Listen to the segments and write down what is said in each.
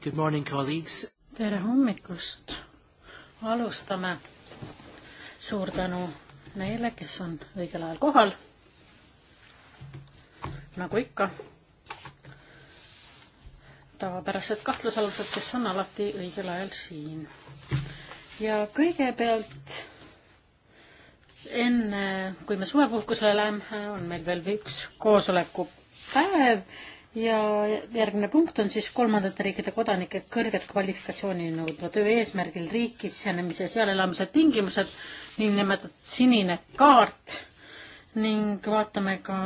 Good morning, colleagues. tere hommikust. alustame. suur tänu neile, kes on õigel ajal kohal. nagu ikka, tavapärased kahtlusalused, kes on alati õigel ajal siin. ja kõigepealt enne, kui me suvepuhkusele läheme, on meil veel üks koosolekupäev ja järgmine punkt on siis kolmandate riikide kodanike kõrget kvalifikatsiooni nõudva töö eesmärgil riiki sisenemise ja seal elamise tingimused, niinimetatud sinine kaart ning vaatame ka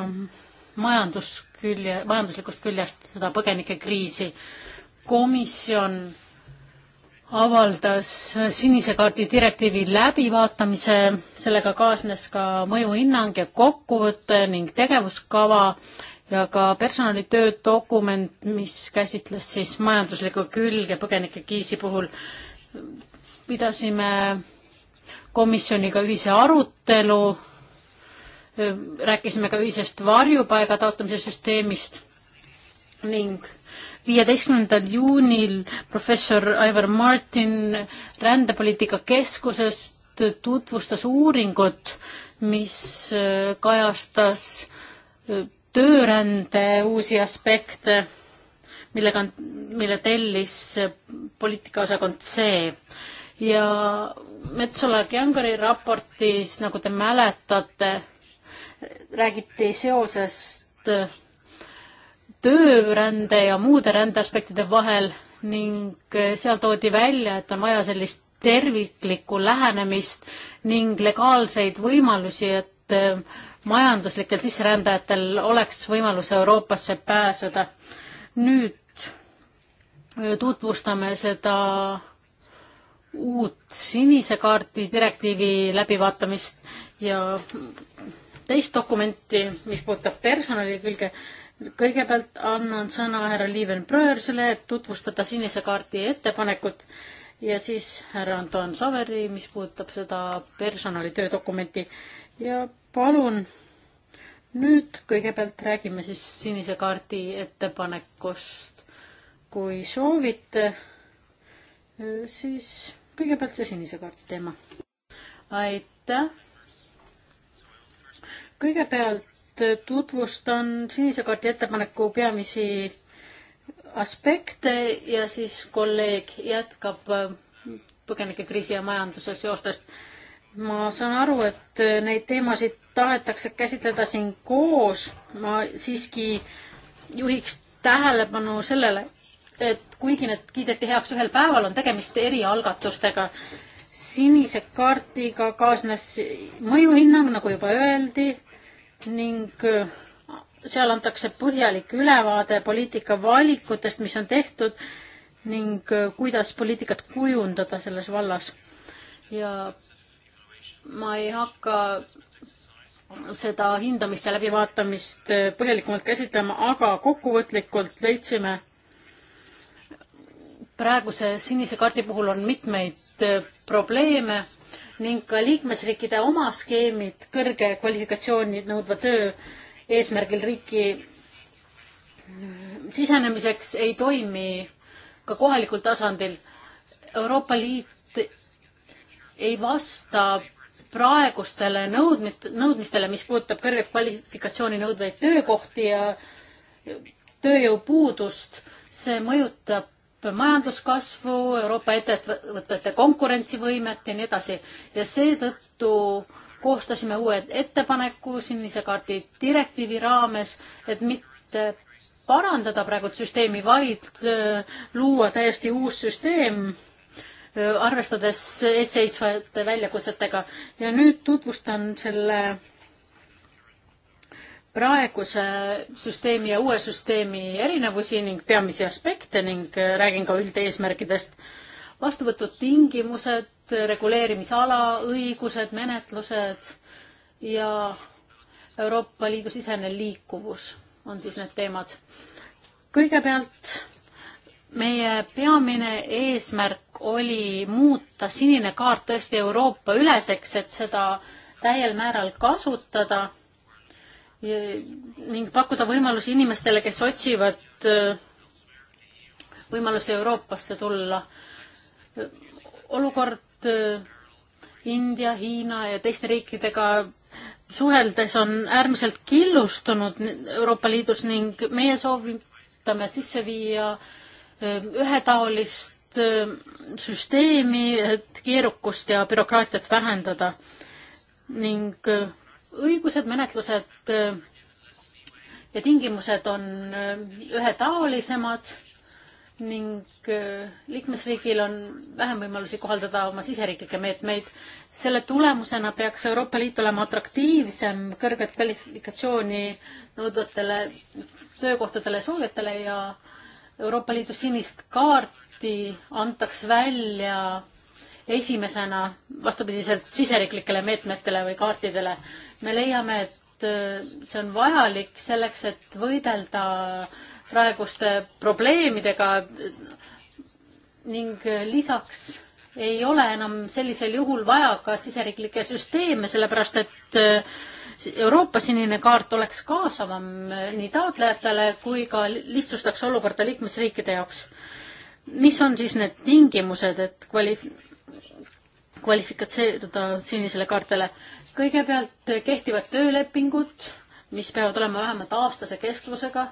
majanduskülje, majanduslikust küljest seda põgenikekriisi. komisjon avaldas sinise kaardi direktiivi läbivaatamise, sellega kaasnes ka mõjuhinnang ja kokkuvõte ning tegevuskava ja ka personalitöö dokument, mis käsitles siis majanduslikku külge põgenike kriisi puhul. pidasime komisjoniga ühise arutelu, rääkisime ka ühisest varjupaiga taotlemise süsteemist ning viieteistkümnendal juunil professor Aivar Martin Rändepoliitika Keskusest tutvustas uuringut, mis kajastas töörände uusi aspekte, millega, mille tellis poliitikaosakond C ja Metsola Kiangari raportis, nagu te mäletate, räägiti seosest töörände ja muude rändeaspektide vahel ning seal toodi välja, et on vaja sellist terviklikku lähenemist ning legaalseid võimalusi, et majanduslikel sisserändajatel oleks võimalus Euroopasse pääseda. nüüd äh, tutvustame seda uut sinise kaardi direktiivi läbivaatamist ja teist dokumenti, mis puudutab personali külge. kõigepealt annan sõna härra Liiven Bröörsile, et tutvustada sinise kaardi ettepanekut ja siis härra Anton Saveri, mis puudutab seda personali töödokumenti ja palun nüüd kõigepealt räägime siis sinise kaardi ettepanekust. kui soovite, siis kõigepealt see sinise kaardi teema. aitäh. kõigepealt tutvustan sinise kaardi ettepaneku peamisi aspekte ja siis kolleeg jätkab põgenikekriisi ja majanduse seostest ma saan aru, et neid teemasid tahetakse käsitleda siin koos. ma siiski juhiks tähelepanu sellele, et kuigi need kiideti heaks ühel päeval, on tegemist erialgatustega. sinise kaardiga kaasnes mõjuhinnang, nagu juba öeldi, ning äh, seal antakse põhjalik ülevaade poliitika valikutest, mis on tehtud ning äh, kuidas poliitikat kujundada selles vallas. ja ma ei hakka seda hindamist ja läbivaatamist äh, põhjalikumalt käsitlema, aga kokkuvõtlikult leidsime praeguse sinise kaardi puhul on mitmeid äh, probleeme ning ka liikmesriikide oma skeemid kõrge kvalifikatsiooni nõudva töö eesmärgil riiki äh, sisenemiseks ei toimi ka kohalikul tasandil. Euroopa Liit ei vasta praegustele nõudmit-, nõudmistele, mis puudutab kõrge kvalifikatsiooni nõudvaid töökohti ja tööjõupuudust, see mõjutab majanduskasvu, Euroopa ettevõtete konkurentsivõimet ja nii edasi. ja seetõttu koostasime uue ettepaneku sinise kaardi direktiivi raames, et mitte parandada praegult süsteemi, vaid äh, luua täiesti uus süsteem arvestades eesseisvate väljakutsetega ja nüüd tutvustan selle praeguse süsteemi ja uue süsteemi erinevusi ning peamisi aspekte ning räägin ka üldeesmärkidest. vastuvõtutingimused, reguleerimisala, õigused, menetlused ja Euroopa Liidu sisene liikuvus on siis need teemad. kõigepealt meie peamine eesmärk oli muuta sinine kaart tõesti Euroopa üleseks, et seda täiel määral kasutada ja, ning pakkuda võimalusi inimestele, kes otsivad äh, võimalusi Euroopasse tulla. olukord äh, India, Hiina ja teiste riikidega suheldes on äärmiselt killustunud Euroopa Liidus ning meie soovitame sisse viia äh, Äh, ühetaolist äh, süsteemi, et keerukust ja bürokraatiat vähendada ning äh, õigused, menetlused ja tingimused on ühetaolisemad ning liikmesriigil on vähem võimalusi kohaldada oma siseriiklikke meetmeid. selle tulemusena peaks Euroopa Liit olema atraktiivsem kõrget kvalifikatsiooni nõudvatele töökohtadele soovijatele ja äh, Euroopa Liidu sinist kaarti antaks välja esimesena vastupidiselt siseriiklikele meetmetele või kaartidele. me leiame, et äh, see on vajalik selleks, et võidelda praeguste probleemidega ning äh, lisaks ei ole enam sellisel juhul vaja ka siseriiklikke süsteeme, sellepärast et äh, Euroopa sinine kaart oleks kaasavam nii taotlejatele kui ka lihtsustaks olukorda liikmesriikide jaoks. mis on siis need tingimused, et kvali-, kvalifikatseeruda sinisele kaartele? kõigepealt kehtivad töölepingud, mis peavad olema vähemalt aastase kestvusega,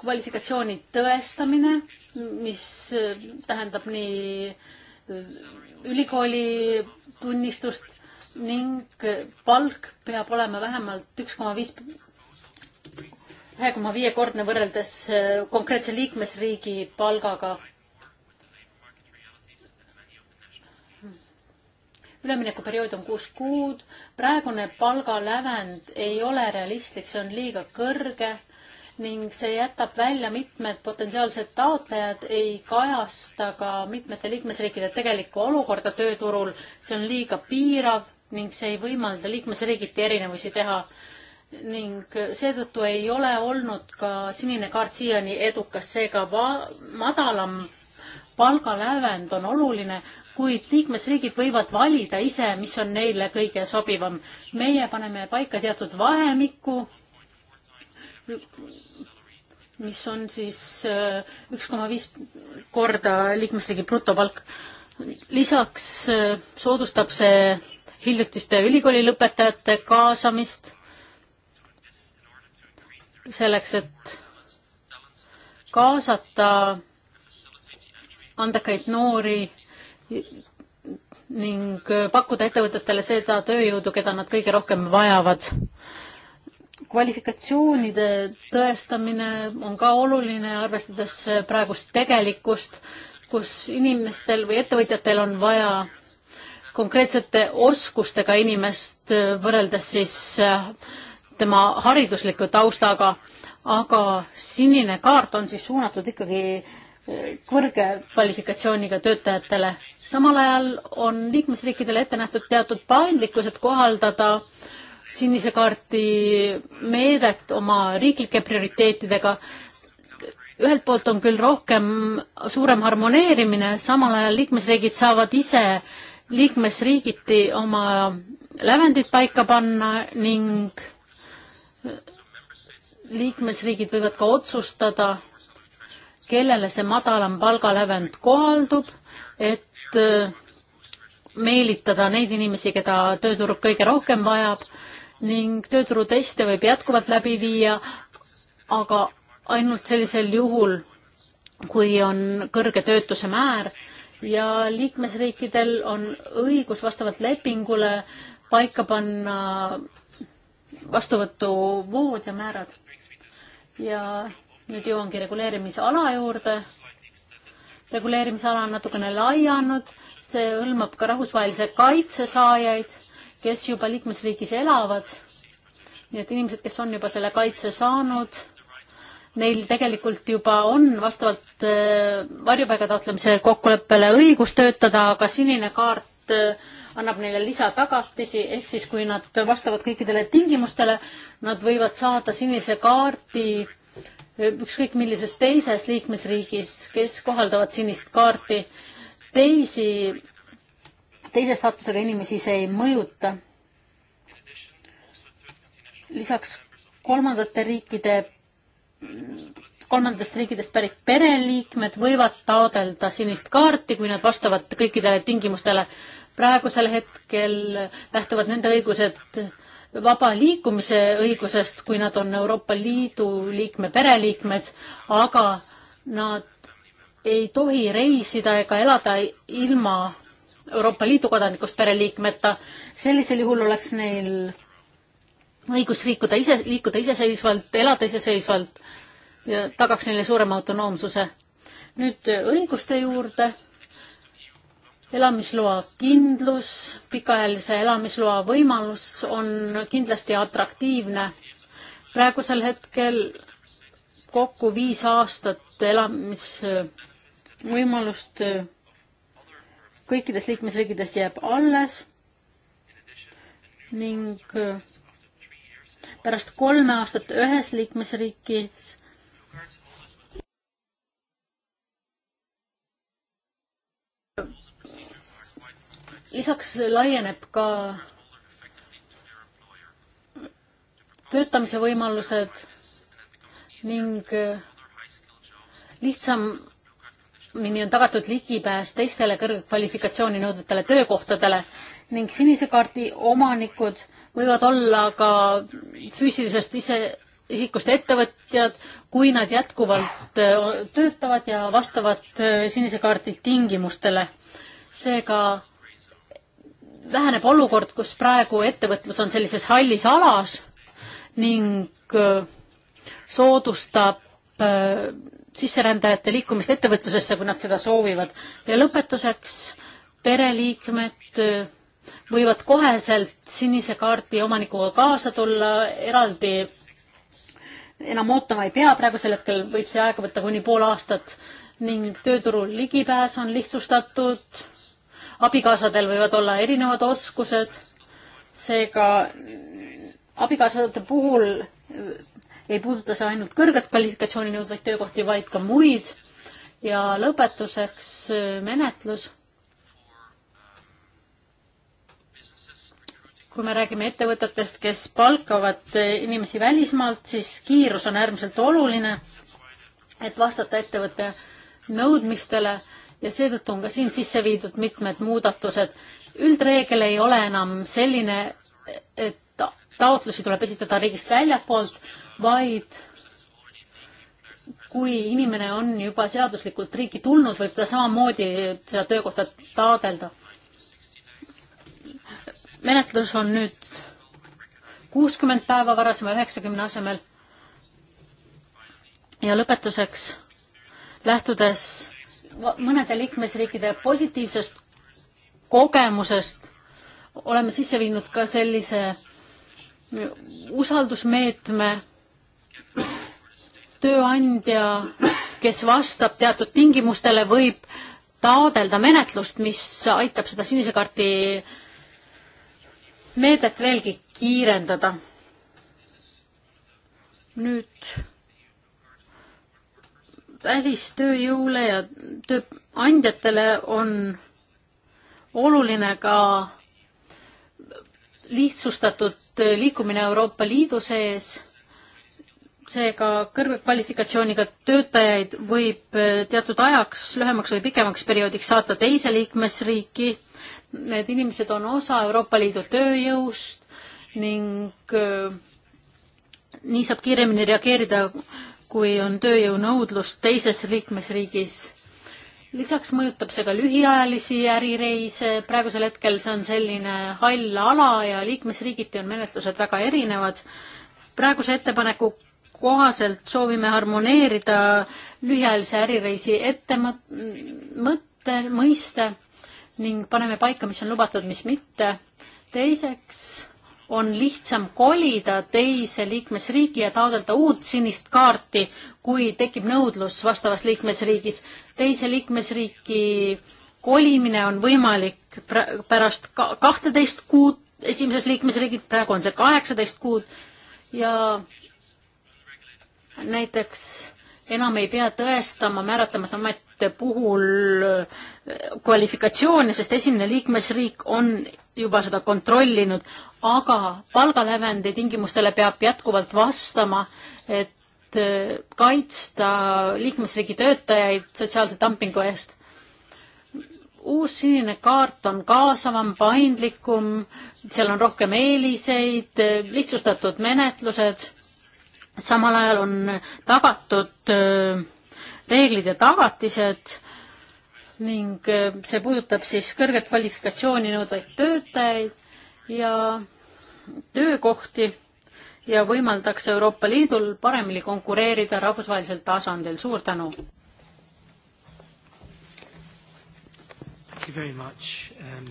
kvalifikatsiooni tõestamine, mis tähendab nii ülikooli tunnistust ning palk peab olema vähemalt üks koma viis, ühe koma viiekordne võrreldes äh, konkreetse liikmesriigi palgaga. üleminekuperiood on kuus kuud, praegune palgalävend ei ole realistlik, see on liiga kõrge ning see jätab välja mitmed potentsiaalsed taotlejad, ei kajasta ka mitmete liikmesriikide tegelikku olukorda tööturul, see on liiga piirav ning see ei võimalda liikmesriigiti erinevusi teha ning seetõttu ei ole olnud ka sinine kaart siiani edukas, seega madalam palgalävend on oluline, kuid liikmesriigid võivad valida ise, mis on neile kõige sobivam. meie paneme paika teatud vahemikku, mis on siis äh, üks koma viis korda liikmesriigi brutopalk. lisaks äh, soodustab see hiljutiste ülikooli lõpetajate kaasamist selleks, et kaasata andekaid noori ning pakkuda ettevõtetele seda tööjõudu, keda nad kõige rohkem vajavad. kvalifikatsioonide tõestamine on ka oluline, arvestades praegust tegelikkust, kus inimestel või ettevõtjatel on vaja konkreetsete oskustega inimest võrreldes siis äh, tema haridusliku taustaga, aga sinine kaart on siis suunatud ikkagi äh, kõrge kvalifikatsiooniga töötajatele. samal ajal on liikmesriikidele ette nähtud teatud paindlikkused kohaldada sinise kaarti meedet oma riiklike prioriteetidega. ühelt poolt on küll rohkem, suurem harmoneerimine, samal ajal liikmesriigid saavad ise liikmesriigiti oma lävendid paika panna ning liikmesriigid võivad ka otsustada, kellele see madalam palgalävend kohaldub, et äh, meelitada neid inimesi, keda tööturg kõige rohkem vajab ning tööturuteste võib jätkuvalt läbi viia, aga ainult sellisel juhul, kui on kõrge töötuse määr ja liikmesriikidel on õigus vastavalt lepingule paika panna vastuvõtuvood ja määrad. ja nüüd jõuangi reguleerimisala juurde. reguleerimisala on natukene laianud, see hõlmab ka rahvusvahelise kaitse saajaid, kes juba liikmesriigis elavad. nii et inimesed, kes on juba selle kaitse saanud neil tegelikult juba on vastavalt äh, varjupaiga taotlemise kokkuleppele õigus töötada, aga sinine kaart äh, annab neile lisatagatisi, ehk siis kui nad vastavad kõikidele tingimustele, nad võivad saada sinise kaardi äh, ükskõik millises teises liikmesriigis, kes kohaldavad sinist kaarti. teisi, teise staatusega inimesi see ei mõjuta. lisaks kolmandate riikide kolmandatest riikidest pärit pereliikmed võivad taodelda sinist kaarti, kui nad vastavad kõikidele tingimustele. praegusel hetkel lähtuvad nende õigused vaba liikumise õigusest, kui nad on Euroopa Liidu liikme pereliikmed, aga nad ei tohi reisida ega elada ilma Euroopa Liidu kodanikust pereliikmeta. sellisel juhul oleks neil õigus liikuda ise, liikuda iseseisvalt, elada iseseisvalt ja tagaks neile suurema autonoomsuse. nüüd äh, õiguste juurde. elamisloa kindlus, pikaajalise elamisloa võimalus on kindlasti atraktiivne. praegusel hetkel kokku viis aastat elamisvõimalust äh, äh, kõikides liikmesriikides jääb alles ning pärast kolme aastat ühes liikmesriigis lisaks laieneb ka töötamise võimalused ning lihtsamini on tagatud ligipääs teistele kõrgkvalifikatsiooni nõudvatele töökohtadele ning sinise kaardi omanikud võivad olla ka füüsilisest ise, isikust ettevõtjad, kui nad jätkuvalt äh, töötavad ja vastavad äh, sinise kaardi tingimustele. seega väheneb olukord, kus praegu ettevõtlus on sellises hallis alas ning äh, soodustab sisserändajate liikumist ettevõtlusesse, kui nad seda soovivad. ja lõpetuseks pereliikmed võivad koheselt sinise kaardi omanikuga kaasa tulla, eraldi enam ootama ei pea, praegusel hetkel võib see aega võtta kuni pool aastat ning tööturul ligipääs on lihtsustatud, abikaasadel võivad olla erinevad oskused, seega abikaasade puhul ei puuduta see ainult kõrget kvalifikatsiooni nõudvaid töökohti, vaid ka muid. ja lõpetuseks menetlus kui me räägime ettevõtetest, kes palkavad eh, inimesi välismaalt, siis kiirus on äärmiselt oluline, et vastata ettevõtte nõudmistele ja seetõttu on ka siin sisse viidud mitmed muudatused. üldreegel ei ole enam selline, et taotlusi tuleb esitada riigist väljapoolt, vaid kui inimene on juba seaduslikult riiki tulnud, võib ta samamoodi seda töökohta taadelda menetlus on nüüd kuuskümmend päeva varasema üheksakümne asemel. ja lõpetuseks, lähtudes mõnede liikmesriikide positiivsest kogemusest, oleme sisse viinud ka sellise usaldusmeetme tööandja, kes vastab teatud tingimustele, võib taadelda menetlust, mis aitab seda sinise kaarti meedet veelgi kiirendada. nüüd välistööjõule ja tööandjatele on oluline ka lihtsustatud liikumine Euroopa Liidu sees. seega kõrge kvalifikatsiooniga töötajaid võib teatud ajaks, lühemaks või pikemaks perioodiks saata teise liikmesriiki Need inimesed on osa Euroopa Liidu tööjõust ning äh, nii saab kiiremini reageerida, kui on tööjõunõudlus teises liikmesriigis. lisaks mõjutab see ka lühiajalisi ärireise, praegusel hetkel see on selline hall ala ja liikmesriigiti on menetlused väga erinevad. praeguse ettepaneku kohaselt soovime harmoneerida lühiajalise ärireisi ette mõtte, mõiste ning paneme paika, mis on lubatud, mis mitte. teiseks on lihtsam kolida teise liikmesriigi ja taotleda uut sinist kaarti, kui tekib nõudlus vastavas liikmesriigis. teise liikmesriiki kolimine on võimalik pärast kahteteist kuud esimeses liikmesriigid, praegu on see kaheksateist kuud ja näiteks enam ei pea tõestama määratlemata ametite puhul äh, kvalifikatsioone, sest esimene liikmesriik on juba seda kontrollinud, aga palgalävendi tingimustele peab jätkuvalt vastama, et äh, kaitsta liikmesriigi töötajaid sotsiaalse dumpingu eest. uus sinine kaart on kaasavam, paindlikum, seal on rohkem eeliseid, lihtsustatud menetlused samal ajal on tagatud äh, reeglid ja tagatised ning äh, see puudutab siis kõrget kvalifikatsiooni nõudvaid töötajaid ja töökohti ja võimaldaks Euroopa Liidul paremini konkureerida rahvusvahelisel tasandil. suur tänu! Um...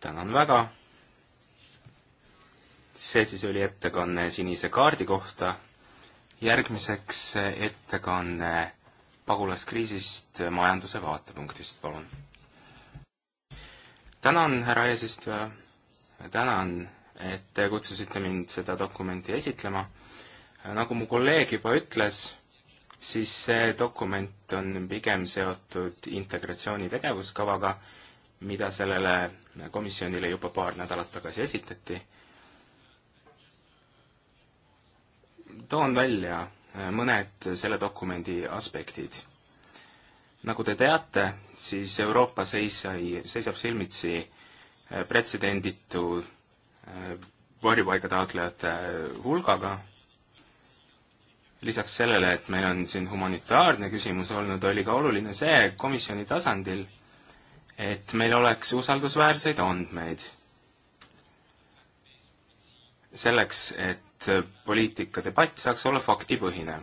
tänan väga! see siis oli ettekanne sinise kaardi kohta järgmiseks ettekanne pagulaskriisist majanduse vaatepunktist, palun. tänan, härra eesistuja, tänan, et te kutsusite mind seda dokumenti esitlema. nagu mu kolleeg juba ütles, siis see dokument on pigem seotud integratsiooni tegevuskavaga, mida sellele komisjonile juba paar nädalat tagasi esitati toon välja äh, mõned selle dokumendi aspektid. nagu te teate, siis Euroopa seisai, seisab silmitsi äh, pretsedenditu äh, varjupaiga taotlejate hulgaga. lisaks sellele, et meil on siin humanitaarne küsimus olnud, oli ka oluline see komisjoni tasandil, et meil oleks usaldusväärseid andmeid. selleks, et et äh, poliitikadebatt saaks olla faktipõhine.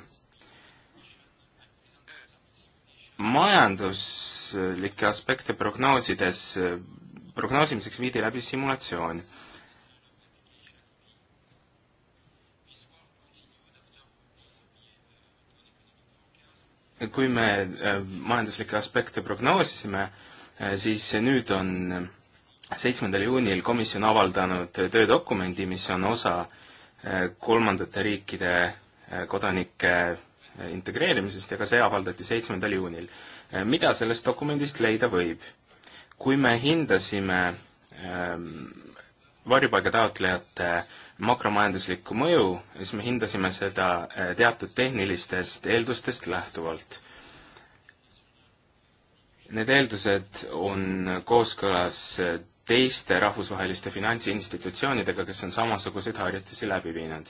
majanduslikke aspekte prognoosides, äh, prognoosimiseks viidi läbi simulatsioon kui me äh, majanduslikke aspekte prognoosisime, siis nüüd on seitsmendal juunil komisjon avaldanud töödokumendi, mis on osa Eh, kolmandate riikide eh, kodanike eh, integreerimisest ja ka see avaldati seitsmendal juunil. mida sellest dokumendist leida võib? kui me hindasime ehm, varjupaigataotlejate makromajanduslikku mõju, siis me hindasime seda teatud tehnilistest eeldustest lähtuvalt. Need eeldused on kooskõlas teiste rahvusvaheliste finantsinstitutsioonidega, kes on samasuguseid harjutusi läbi viinud.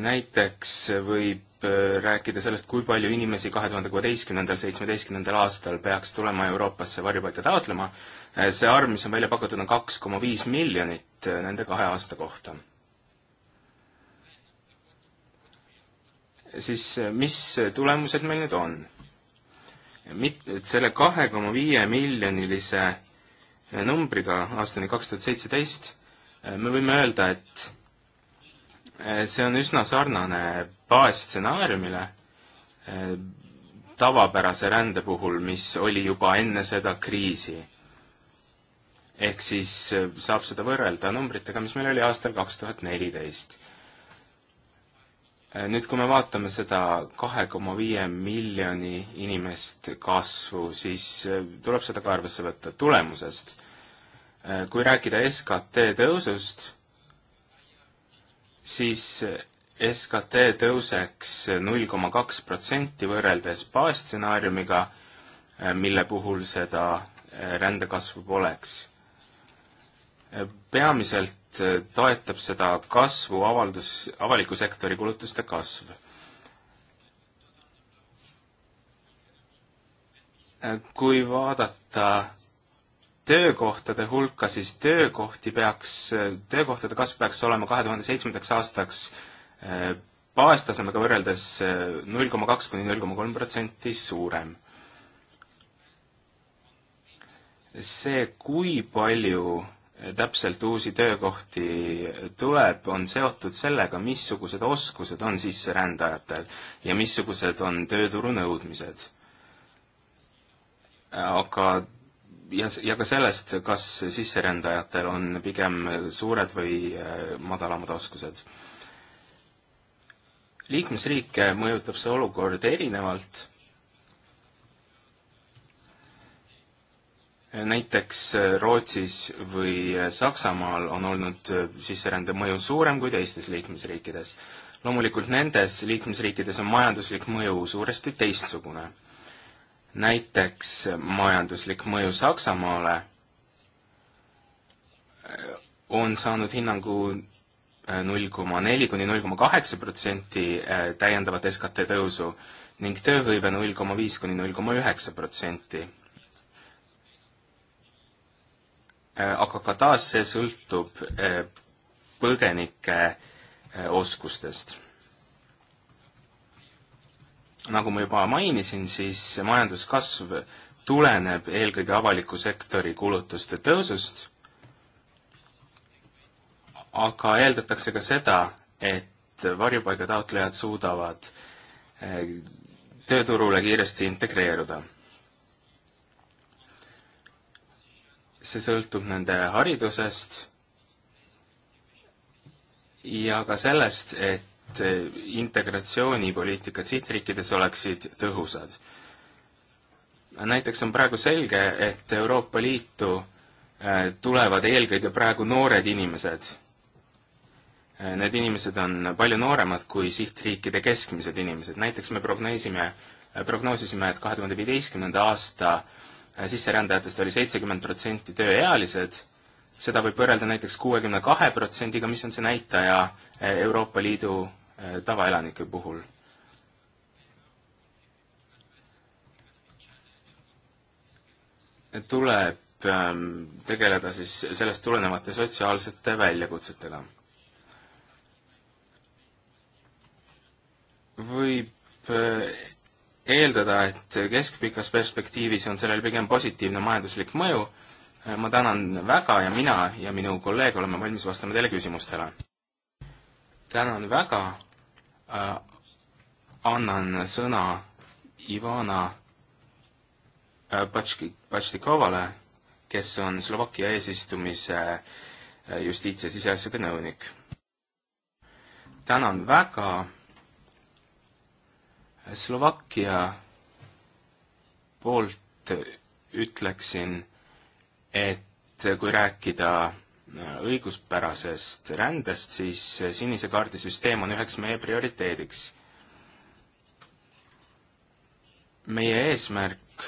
näiteks võib äh, rääkida sellest, kui palju inimesi kahe tuhande kuueteistkümnendal, seitsmeteistkümnendal aastal peaks tulema Euroopasse varjupaika taotlema. Äh, see arv, mis on välja pakutud, on kaks koma viis miljonit äh, nende kahe aasta kohta. siis mis tulemused meil nüüd on? mit-, selle kahe koma viie miljonilise äh, numbriga aastani kaks tuhat seitseteist äh, me võime öelda, et äh, see on üsna sarnane baasstsenaariumile tavapärase rände puhul, mis oli juba enne seda kriisi. ehk siis saab seda võrrelda numbritega, mis meil oli aastal kaks tuhat neliteist Äh, nüüd, kui me vaatame seda kahe koma viie miljoni inimest kasvu, siis äh, tuleb seda ka arvesse võtta tulemusest. Äh, kui rääkida SKT tõusust, siis SKT tõuseks null koma kaks protsenti võrreldes baasstsenaariumiga, mille puhul seda rändekasvu poleks peamiselt eh, toetab seda kasvu avaldus, avaliku sektori kulutuste kasv. Eh, kui vaadata töökohtade hulka, siis töökohti peaks, eh, töökohtade kasv peaks olema kahe tuhande seitsmendaks aastaks baastasemega võrreldes null koma kaks kuni null koma kolm protsenti suurem see, kui palju täpselt uusi töökohti tuleb, on seotud sellega, missugused oskused on sisserändajatel ja missugused on tööturu nõudmised. aga ja, ja ka sellest, kas sisserändajatel on pigem suured või äh, madalamad oskused. liikmesriike mõjutab see olukord erinevalt näiteks äh, Rootsis või äh, Saksamaal on olnud äh, sisserände mõju suurem kui teistes liikmesriikides. loomulikult nendes liikmesriikides on majanduslik mõju suuresti teistsugune. näiteks majanduslik mõju Saksamaale on saanud hinnangu null koma neli kuni null koma kaheksa protsenti täiendavat SKT tõusu ning tööhõive null koma viis kuni null koma üheksa protsenti Äh, aga ka taas see sõltub äh, põgenike äh, oskustest. nagu ma juba mainisin, siis majanduskasv tuleneb eelkõige avaliku sektori kulutuste tõusust, aga eeldatakse ka seda, et varjupaiga taotlejad suudavad tööturule kiiresti integreeruda see sõltub nende haridusest ja ka sellest, et integratsioonipoliitikad sihtriikides oleksid tõhusad. näiteks on praegu selge, et Euroopa Liitu äh, tulevad eelkõige praegu noored inimesed. Äh, need inimesed on palju nooremad kui sihtriikide keskmised inimesed, näiteks me prognoosime, äh, prognoosisime, et kahe tuhande viieteistkümnenda aasta Äh, sisserändajatest oli seitsekümmend protsenti tööealised, seda võib võrrelda näiteks kuuekümne kahe protsendiga, mis on see näitaja äh, Euroopa Liidu äh, tavaelanike puhul. tuleb ähm, tegeleda siis sellest tulenevate sotsiaalsete väljakutsetega. võib eeldada, et keskpikas perspektiivis on sellel pigem positiivne majanduslik mõju. ma tänan väga ja mina ja minu kolleeg oleme valmis vastama teile küsimustele. tänan väga. Äh, annan sõna Ivana äh, Patški, Patšnikovale, kes on Slovakkia eesistumise äh, justiits- ja siseasjade nõunik. tänan väga Slovakkia poolt ütleksin, et kui rääkida äh, õiguspärasest rändest, siis sinise kaardi süsteem on üheks meie prioriteediks. meie eesmärk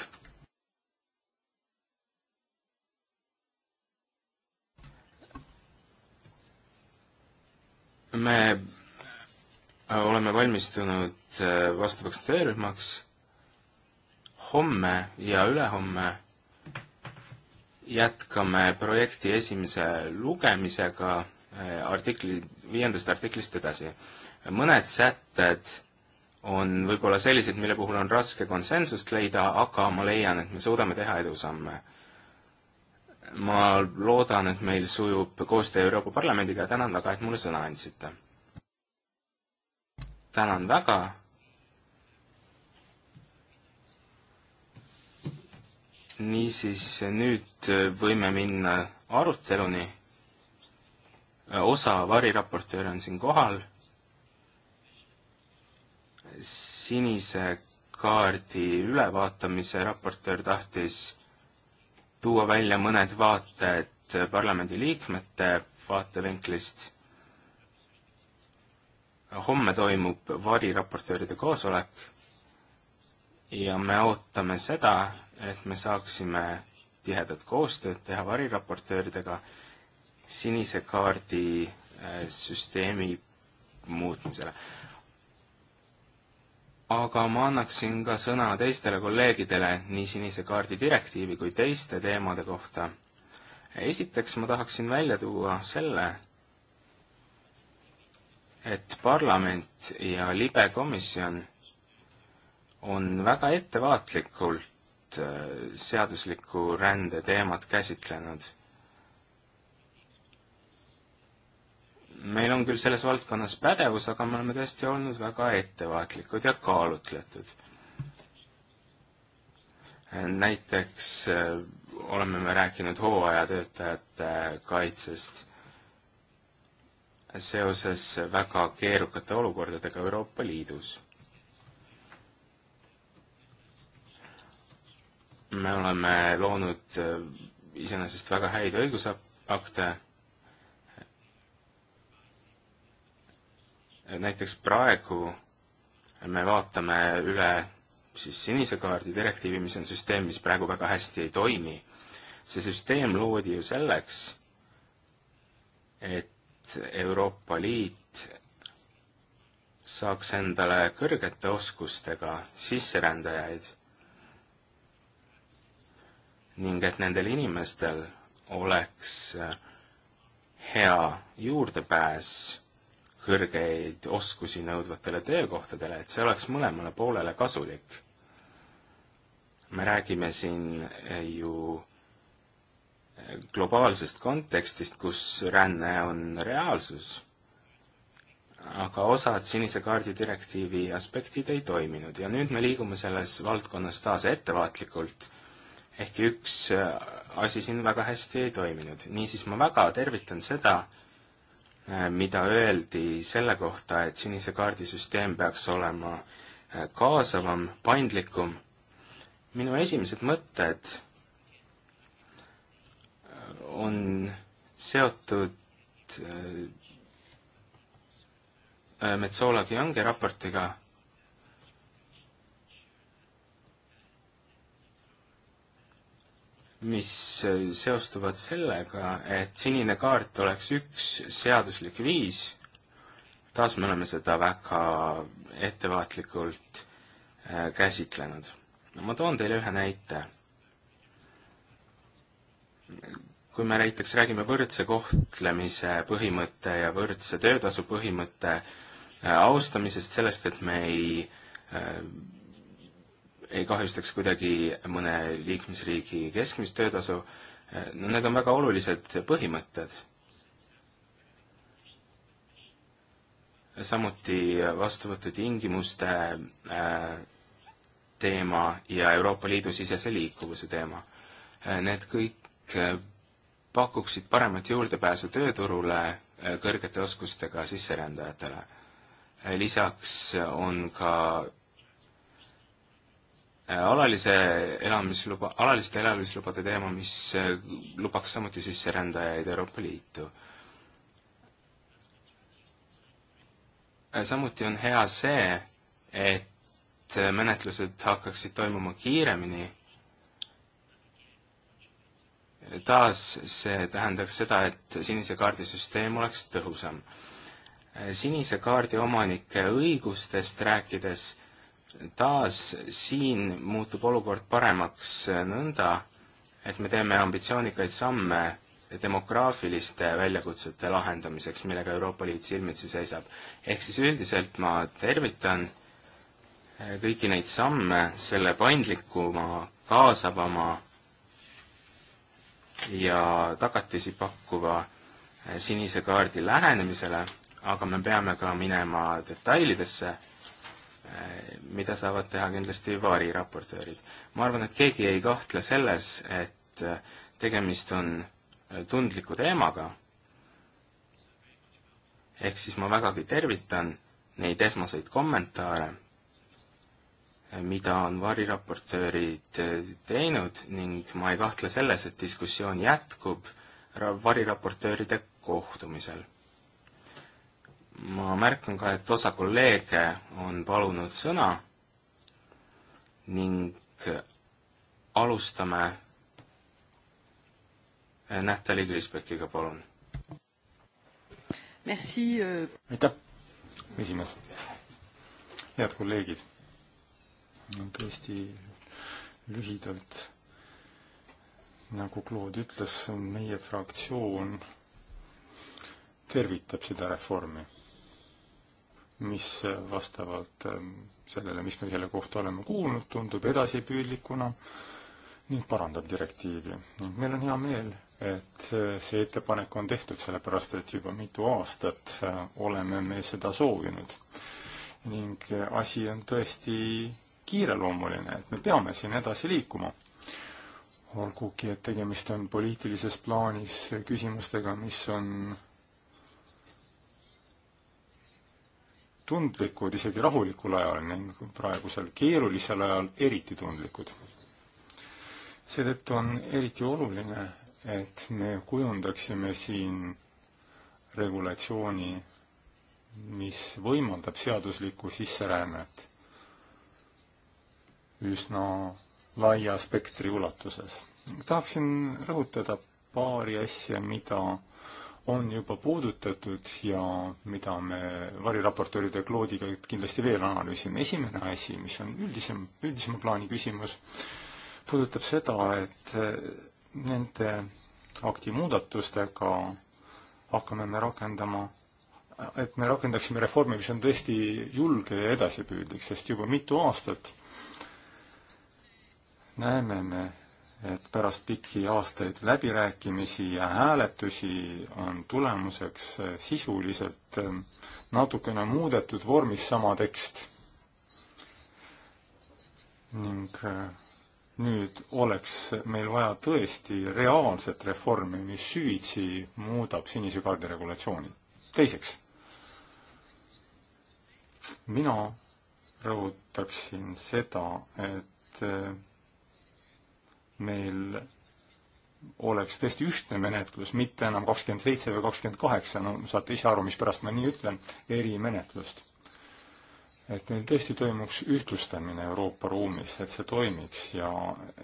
me Äh, oleme valmistunud äh, vastavaks töörühmaks. homme ja ülehomme jätkame projekti esimese lugemisega äh, artikli, viiendast artiklist edasi. mõned sätted on võib-olla sellised, mille puhul on raske konsensust leida, aga ma leian, et me suudame teha edusamme. ma loodan, et meil sujub koostöö Euroopa Parlamendiga ja tänan väga, et mulle sõna andsite tänan väga. niisiis, nüüd võime minna aruteluni. osa variraportööre on siin kohal. sinise kaardi ülevaatamise raportöör tahtis tuua välja mõned vaated parlamendiliikmete vaatevinklist homme toimub variraportööride koosolek ja me ootame seda, et me saaksime tihedat koostööd teha variraportööridega sinise kaardi äh, süsteemi muutmisele. aga ma annaksin ka sõna teistele kolleegidele nii sinise kaardi direktiivi kui teiste teemade kohta. esiteks ma tahaksin välja tuua selle, et parlament ja libe komisjon on väga ettevaatlikult äh, seadusliku rände teemat käsitlenud. meil on küll selles valdkonnas pädevus, aga me oleme tõesti olnud väga ettevaatlikud ja kaalutletud. näiteks äh, oleme me rääkinud hooajatöötajate kaitsest seoses väga keerukate olukordadega Euroopa Liidus. me oleme loonud äh, iseenesest väga häid õigusakte, näiteks praegu me vaatame üle siis sinise kaardi direktiivi, mis on süsteem, mis praegu väga hästi ei toimi. see süsteem loodi ju selleks, et et Euroopa Liit saaks endale kõrgete oskustega sisserändajaid ning et nendel inimestel oleks hea juurdepääs kõrgeid oskusi nõudvatele töökohtadele, et see oleks mõlemale poolele kasulik. me räägime siin ju globaalsest kontekstist, kus ränne on reaalsus, aga osad sinise kaardi direktiivi aspektid ei toiminud ja nüüd me liigume selles valdkonnas taas ettevaatlikult, ehkki üks äh, asi siin väga hästi ei toiminud. niisiis ma väga tervitan seda, äh, mida öeldi selle kohta, et sinise kaardi süsteem peaks olema äh, kaasavam, paindlikum. minu esimesed mõtted on seotud äh, äh, Metsola Gionge raportiga, mis äh, seostuvad sellega, et sinine kaart oleks üks seaduslik viis, taas me oleme seda väga ettevaatlikult käsitlenud. no ma toon teile ühe näite kui me näiteks räägime võrdse kohtlemise põhimõtte ja võrdse töötasu põhimõtte äh, austamisest, sellest, et me ei äh,, ei kahjustaks kuidagi mõne liikmesriigi keskmist töötasu, äh, no need on väga olulised põhimõtted. samuti vastuvõtutingimuste äh, teema ja Euroopa Liidu sisese liikuvuse teema. Äh, need kõik pakuksid paremat juurdepääsu tööturule äh, kõrgete oskustega sisserändajatele. Äh, lisaks on ka äh, alalise elamisluba, alaliste elamislubade teema, mis lubaks samuti sisserändajaid Euroopa Liitu. samuti on hea see, et menetlused hakkaksid toimuma kiiremini taas see tähendaks seda, et sinise kaardi süsteem oleks tõhusam. sinise kaardi omanike õigustest rääkides, taas siin muutub olukord paremaks nõnda, et me teeme ambitsioonikaid samme demograafiliste väljakutsete lahendamiseks, millega Euroopa Liit silmitsi seisab. ehk siis üldiselt ma tervitan kõiki neid samme selle paindlikuma, kaasavama ja tagatisi pakkuva eh, sinise kaardi lähenemisele, aga me peame ka minema detailidesse, eh, mida saavad teha kindlasti variraportöörid. ma arvan, et keegi ei kahtle selles, et eh, tegemist on tundliku teemaga, ehk siis ma vägagi tervitan neid esmaseid kommentaare mida on variraportöörid äh, teinud ning ma ei kahtle selles, et diskussioon jätkub variraportööride kohtumisel. ma märkan ka, et osa kolleege on palunud sõna ning alustame äh, Nahtali Kriisbekiga, palun. Äh. aitäh, esimees. head kolleegid tõesti lühidalt, nagu Claude ütles, meie fraktsioon tervitab seda reformi, mis vastavalt ähm, sellele, mis me selle kohta oleme kuulnud, tundub edasipüüdlikuna ning parandab direktiivi. ning meil on hea meel, et äh, see ettepanek on tehtud, sellepärast et juba mitu aastat äh, oleme me seda soovinud. ning äh, asi on tõesti kiireloomuline, et me peame siin edasi liikuma. olgugi, et tegemist on poliitilises plaanis küsimustega, mis on tundlikud isegi rahulikul ajal, nagu praegusel keerulisel ajal eriti tundlikud. seetõttu on eriti oluline, et me kujundaksime siin regulatsiooni, mis võimaldab seaduslikku sisserännet üsna laia spektri ulatuses. tahaksin rõhutada paari asja, mida on juba puudutatud ja mida me variraportööride Claude'iga kindlasti veel analüüsime. esimene asi, mis on üldisem, üldisema plaani küsimus, puudutab seda, et eh, nende akti muudatustega hakkame me rakendama et me rakendaksime reformi, mis on tõesti julge ja edasipüüdlik, sest juba mitu aastat näeme me, et pärast pikki aastaid läbirääkimisi ja hääletusi on tulemuseks sisuliselt ähm, natukene muudetud vormis sama tekst. ning äh, nüüd oleks meil vaja tõesti reaalset reformi, mis süvitsi muudab sinise kaardi regulatsiooni. teiseks, mina rõhutaksin seda, et äh, meil oleks tõesti ühtne menetlus, mitte enam kakskümmend seitse või kakskümmend kaheksa, no saate ise aru, mispärast ma nii ütlen, erimenetlust. et meil tõesti toimuks ühtlustamine Euroopa ruumis, et see toimiks ja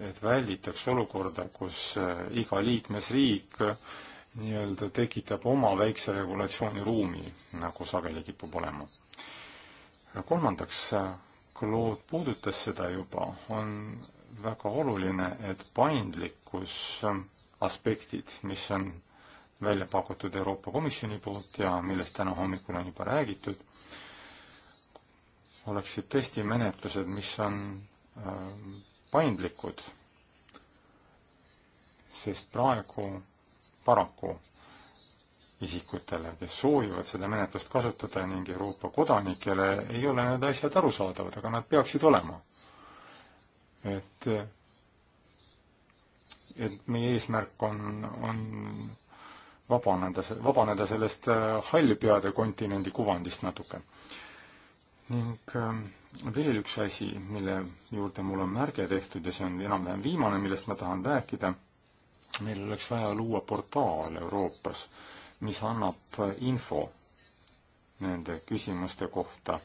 et välditaks olukorda, kus äh, iga liikmesriik äh, nii-öelda tekitab oma väikse regulatsiooniruumi, nagu sageli kipub olema. kolmandaks, äh, Claude puudutas seda juba, on väga oluline, et paindlikkus aspektid, mis on välja pakutud Euroopa Komisjoni poolt ja millest täna hommikul on juba räägitud, oleksid tõesti menetlused, mis on äh, paindlikud, sest praegu paraku isikutele, kes soovivad seda menetlust kasutada ning Euroopa kodanikele, ei ole need asjad arusaadavad, aga nad peaksid olema et, et meie eesmärk on, on vabaneda, vabaneda sellest äh, hallpeade kontinendi kuvandist natuke. ning äh, veel üks asi, mille juurde mul on märge tehtud ja see on enam-vähem viimane, millest ma tahan rääkida, meil oleks vaja luua portaal Euroopas, mis annab info nende küsimuste kohta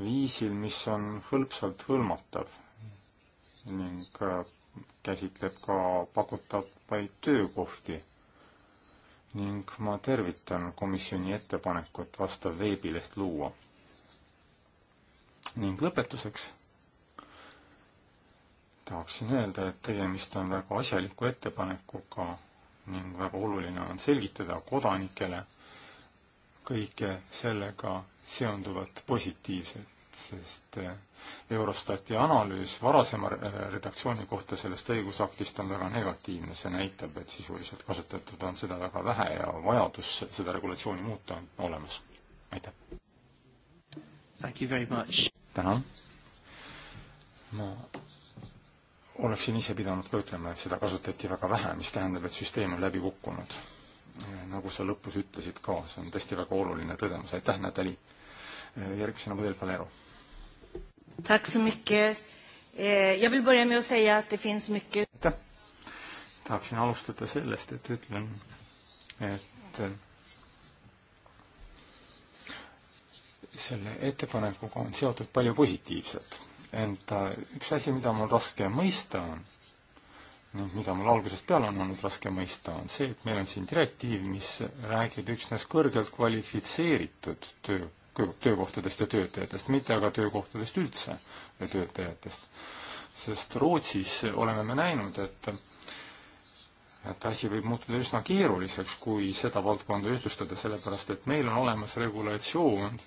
viisil, mis on hõlpsalt hõlmatav ning äh, käsitleb ka pakutavaid töökohti ning ma tervitan komisjoni ettepanekut vastav veebileht luua. ning lõpetuseks tahaksin öelda, et tegemist on väga asjaliku ettepanekuga ning väga oluline on selgitada kodanikele, kõike sellega seonduvat positiivset, sest eh, Eurostati analüüs varasema redaktsiooni kohta sellest õigusaktist on väga negatiivne, see näitab, et sisuliselt kasutatud on seda väga vähe ja vajadus seda regulatsiooni muuta on olemas. aitäh! tänan! ma oleksin ise pidanud ka ütlema, et seda kasutati väga vähe, mis tähendab, et süsteem on läbi kukkunud nagu sa lõpus ütlesid ka, see on tõesti väga oluline tõdemus, aitäh, Natali. järgmisena Mudel Valero. Eh, aitäh. tahaksin alustada sellest, et ütlen, et eh, selle ettepanekuga on seotud palju positiivset. ent äh, üks asi, mida mul raske mõista on ning mida mul algusest peale on olnud raske mõista, on see, et meil on siin direktiiv, mis räägib üksnes kõrgelt kvalifitseeritud töö, töökohtadest ja töötajatest, mitte aga töökohtadest üldse ja töötajatest. sest Rootsis oleme me näinud, et et asi võib muutuda üsna keeruliseks, kui seda valdkonda ühtlustada, sellepärast et meil on olemas regulatsioon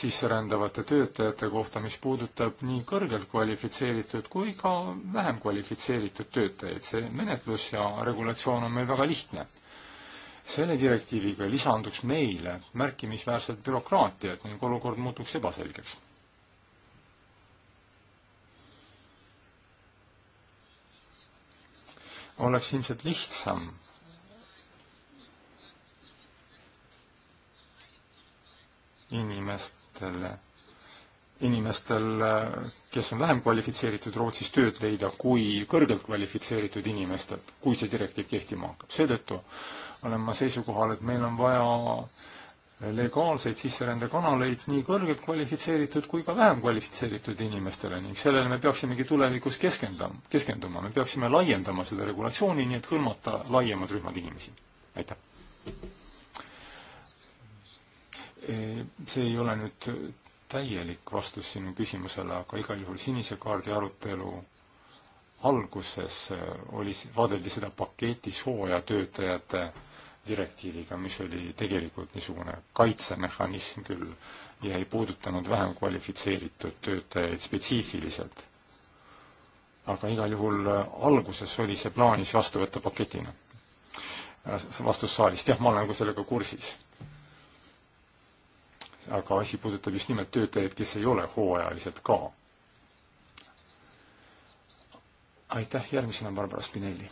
sisserändavate töötajate kohta, mis puudutab nii kõrgelt kvalifitseeritud kui ka vähem kvalifitseeritud töötajaid. see menetlus ja regulatsioon on meil väga lihtne. selle direktiiviga lisanduks meile märkimisväärselt bürokraatiat ning olukord muutuks ebaselgeks oleks ilmselt lihtsam inimestel, inimestel, kes on vähem kvalifitseeritud Rootsis tööd leida kui kõrgelt kvalifitseeritud inimestelt, kui see direktiiv kehtima hakkab. seetõttu olen ma seisukohal, et meil on vaja legaalseid sisserändekanaleid nii kõrgelt kvalifitseeritud kui ka vähem kvalifitseeritud inimestele ning sellele me peaksimegi tulevikus keskendama, keskenduma, me peaksime laiendama seda regulatsiooni, nii et hõlmata laiemad rühmad inimesi. aitäh! E, see ei ole nüüd täielik vastus sinu küsimusele, aga igal juhul sinise kaardi arutelu alguses oli, vaadeldi seda paketis hooajatöötajate direktiiviga, mis oli tegelikult niisugune kaitsemehhanism küll ja ei puudutanud vähem kvalifitseeritud töötajaid spetsiifiliselt. aga igal juhul äh, alguses oli see plaanis vastu võtta paketina. Äh, vastus saalist, jah, ma olen ka nagu sellega kursis. aga asi puudutab just nimelt töötajaid, kes ei ole hooajaliselt ka. aitäh, järgmisena Barbara Spinelli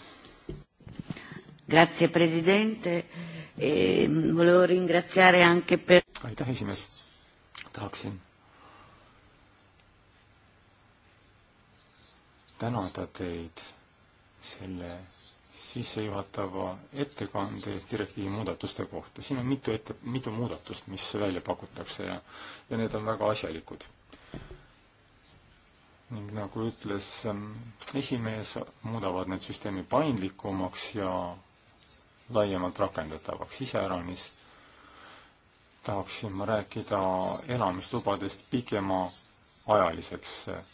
Grazie Presidente e volevo ringraziare anche per... aitäh, esimees. tahaksin tänada teid selle sissejuhatava ettekande eest direktiivi muudatuste kohta. siin on mitu ette, mitu muudatust, mis välja pakutakse ja, ja need on väga asjalikud. ning nagu ütles ähm, esimees, muudavad need süsteemi paindlikumaks ja laiemalt rakendatavaks. iseäranis tahaksin ma rääkida elamislubadest pikemaajaliseks eh,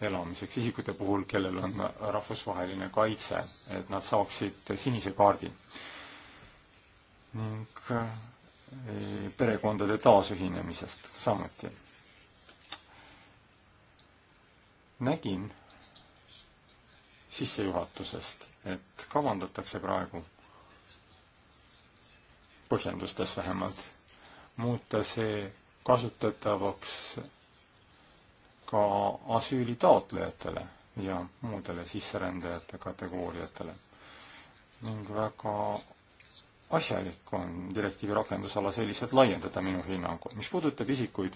elamiseks isikute puhul, kellel on rahvusvaheline kaitse, et nad saaksid sinise kaardi. ning eh, perekondade taasühinemisest samuti. nägin sissejuhatusest, et kavandatakse praegu põhjendustes vähemalt, muuta see kasutatavaks ka asüülitaotlejatele ja muudele sisserändajate kategooriatele. ning väga asjalik on direktiivi rakendusala selliselt laiendada minu hinnangul. mis puudutab isikuid,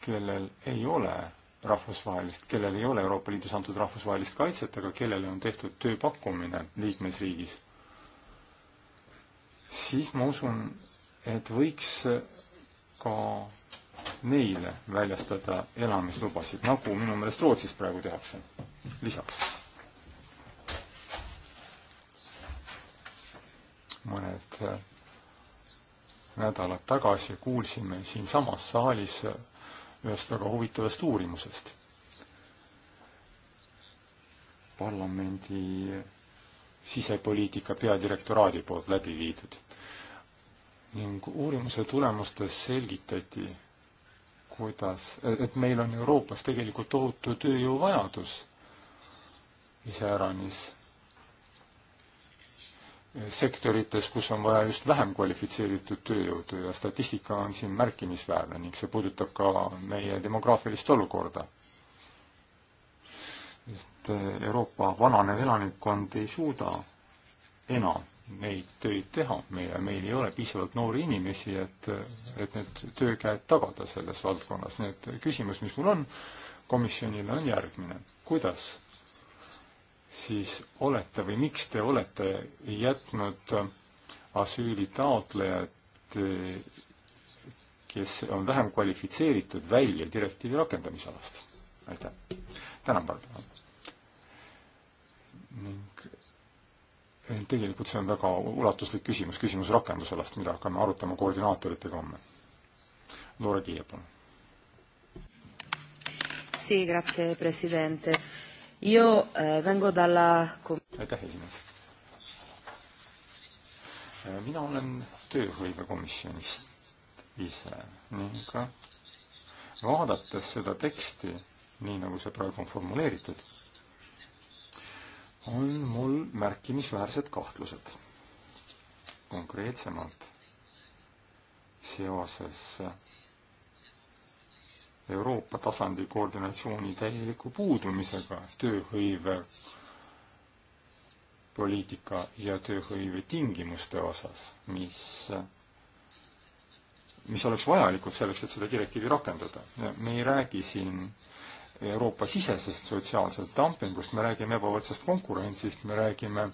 kellel ei ole rahvusvahelist, kellel ei ole Euroopa Liidus antud rahvusvahelist kaitset, aga kellele on tehtud tööpakkumine liikmesriigis siis ma usun, et võiks ka neile väljastada elamislubasid, nagu minu meelest Rootsis praegu tehakse, lisaks. mõned äh, nädalad tagasi kuulsime siinsamas saalis äh, ühest väga huvitavast uurimusest. parlamendi sisepoliitika peadirektoraadi poolt läbi viidud. ning uurimuse tulemustes selgitati, kuidas, et meil on Euroopas tegelikult tohutu tööjõuvajadus iseäranis sektorites, kus on vaja just vähem kvalifitseeritud tööjõudu ja statistika on siin märkimisväärne ning see puudutab ka meie demograafilist olukorda sest eh, Euroopa vananev elanikkond ei suuda enam neid töid teha, meie, meil ei ole piisavalt noori inimesi, et, et need töökäed tagada selles valdkonnas. nii et küsimus, mis mul on komisjonile, on järgmine. kuidas siis olete või miks te olete jätnud asüülitaotlejad, kes on vähem kvalifitseeritud, välja direktiivi rakendamisalast? aitäh. tänan, Barbara ning eh, tegelikult see on väga ulatuslik küsimus, küsimus rakendusalast, mida hakkame arutama koordinaatoritega homme. Laura Kiie, palun. Sì, grazie Presidente. Io eh, vengo dalla... aitäh, esimees. Eh, mina olen tööhõivekomisjonist ise ning vaadates seda teksti, nii nagu see praegu on formuleeritud on mul märkimisväärsed kahtlused. konkreetsemalt seoses Euroopa tasandi koordinatsiooni täieliku puudumisega tööhõive poliitika ja tööhõive tingimuste osas, mis, mis oleks vajalikud selleks, et seda direktiivi rakendada. me ei räägi siin Euroopa-sisesest sotsiaalsest dumpingust, me räägime ebavõrdsest konkurentsist, me räägime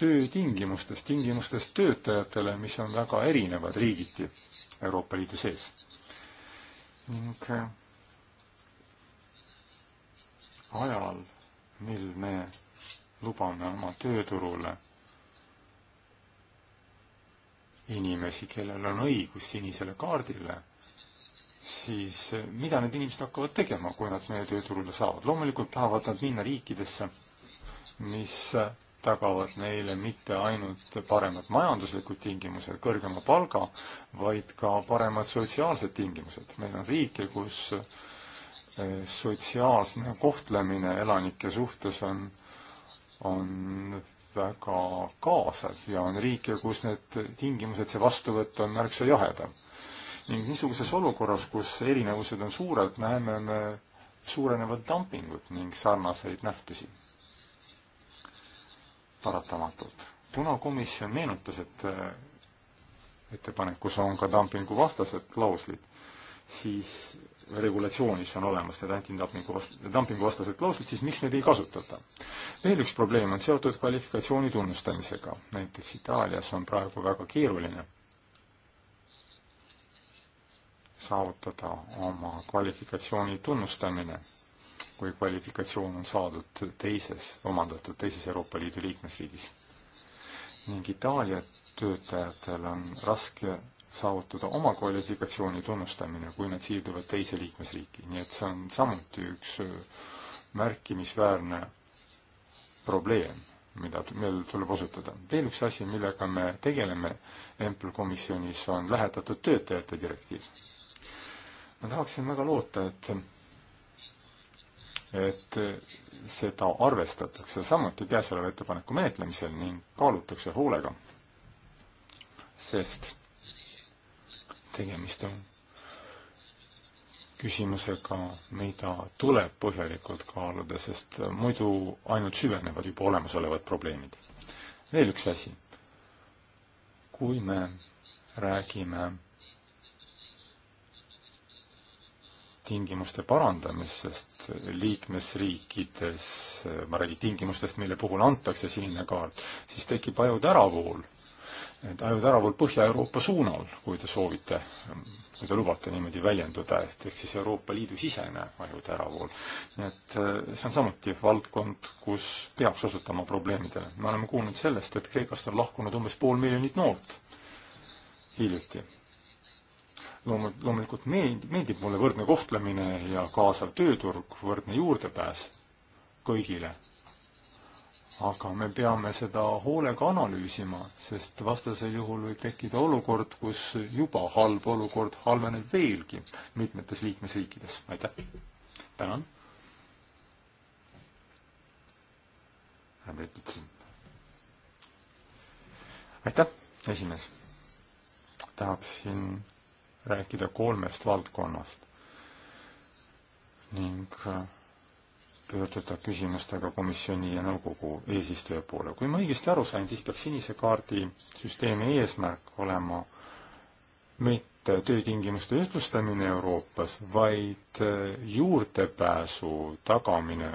töötingimustest, tingimustest töötajatele, mis on väga erinevad riigiti Euroopa Liidu sees. ning äh, ajal, mil me lubame oma tööturule inimesi, kellel on õigus sinisele kaardile siis eh, mida need inimesed hakkavad tegema, kui nad meie tööturule saavad? loomulikult tahavad nad minna riikidesse, mis eh, tagavad neile mitte ainult paremad majanduslikud tingimused, kõrgema palga, vaid ka paremad sotsiaalsed tingimused. meil on riike, kus eh, sotsiaalne kohtlemine elanike suhtes on, on väga kaasav ja on riike, kus need tingimused, see vastuvõtt on märksa jahedam ning niisuguses olukorras, kus erinevused on suured, näeme me suurenevat dumpingut ning sarnaseid nähtusi paratamatult. kuna komisjon meenutas, et äh, ettepanekus on ka dumpingu vastased klauslid, siis regulatsioonis on olemas need antidumpingu vast-, dumpingu vastased klauslid, siis miks neid ei kasutata? veel üks probleem on seotud kvalifikatsiooni tunnustamisega. näiteks Itaalias on praegu väga keeruline saavutada oma kvalifikatsiooni tunnustamine, kui kvalifikatsioon on saadud teises, omandatud teises Euroopa Liidu liikmesriigis. ning Itaalia töötajatel on raske saavutada oma kvalifikatsiooni tunnustamine, kui nad siirduvad teise liikmesriiki, nii et see on samuti üks äh, märkimisväärne probleem, mida meil tuleb osutada. veel üks asi, millega me tegeleme EMPL komisjonis, on lähetatud töötajate direktiiv ma tahaksin väga loota, et et seda arvestatakse samuti käesoleva ettepaneku menetlemisel ning kaalutakse hoolega, sest tegemist on küsimusega, mida tuleb põhjalikult kaaluda, sest muidu ainult süvenevad juba olemasolevad probleemid. veel üks asi. kui me räägime tingimuste parandamisest liikmesriikides, ma räägin tingimustest, mille puhul antakse sinine kaart, siis tekib ajude äravool. et ajude äravool Põhja-Euroopa suunal, kui te soovite, kui te lubate niimoodi väljenduda, et ehk siis Euroopa Liidu sisene ajude äravool. nii et äh, see on samuti valdkond, kus peaks osutama probleemidele. me oleme kuulnud sellest, et Kreekast on lahkunud umbes pool miljonit noort hiljuti loomult, loomulikult meeldib, meeldib mulle võrdne kohtlemine ja kaasav tööturg, võrdne juurdepääs kõigile. aga me peame seda hoolega analüüsima, sest vastasel juhul võib tekkida olukord, kus juba halb olukord halveneb veelgi mitmetes liikmesriikides. aitäh! tänan! aitäh, esimees! tahaksin rääkida kolmest valdkonnast ning äh, pöörduda küsimustega komisjoni ja nõukogu eesistuja poole. kui ma õigesti aru sain, siis peaks sinise kaardi süsteemi eesmärk olema mitte töötingimuste ühtlustamine Euroopas, vaid äh, juurdepääsu tagamine,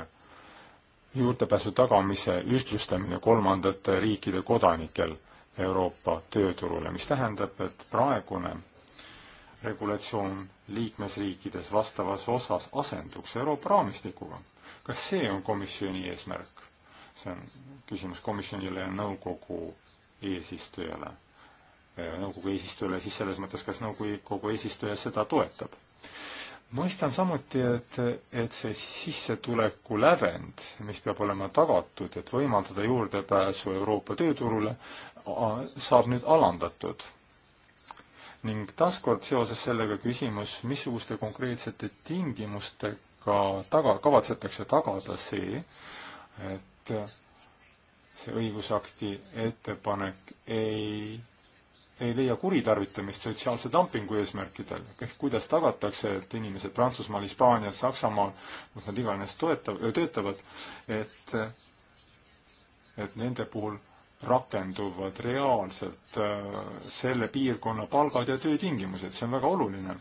juurdepääsu tagamise ühtlustamine kolmandate riikide kodanikel Euroopa tööturule, mis tähendab, et praegune regulatsioon liikmesriikides vastavas osas asenduks Euroopa raamistikuga. kas see on komisjoni eesmärk? see on küsimus komisjonile ja nõukogu eesistujale. nõukogu eesistujale siis selles mõttes, kas nõukogu eesistuja seda toetab. mõistan samuti, et, et see sissetuleku lävend, mis peab olema tagatud, et võimaldada juurdepääsu Euroopa tööturule, saab nüüd alandatud ning taaskord seoses sellega küsimus, missuguste konkreetsete tingimustega taga, kavatsetakse tagada see, et see õigusakti ettepanek ei, ei leia kuritarvitamist sotsiaalse dumpingu eesmärkidel, ehk kuidas tagatakse, et inimesed Prantsusmaal, Hispaanial, Saksamaal, kus nad iganes toetav, töötavad, et, et nende puhul rakenduvad reaalselt äh, selle piirkonna palgad ja töötingimused, see on väga oluline.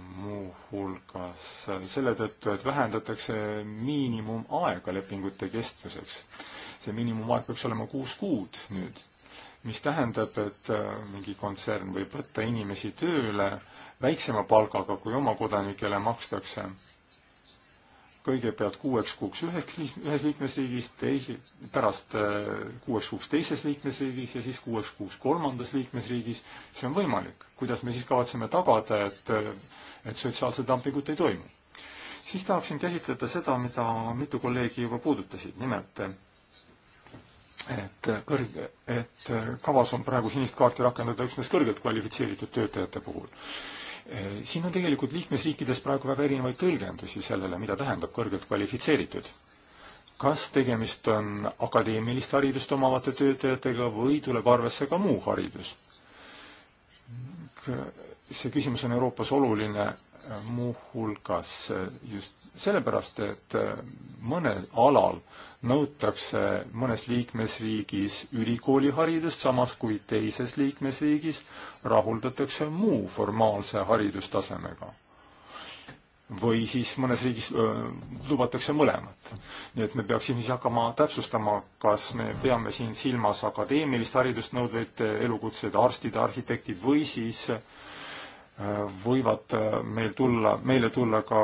muuhulgas selle tõttu, et vähendatakse miinimumaega lepingute kestvuseks. see miinimumaeg peaks olema kuus kuud nüüd, mis tähendab, et äh, mingi kontsern võib võtta inimesi tööle väiksema palgaga, kui oma kodanikele makstakse kõigepealt kuueks kuuks üheks, ühes liikmesriigis, teisi, pärast äh, kuueks kuuks teises liikmesriigis ja siis kuueks kuuks kolmandas liikmesriigis, see on võimalik. kuidas me siis kavatseme tagada, et, äh, et sotsiaalset dumpingut ei toimu? siis tahaksin käsitleda seda, mida mitu kolleegi juba puudutasid, nimelt äh, et kõrge, et kavas on praegu sinist kaarti rakendada üksnes kõrgelt kvalifitseeritud töötajate puhul Eh, siin on tegelikult liikmesriikides praegu väga erinevaid tõlgendusi sellele, mida tähendab kõrgelt kvalifitseeritud. kas tegemist on akadeemilist haridust omavate töötajatega või tuleb arvesse ka muu haridus? Eh, see küsimus on Euroopas oluline muuhulgas eh, just sellepärast, et eh, mõnel alal nõutakse mõnes liikmesriigis ülikooliharidust, samas kui teises liikmesriigis rahuldatakse muu formaalse haridustasemega. või siis mõnes riigis öö, eh, lubatakse mõlemat. nii et me peaksime siis hakkama täpsustama, kas me peame siin silmas akadeemilist haridust nõudvaid elukutseid, arstid, arhitektid või siis öö, võivad äh, meil tulla, meile tulla ka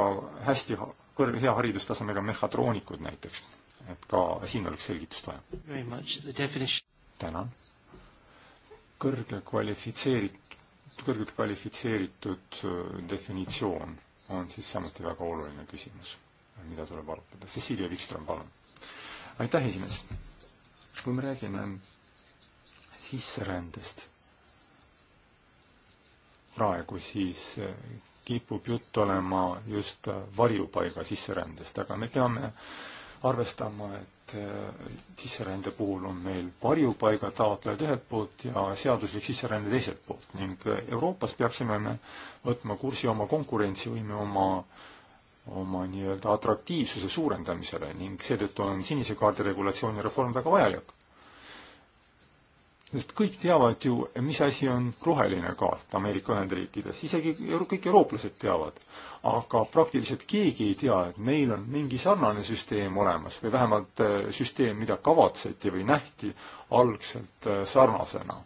hästi kõr-, hea haridustasemega mehhatroonikud näiteks. et ka siin oleks selgitust vaja. tänan. kõrge kvalifitseeritud, kõrgelt kvalifitseeritud äh, definitsioon on siis samuti väga oluline küsimus, mida tuleb arutada. Cecilia Wikström, palun. aitäh, esimees. kui me räägime sisserändest praegu, siis eh, kipub jutt olema just varjupaiga sisserändest, aga me peame arvestama, et eh, sisserände puhul on meil varjupaiga taotlejad ühelt poolt ja seaduslik sisseränne teiselt poolt ning Euroopas peaksime me võtma kursi oma konkurentsivõime, oma oma nii-öelda atraktiivsuse suurendamisele ning seetõttu on sinise kaardi regulatsiooni reform väga vajalik sest kõik teavad ju, mis asi on roheline kaart Ameerika Ühendriikides, isegi kõik eurooplased teavad. aga praktiliselt keegi ei tea, et meil on mingi sarnane süsteem olemas või vähemalt äh, süsteem, mida kavatseti või nähti algselt äh, sarnasena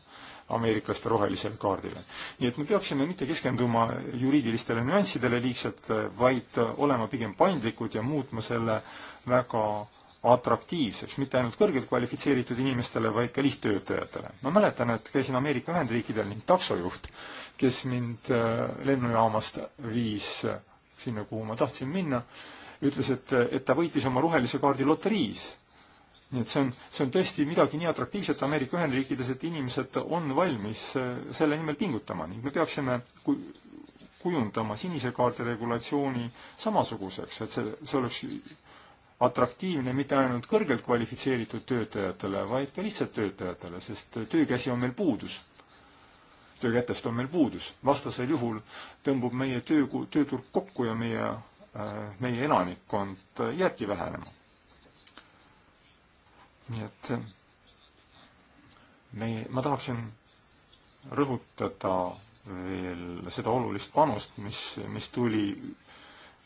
ameeriklaste rohelisele kaardile. nii et me peaksime mitte keskenduma juriidilistele nüanssidele liigselt, äh, vaid olema pigem paindlikud ja muutma selle väga atraktiivseks mitte ainult kõrgelt kvalifitseeritud inimestele, vaid ka lihttöötajatele. ma mäletan, et käisin Ameerika Ühendriikidel ning taksojuht, kes mind äh, lennujaamast viis äh, sinna, kuhu ma tahtsin minna, ütles, et, äh, et ta võitis oma rohelise kaardi loteriis. nii et see on, see on tõesti midagi nii atraktiivset Ameerika Ühendriikides, et inimesed on valmis selle nimel pingutama ning me peaksime kui, kujundama sinise kaardi regulatsiooni samasuguseks, et see, see oleks atraktiivne mitte ainult kõrgelt kvalifitseeritud töötajatele, vaid ka lihtsalt töötajatele, sest töökäsi on meil puudus. töökätest on meil puudus, vastasel juhul tõmbub meie töö, tööturg kokku ja meie, äh, meie elanikkond jääbki vähenema. nii et äh, meie, ma tahaksin rõhutada veel seda olulist panust, mis, mis tuli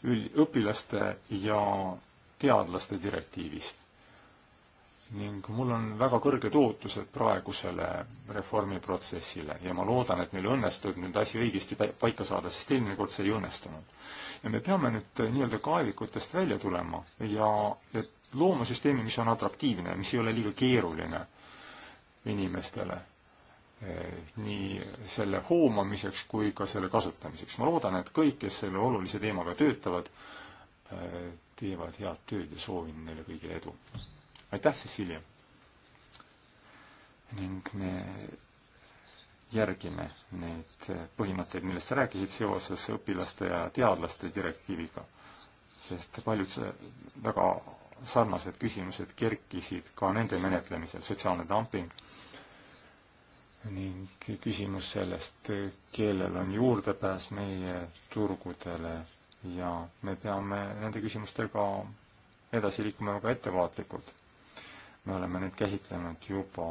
üld, õpilaste ja teadlaste direktiivist. ning mul on väga kõrged ootused praegusele reformiprotsessile ja ma loodan, et meil õnnestub nüüd asi õigesti paika saada, sest eelmine kord see ei õnnestunud. ja me peame nüüd äh, nii-öelda kaevikutest välja tulema ja et looma süsteemi, mis on atraktiivne, mis ei ole liiga keeruline inimestele eh, nii selle hoomamiseks kui ka selle kasutamiseks. ma loodan, et kõik, kes selle olulise teemaga töötavad, eh, teevad head tööd ja soovin neile kõigile edu. aitäh, Cecilia! ning me järgime neid põhimõtteid, millest sa rääkisid seoses õpilaste ja teadlaste direktiiviga, sest paljud väga sarnased küsimused kerkisid ka nende menetlemisel, sotsiaalne dumping ning küsimus sellest, kellel on juurdepääs meie turgudele ja me peame nende küsimustega edasi liikuma väga ettevaatlikult. me oleme neid käsitlenud juba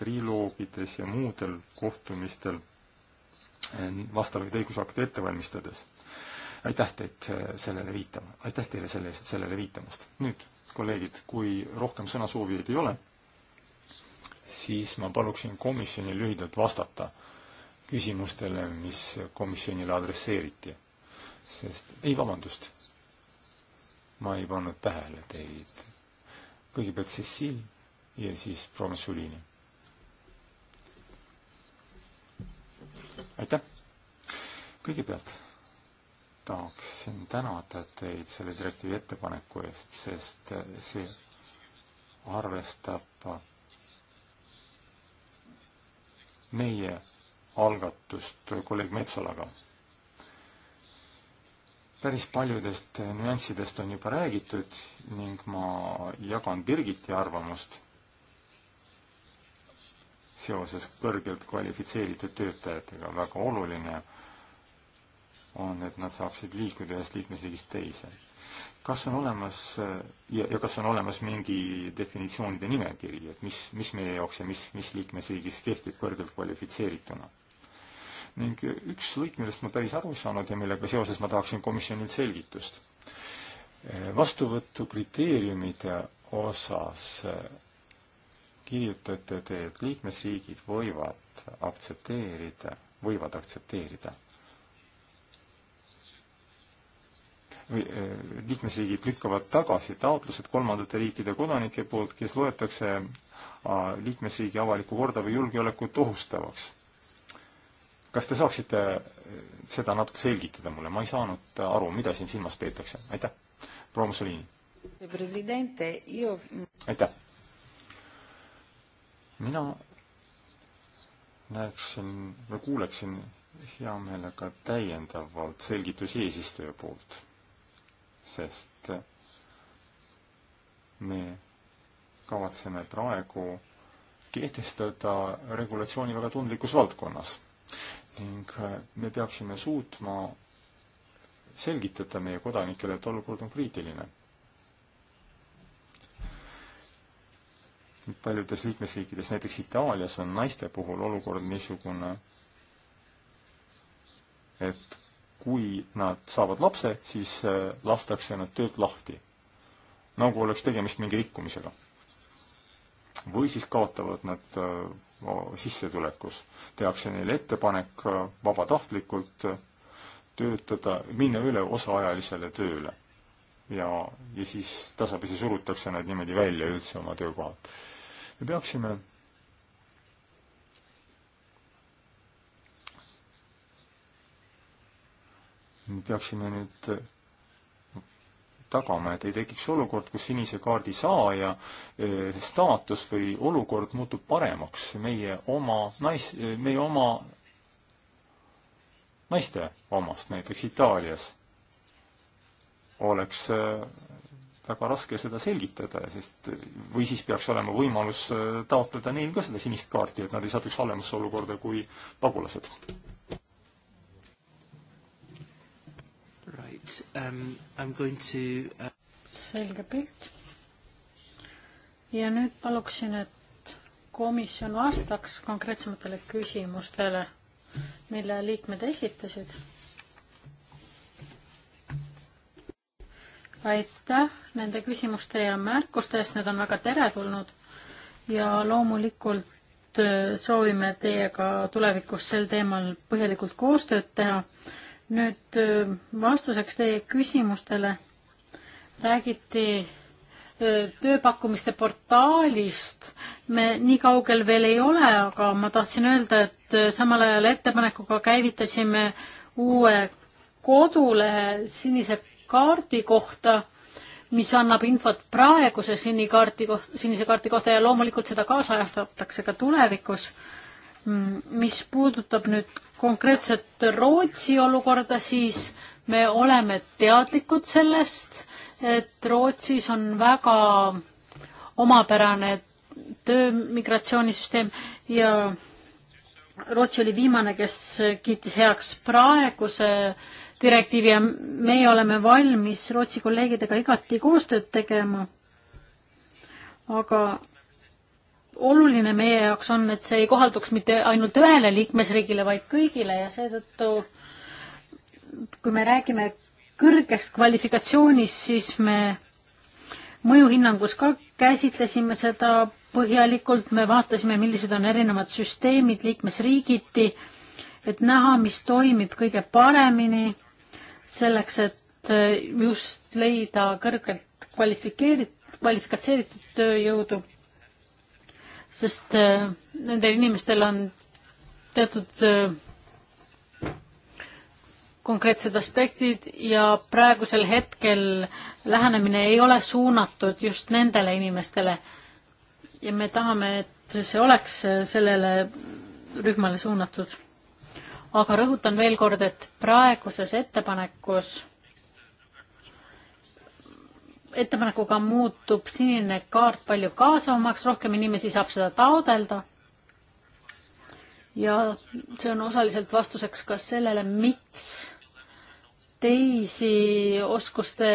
triloogides ja muudel kohtumistel eh, vastavaid õigusakte ette valmistades. aitäh teid eh, sellele viitama, aitäh teile selle eest, sellele viitamast. nüüd, kolleegid, kui rohkem sõnasoovijaid ei ole, siis ma paluksin komisjonil lühidalt vastata küsimustele, mis komisjonile adresseeriti sest, ei vabandust, ma ei pannud tähele teid. kõigepealt Cecil ja siis proua Mussolini. aitäh! kõigepealt tahaksin tänada teid selle direktiivi ettepaneku eest, sest see arvestab meie algatust kolleeg Metsalaga päris paljudest eh, nüanssidest on juba räägitud ning ma jagan Birgiti arvamust seoses kõrgelt kvalifitseeritud töötajatega. väga oluline on, et nad saaksid liikuda ühest liikmesriigist teise. kas on olemas eh, ja, ja kas on olemas mingi definitsioonide nimekiri, et mis, mis meie jaoks ja mis, mis liikmesriigis kehtib kõrgelt kvalifitseerituna? ning üks lõik, millest ma päris aru ei saanud ja millega seoses ma tahaksin komisjonilt selgitust. vastuvõtukriteeriumide osas kirjutate te, et liikmesriigid võivad aktsepteerida, võivad aktsepteerida või eh, liikmesriigid lükkavad tagasi taotlused kolmandate riikide kodanike poolt, kes loetakse ah, liikmesriigi avalikku korda või julgeolekut ohustavaks kas te saaksite eh, seda natuke selgitada mulle, ma ei saanud aru, mida siin silmas peetakse, aitäh, proua Mussolini. aitäh. mina näeksin või kuuleksin hea meelega täiendavalt selgitusi eesistuja poolt, sest me kavatseme praegu kehtestada regulatsiooni väga tundlikus valdkonnas ning äh, me peaksime suutma selgitada meie kodanikele, et olukord on kriitiline. paljudes liikmesriikides, näiteks Itaalias on naiste puhul olukord niisugune, et kui nad saavad lapse, siis äh, lastakse nad töölt lahti, nagu oleks tegemist mingi rikkumisega. või siis kaotavad nad äh, sissetulekus. tehakse neile ettepanek äh, vabatahtlikult äh, töötada, minna üle osaajalisele tööle. ja, ja siis tasapisi surutakse nad niimoodi välja üldse oma töökohalt. me peaksime me peaksime nüüd tagama, et ei tekiks olukord, kus sinise kaardi saaja eh, staatus või olukord muutub paremaks meie oma nais-, meie oma naiste omast, näiteks Itaalias oleks eh, väga raske seda selgitada, sest või siis peaks olema võimalus eh, taotleda neil ka seda sinist kaarti, et nad ei satuks halvemasse olukorda kui pagulased. right. Um, I'm going to... Uh... Selge pilt. Ja nüüd paluksin, et komisjon vastaks konkreetsematele küsimustele, mille liikmed esitasid. Aitäh nende küsimuste ja märkuste eest. Need on väga teretulnud ja loomulikult äh, soovime teiega tulevikus sel teemal põhjalikult koostööd teha nüüd äh, vastuseks teie küsimustele räägiti äh, tööpakkumiste portaalist. me nii kaugel veel ei ole, aga ma tahtsin öelda, et äh, samal ajal ettepanekuga käivitasime uue kodulehe sinise kaardi kohta, mis annab infot praeguse sinikaardi koht, sinise kaardi kohta ja loomulikult seda kaasajastatakse ka tulevikus Mm, mis puudutab nüüd konkreetselt Rootsi olukorda, siis me oleme teadlikud sellest, et Rootsis on väga omapärane töömigratsioonisüsteem ja Rootsi oli viimane, kes kiitis heaks praeguse direktiivi ja meie oleme valmis Rootsi kolleegidega igati koostööd tegema. aga oluline meie jaoks on, et see ei kohalduks mitte ainult ühele liikmesriigile, vaid kõigile ja seetõttu kui me räägime kõrgest kvalifikatsioonist, siis me mõjuhinnangus ka käsitlesime seda põhjalikult, me vaatasime, millised on erinevad süsteemid liikmesriigiti, et näha, mis toimib kõige paremini, selleks et eh, just leida kõrgelt kvalifikeeritud, kvalifitseeritud tööjõudu sest äh, nendel inimestel on teatud äh, konkreetsed aspektid ja praegusel hetkel lähenemine ei ole suunatud just nendele inimestele. ja me tahame, et see oleks äh, sellele rühmale suunatud. aga rõhutan veel kord, et praeguses ettepanekus ettepanekuga muutub sinine kaart palju kaasavamaks, rohkem inimesi saab seda taodelda. ja see on osaliselt vastuseks ka sellele, miks teisi oskuste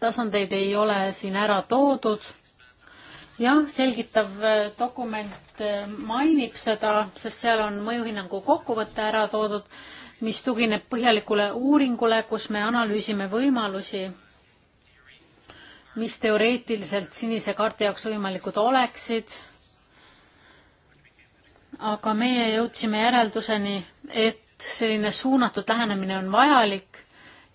tasandeid ei ole siin ära toodud. jah, selgitav äh, dokument äh, mainib seda, sest seal on mõjuhinnangu kokkuvõte ära toodud, mis tugineb põhjalikule uuringule, kus me analüüsime võimalusi mis teoreetiliselt sinise kaardi jaoks võimalikud oleksid. aga meie jõudsime järelduseni, et selline suunatud lähenemine on vajalik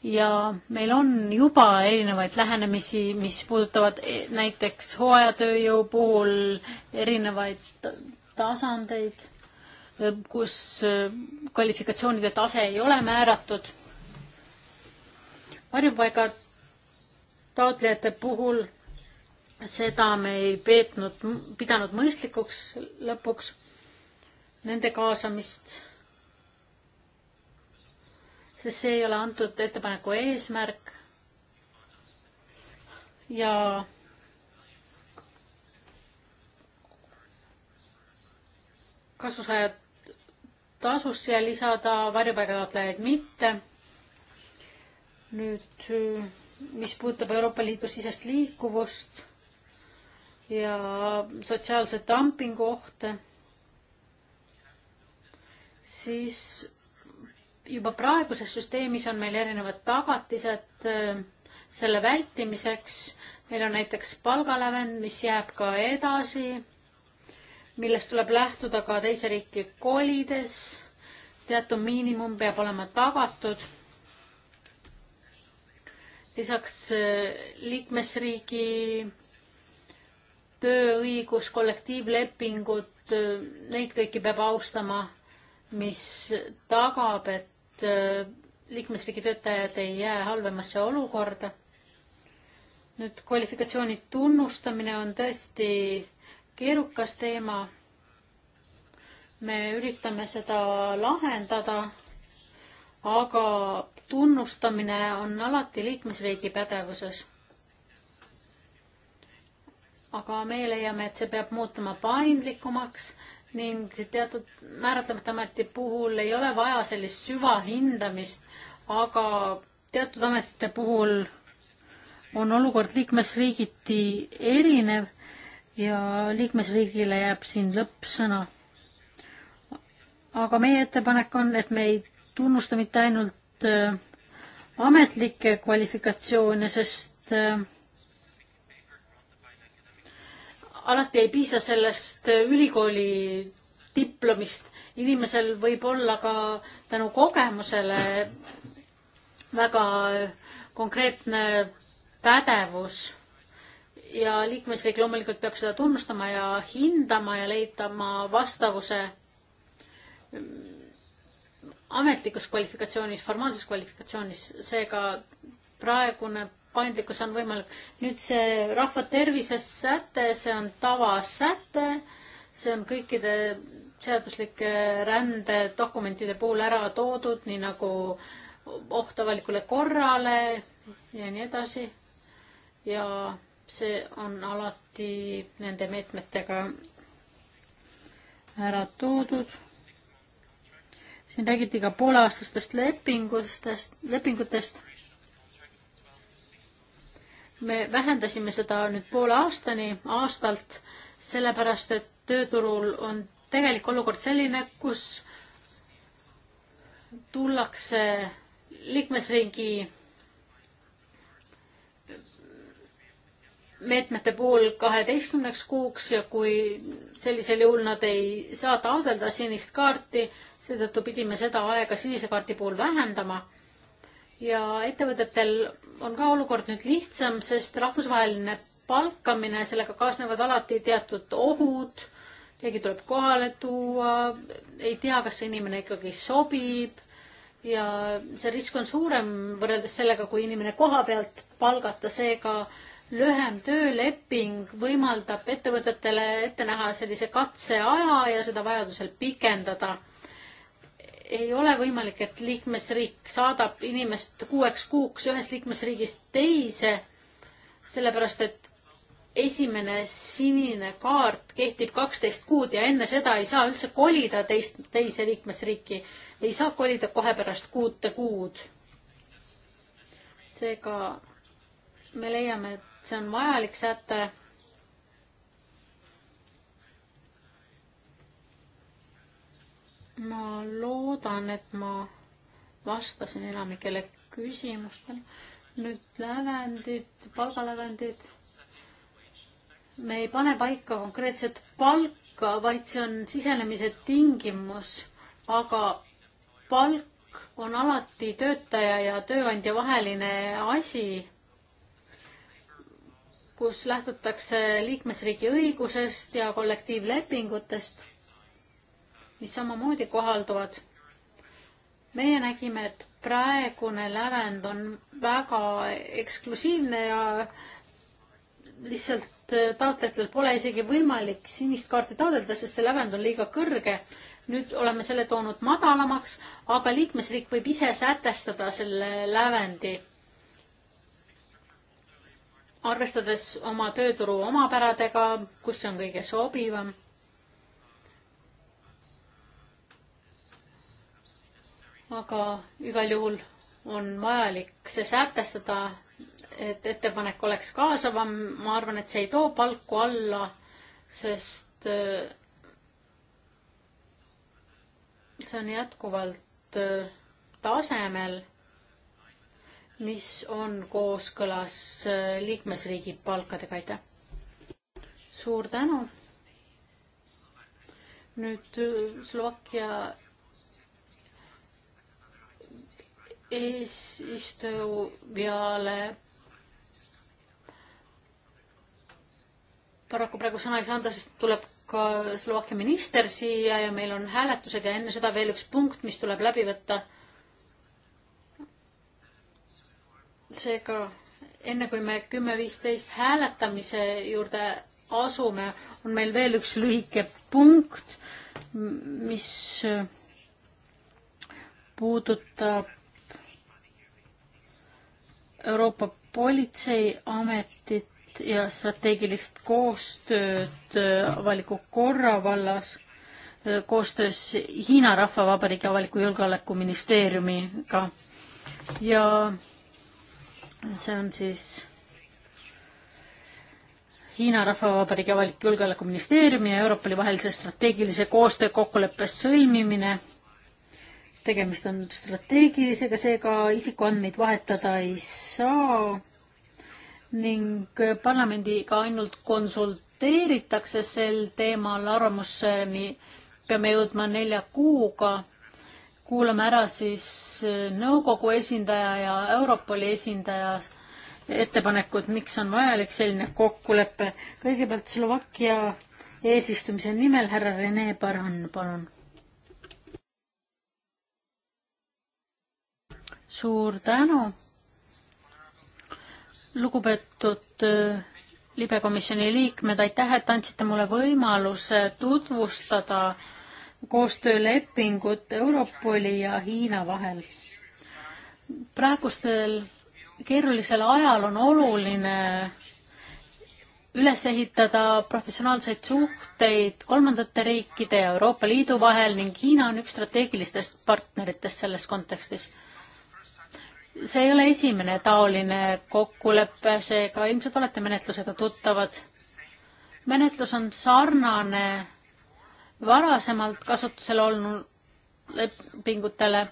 ja meil on juba erinevaid lähenemisi, mis puudutavad e-, näiteks hooajatööjõu puhul erinevaid tasandeid, kus kvalifikatsioonide tase ei ole määratud. varjupaigad taotlejate puhul seda me ei peetnud, pidanud mõistlikuks lõpuks nende kaasamist. sest see ei ole antud ettepaneku eesmärk. ja kasusaajad tasust siia lisada, varjupaigataotlejaid mitte. nüüd mis puudutab Euroopa Liidu sisest liikuvust ja sotsiaalse dumpingu ohte, siis juba praeguses süsteemis on meil erinevad tagatised äh, selle vältimiseks. meil on näiteks palgalävend, mis jääb ka edasi, millest tuleb lähtuda ka teise riiki kolides. teatud miinimum peab olema tagatud lisaks äh, liikmesriigi tööõigus, kollektiivlepingud, äh, neid kõiki peab austama, mis tagab, et äh, liikmesriigi töötajad ei jää halvemasse olukorda. nüüd kvalifikatsiooni tunnustamine on tõesti keerukas teema. me üritame seda lahendada, aga tunnustamine on alati liikmesriigi pädevuses. aga meie leiame, et see peab muutuma paindlikumaks ning teatud määratlemata ameti puhul ei ole vaja sellist süvahindamist, aga teatud ametite puhul on olukord liikmesriigiti erinev ja liikmesriigile jääb siin lõppsõna. aga meie ettepanek on, et me ei tunnusta mitte ainult ainult äh, ametlikke kvalifikatsioone, sest äh, alati ei piisa sellest äh, ülikooli diplomist. inimesel võib olla ka tänu kogemusele väga konkreetne pädevus ja liikmesriik loomulikult peab seda tunnustama ja hindama ja leidma vastavuse ametlikus kvalifikatsioonis, formaalses kvalifikatsioonis, seega praegune paindlikkus on võimalik. nüüd see rahva tervise säte, see on tavasäte, see on kõikide seaduslike rändedokumentide puhul ära toodud, nii nagu oht avalikule korrale ja nii edasi. ja see on alati nende meetmetega ära toodud siin räägiti ka pooleaastastest lepingustest, lepingutest. me vähendasime seda nüüd poole aastani, aastalt, sellepärast et tööturul on tegelik olukord selline, kus tullakse liikmesriigi meetmete puhul kaheteistkümneks kuuks ja kui sellisel juhul nad ei saa taotleda sinist kaarti, seetõttu pidime seda aega sinise kaardi puhul vähendama. ja ettevõtetel on ka olukord nüüd lihtsam, sest rahvusvaheline palkamine, sellega kaasnevad alati teatud ohud, keegi tuleb kohale tuua, ei tea, kas see inimene ikkagi sobib ja see risk on suurem võrreldes sellega, kui inimene koha pealt palgata, seega lühem tööleping võimaldab ettevõtetele ette näha sellise katseaja ja seda vajadusel pikendada ei ole võimalik, et liikmesriik saadab inimest kuueks kuuks ühest liikmesriigist teise, sellepärast et esimene sinine kaart kehtib kaksteist kuud ja enne seda ei saa üldse kolida teist, teise liikmesriiki. ei saa kolida kohe pärast kuute kuud. seega me leiame, et see on vajalik säte ma loodan, et ma vastasin enamikele küsimustele. nüüd lävendid, palgalävendid. me ei pane paika konkreetset palka, vaid see on sisenemise tingimus, aga palk on alati töötaja ja tööandja vaheline asi, kus lähtutakse liikmesriigi õigusest ja kollektiivlepingutest mis samamoodi kohalduvad. meie nägime, et praegune lävend on väga eksklusiivne ja lihtsalt äh, taotlejatel pole isegi võimalik sinist kaarti taotleda, sest see lävend on liiga kõrge. nüüd oleme selle toonud madalamaks, aga liikmesriik võib ise sätestada selle lävendi. arvestades oma tööturu omapäradega, kus see on kõige sobivam aga igal juhul on vajalik see sätestada, et ettepanek oleks kaasavam, ma arvan, et see ei too palku alla, sest äh, see on jätkuvalt äh, tasemel, mis on kooskõlas äh, liikmesriigi palkadega, aitäh! suur tänu! nüüd Slovakkia eesistujale paraku praegu sõna ei saa anda, sest tuleb ka Slovakkia minister siia ja meil on hääletused ja enne seda veel üks punkt, mis tuleb läbi võtta. seega enne kui me kümme viisteist hääletamise juurde asume, on meil veel üks lühike punkt, mis puudutab Euroopa Politseiametit ja strateegilist koostööd äh, avaliku korra vallas äh, koostöös Hiina Rahvavabariigi avaliku julgeolekuministeeriumiga. ja see on siis Hiina Rahvavabariigi avaliku julgeolekuministeeriumi ja Euroopa Liidu vahelise strateegilise koostöö kokkuleppe sõlmimine tegemist on strateegilisega, seega isikuandmeid vahetada ei saa ning parlamendiga ainult konsulteeritakse sel teemal arvamuseni, peame jõudma nelja kuuga. kuulame ära siis nõukogu esindaja ja Europoli esindaja ettepanekud, miks on vajalik selline kokkulepe. kõigepealt Slovakkia eesistumise nimel härra Rene Baran, palun suur tänu, lugupeetud äh, libekomisjoni liikmed, aitäh, et andsite mulle võimaluse tutvustada koostöölepingut Europoli ja Hiina vahel. praegustel keerulisel ajal on oluline üles ehitada professionaalseid suhteid kolmandate riikide ja Euroopa Liidu vahel ning Hiina on üks strateegilistest partneritest selles kontekstis see ei ole esimene taoline kokkulepe, seega ilmselt olete menetlusega tuttavad. menetlus on sarnane varasemalt kasutusel olnud lepingutele.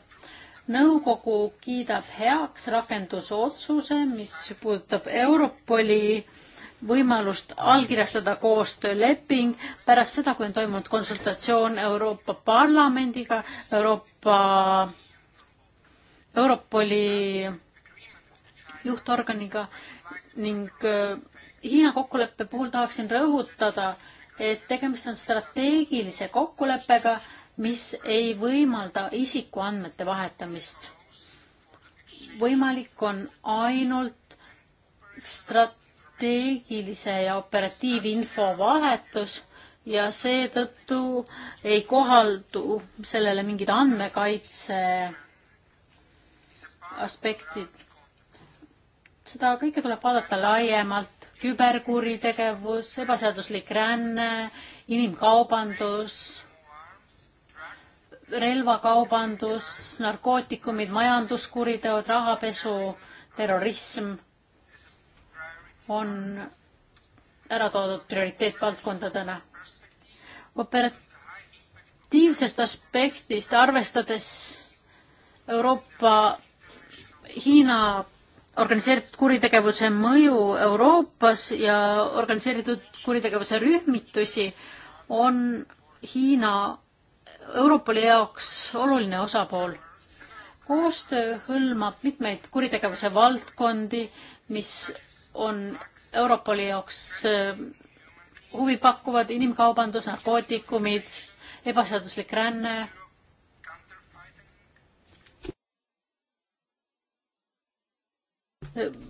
nõukogu kiidab heaks rakendusotsuse, mis puudutab Europoli võimalust allkirjastada koostööleping pärast seda, kui on toimunud konsultatsioon Euroopa Parlamendiga, Euroopa Europoli juhtorganiga ning äh, Hiina kokkuleppe puhul tahaksin rõhutada, et tegemist on strateegilise kokkuleppega, mis ei võimalda isikuandmete vahetamist. võimalik on ainult strateegilise ja operatiivinfo vahetus ja seetõttu ei kohaldu sellele mingid andmekaitse aspektid. seda kõike tuleb vaadata laiemalt, küberkuritegevus, ebaseaduslik ränne, inimkaubandus, relvakaubandus, narkootikumid, majanduskuriteod, rahapesu, terrorism on ära toodud prioriteetvaldkondadena. operatiivsest aspektist arvestades Euroopa Hiina organiseeritud kuritegevuse mõju Euroopas ja organiseeritud kuritegevuse rühmitusi on Hiina Europoli jaoks oluline osapool. koostöö hõlmab mitmeid kuritegevuse valdkondi, mis on Europoli jaoks eh, huvi pakkuvad inimkaubandus, narkootikumid, ebaseaduslik ränne,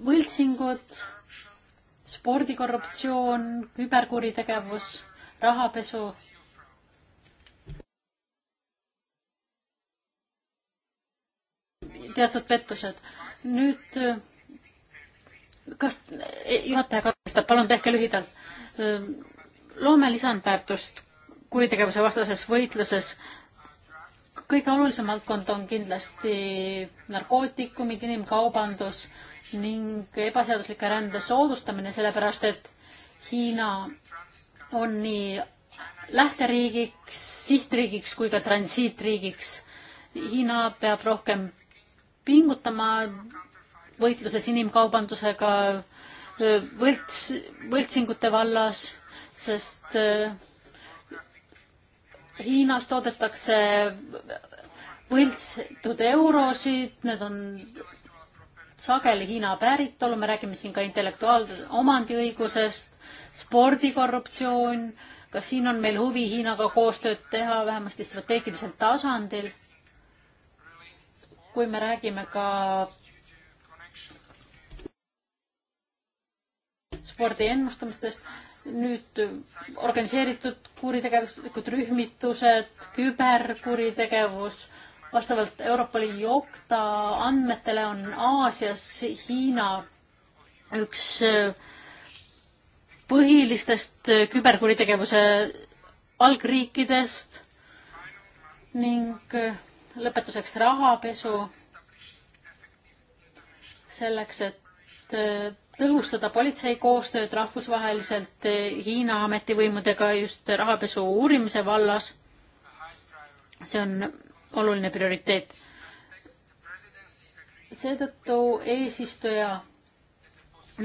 võltsingud, spordikorruptsioon, küberkuritegevus, rahapesu. teatud pettused. nüüd, kas juhataja katkestab, palun tehke lühidalt. loome lisandväärtust kuritegevuse vastases võitluses kõige olulisem valdkond on kindlasti narkootikumid, inimkaubandus, ning ebaseaduslike rände soodustamine, sellepärast et Hiina on nii lähteriigiks, sihtriigiks kui ka transiitriigiks. Hiina peab rohkem pingutama võitluses inimkaubandusega, võlts, võltsingute vallas, sest Hiinas toodetakse võltsitud eurosid, need on sageli Hiina päritolu, me räägime siin ka intellektuaalomandiõigusest, spordikorruptsioon, ka siin on meil huvi Hiinaga koostööd teha, vähemasti strateegilisel tasandil. kui me räägime ka spordi ennustamistest, nüüd organiseeritud kuritegevuslikud rühmitused, küberkuritegevus vastavalt Europoli jokta andmetele on Aasias Hiina üks äh, põhilistest äh, küberkuritegevuse algriikidest ning äh, lõpetuseks rahapesu selleks, et tõhustada politsei koostööd rahvusvaheliselt Hiina ametivõimudega just rahapesu uurimise vallas. see on oluline prioriteet. seetõttu eesistuja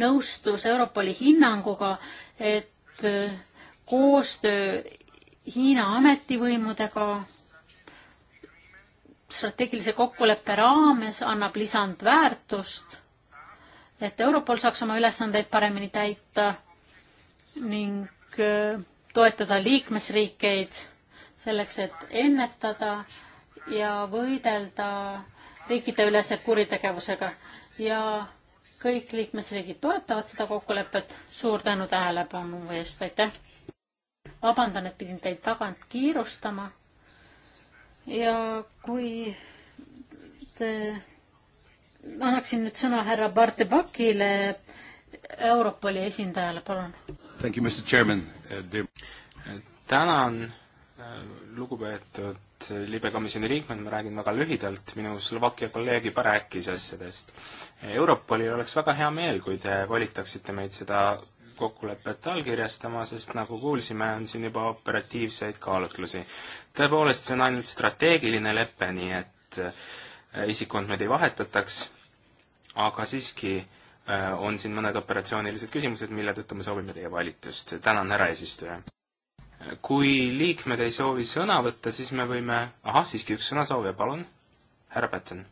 nõustus Europoli hinnanguga, et koostöö Hiina ametivõimudega strateegilise kokkuleppe raames annab lisandväärtust, et Europol saaks oma ülesandeid paremini täita ning toetada liikmesriikeid selleks, et ennetada ja võidelda riikideülese kuritegevusega ja kõik liikmesriigid toetavad seda kokkulepet. suur tänu tähelepanu eest, aitäh. vabandan, et pidin teid tagant kiirustama. ja kui te, annaksin nüüd sõna härra Bartebakile, Europoli esindajale, palun. Uh, tänan, uh, lugupeetud head libekomisjoni liikmed, ma räägin väga lühidalt, minu Slovakkia kolleeg juba rääkis asjadest. Europolil oleks väga hea meel, kui te volitaksite meid seda kokkulepet allkirjastama, sest nagu kuulsime, on siin juba operatiivseid kaalutlusi. tõepoolest, see on ainult strateegiline lepe, nii et äh, isikuandmeid ei vahetataks, aga siiski äh, on siin mõned operatsioonilised küsimused, mille tõttu me soovime teie valitust. tänan, härra eesistuja! kui liikmed ei soovi sõna võtta, siis me võime, ahah, siiski üks sõnasoovija, palun, härra Pätsen.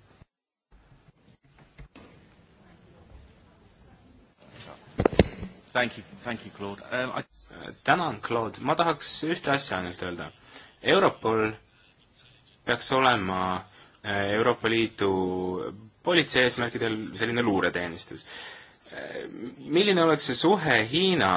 Um, I... tänan, Claude, ma tahaks ühte asja ainult öelda. Europol peaks olema eh, Euroopa Liidu politsei eesmärkidel selline luureteenistus eh, milline oleks see suhe Hiina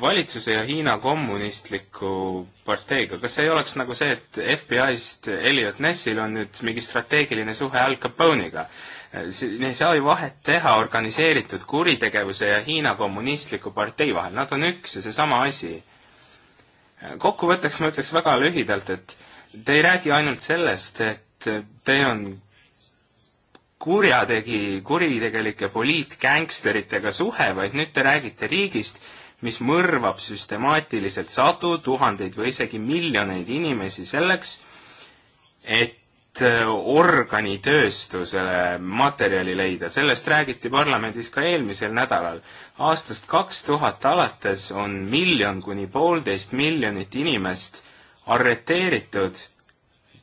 valitsuse ja Hiina kommunistliku parteiga, kas ei oleks nagu see, et FBI-st Elliot Nessil on nüüd mingi strateegiline suhe Al Capone'iga? ei saa ju vahet teha organiseeritud kuritegevuse ja Hiina kommunistliku partei vahel, nad on üks ja seesama asi. kokkuvõtteks ma ütleks väga lühidalt, et te ei räägi ainult sellest, et teil on kurjategi, kuritegelike poliitgängsteritega suhe, vaid nüüd te räägite riigist, mis mõrvab süstemaatiliselt sadu, tuhandeid või isegi miljoneid inimesi selleks, et äh, organitööstusele materjali leida, sellest räägiti parlamendis ka eelmisel nädalal. aastast kaks tuhat alates on miljon kuni poolteist miljonit inimest arreteeritud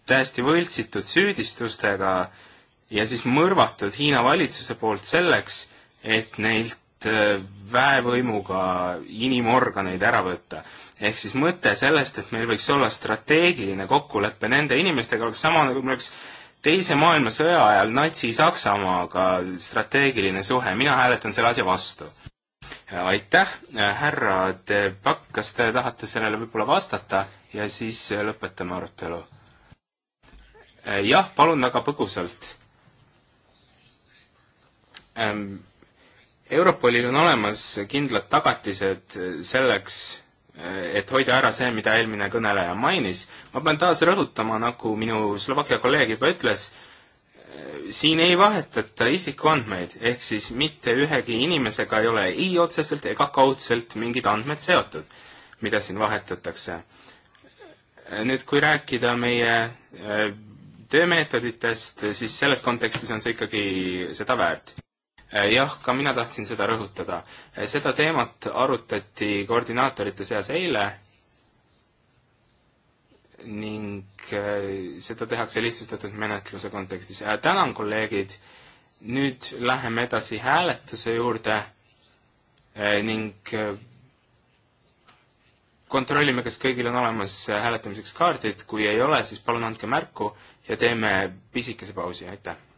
täiesti võltsitud süüdistustega ja siis mõrvatud Hiina valitsuse poolt selleks, et neilt Äh, väevõimuga inimorganeid ära võtta. ehk siis mõte sellest, et meil võiks olla strateegiline kokkulepe nende inimestega, oleks sama nagu meil oleks teise maailmasõja ajal Natsi-Saksamaaga strateegiline suhe, mina hääletan selle asja vastu. aitäh, härra De Pakk, kas te tahate sellele võib-olla vastata ja siis lõpetame arutelu? jah, palun väga põgusalt ähm Europolil on olemas kindlad tagatised selleks, et hoida ära see, mida eelmine kõneleja mainis. ma pean taas rõhutama, nagu minu Slovakkia kolleeg juba ütles, siin ei vahetata isikuandmeid, ehk siis mitte ühegi inimesega ei ole ei otseselt ega kaudselt mingid andmed seotud, mida siin vahetatakse. nüüd, kui rääkida meie eh, töömeetoditest, siis selles kontekstis on see ikkagi seda väärt Eh, jah, ka mina tahtsin seda rõhutada. Eh, seda teemat arutati koordinaatorite seas eile ning eh, seda tehakse lihtsustatud menetluse kontekstis. tänan, kolleegid, nüüd läheme edasi hääletuse juurde ning kontrollime, kas kõigil on olemas hääletamiseks kaardid, kui ei ole, siis palun andke märku ja teeme pisikese pausi, aitäh!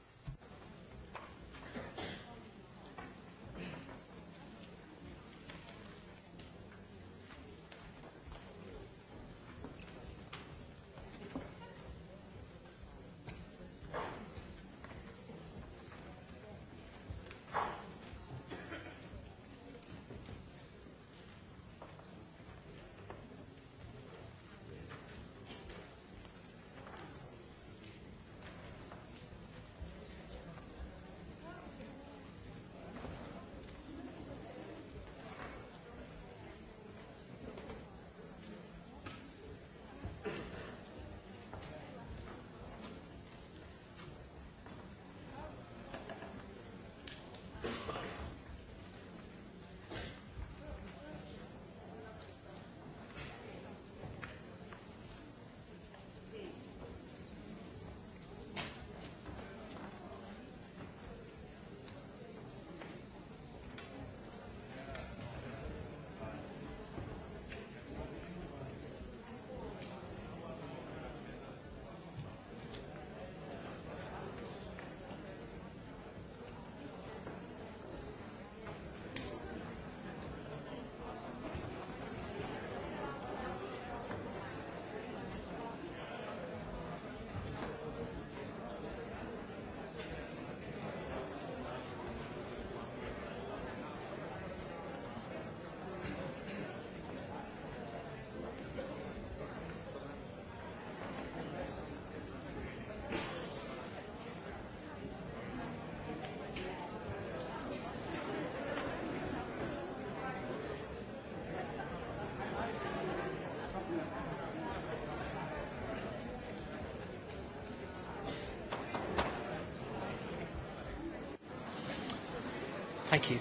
Thank you.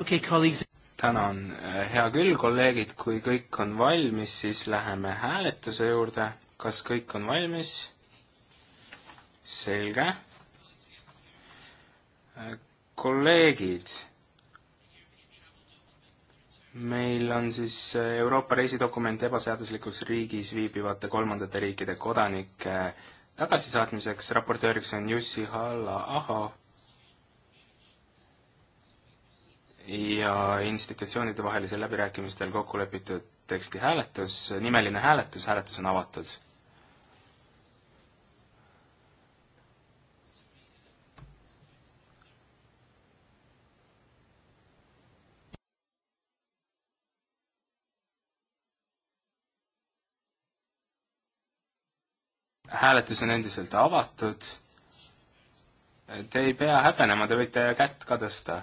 Okay, colleagues. tänan, äh, hea küll, kolleegid, kui kõik on valmis, siis läheme hääletuse juurde. kas kõik on valmis? selge. Äh, kolleegid, meil on siis äh, Euroopa reisidokument ebaseaduslikus riigis viibivate kolmandate riikide kodanike tagasisaatmiseks, raportööriks on Jussi Halla-Aho ja institutsioonide vahelisel läbirääkimistel kokku lepitud teksti hääletus, nimeline hääletus, hääletus on avatud. hääletus on endiselt avatud. Te ei pea häbenema, te võite kätt ka tõsta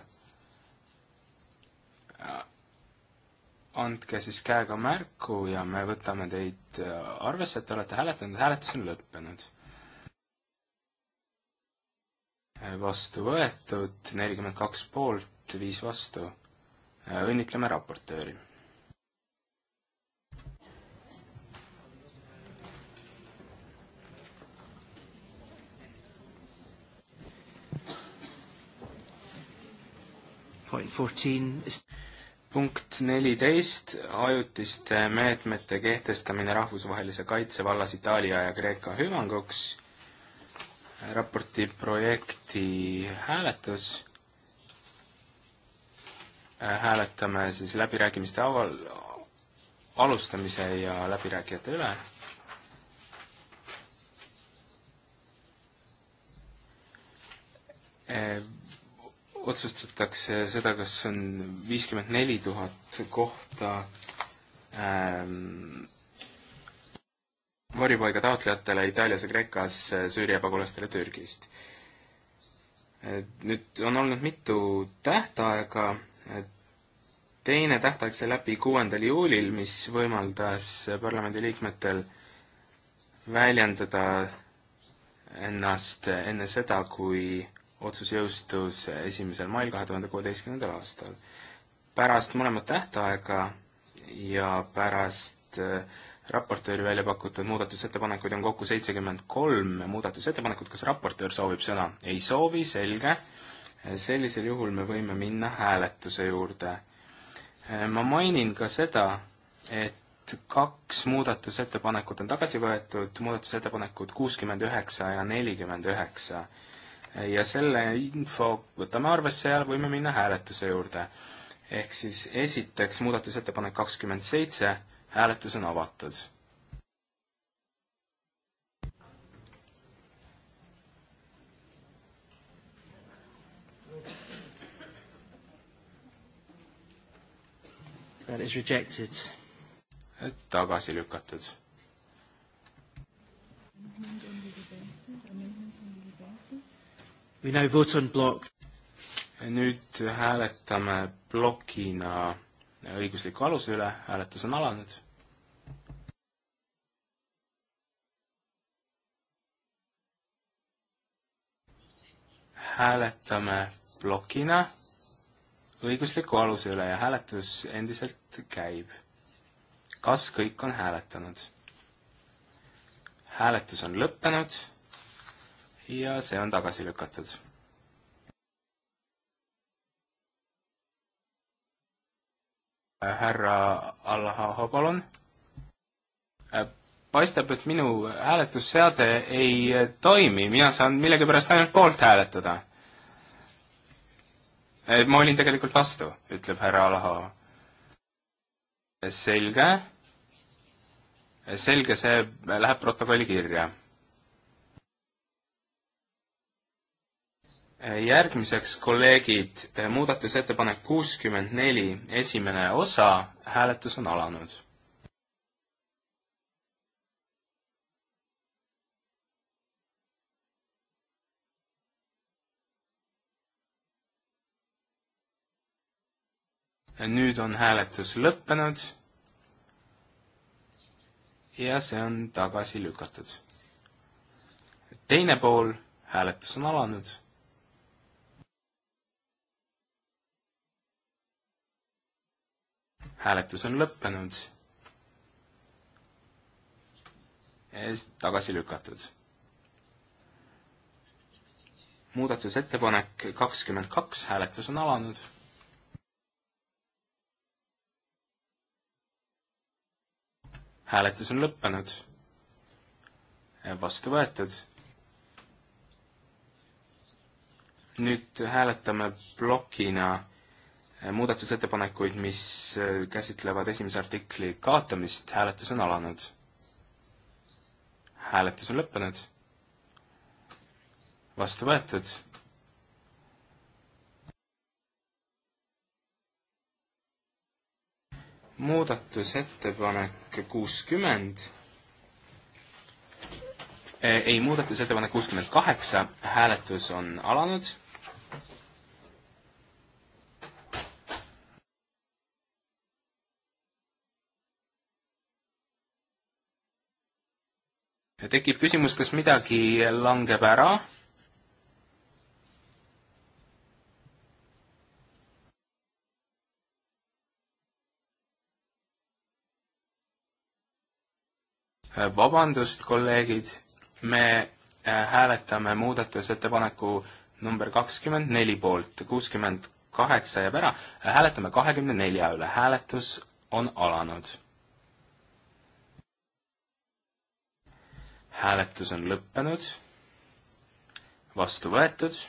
andke siis käega märku ja me võtame teid arvesse, et te olete hääletanud, hääletus on lõppenud. vastu võetud, nelikümmend kaks poolt, viis vastu. õnnitleme raportööri. Point fourteen is punkt neliteist, ajutiste meetmete kehtestamine rahvusvahelise kaitse vallas Itaalia ja Kreeka hüvanguks. raporti projekti hääletus. Äh, hääletame siis läbirääkimiste aval-, alustamise ja läbirääkijate üle. Eh, otsustatakse seda, kas on viiskümmend neli tuhat kohta ähm, varjupaiga taotlejatele Itaalias ja Kreekas, äh, Süüria pagulastele Türgist. nüüd on olnud mitu tähtaega, teine tähtaeg sai läbi kuuendal juulil, mis võimaldas parlamendiliikmetel väljendada ennast enne seda, kui otsus jõustus esimesel mail kahe tuhande kuueteistkümnendal aastal. pärast mõlemat tähtaega ja pärast äh, raportööri välja pakutud muudatusettepanekuid on kokku seitsekümmend kolm muudatusettepanekut, kas raportöör soovib sõna? ei soovi, selge. sellisel juhul me võime minna hääletuse juurde. Äh, ma mainin ka seda, et kaks muudatusettepanekut on tagasi võetud, muudatusettepanekud kuuskümmend üheksa ja nelikümmend üheksa ja selle info võtame arvesse ja võime minna hääletuse juurde. ehk siis esiteks muudatusettepanek kakskümmend seitse, hääletus on avatud. That is rejected. tagasi lükatud nüüd hääletame plokina õigusliku aluse üle, hääletus on alanud. hääletame plokina õigusliku aluse üle ja hääletus endiselt käib. kas kõik on hääletanud? hääletus on lõppenud ja see on tagasi lükatud. härra Allahaho, palun. paistab, et minu hääletusseade ei toimi, mina saan millegipärast ainult poolt hääletada. ma olin tegelikult vastu, ütleb härra Allahaho. selge. selge, see läheb protokolli kirja järgmiseks, kolleegid, muudatusettepanek kuuskümmend neli, esimene osa, hääletus on alanud. nüüd on hääletus lõppenud ja see on tagasi lükatud. teine pool, hääletus on alanud hääletus on lõppenud. tagasi lükatud. muudatusettepanek kakskümmend kaks, hääletus on alanud. hääletus on lõppenud. vastu võetud. nüüd hääletame plokina muudatusettepanekuid, mis äh, käsitlevad esimese artikli kaotamist, hääletus on alanud. hääletus on lõppenud. vastu võetud. muudatusettepanek kuuskümmend. ei, muudatusettepanek kuuskümmend kaheksa, hääletus on alanud tekib küsimus, kas midagi langeb ära. vabandust, kolleegid, me äh, hääletame muudatusettepaneku number kakskümmend neli poolt, kuuskümmend kaheksa jääb ära, hääletame kahekümne nelja üle, hääletus on alanud hääletus on lõppenud, vastu võetud.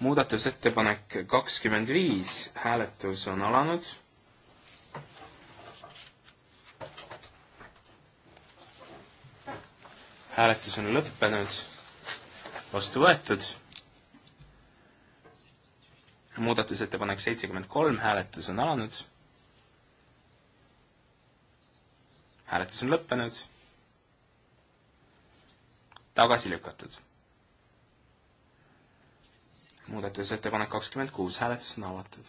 muudatusettepanek kakskümmend viis, hääletus on alanud. hääletus on lõppenud, vastu võetud. muudatusettepanek seitsekümmend kolm, hääletus on alanud hääletus on lõppenud, tagasi lükatud. muudatusettepanek kakskümmend kuus, hääletus on avatud.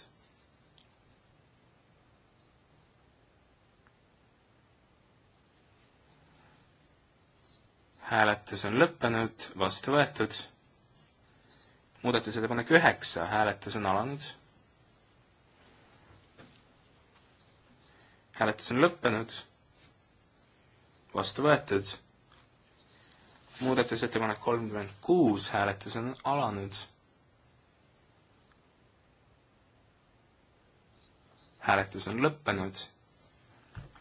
hääletus on lõppenud, vastu võetud. muudatusettepanek üheksa, hääletus on alanud. hääletus on lõppenud vastu võetud. muudatusettepanek kolmkümmend kuus, hääletus on alanud. hääletus on lõppenud,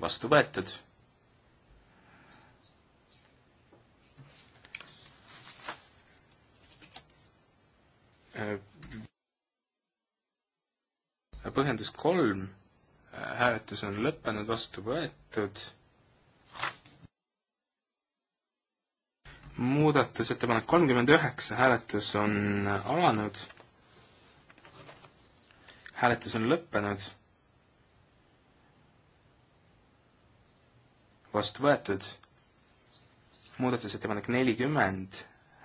vastu võetud. põhjendus kolm, hääletus on lõppenud, vastu võetud muudatusettepanek kolmkümmend üheksa, hääletus on alanud. hääletus on lõppenud. vastu võetud. muudatusettepanek nelikümmend,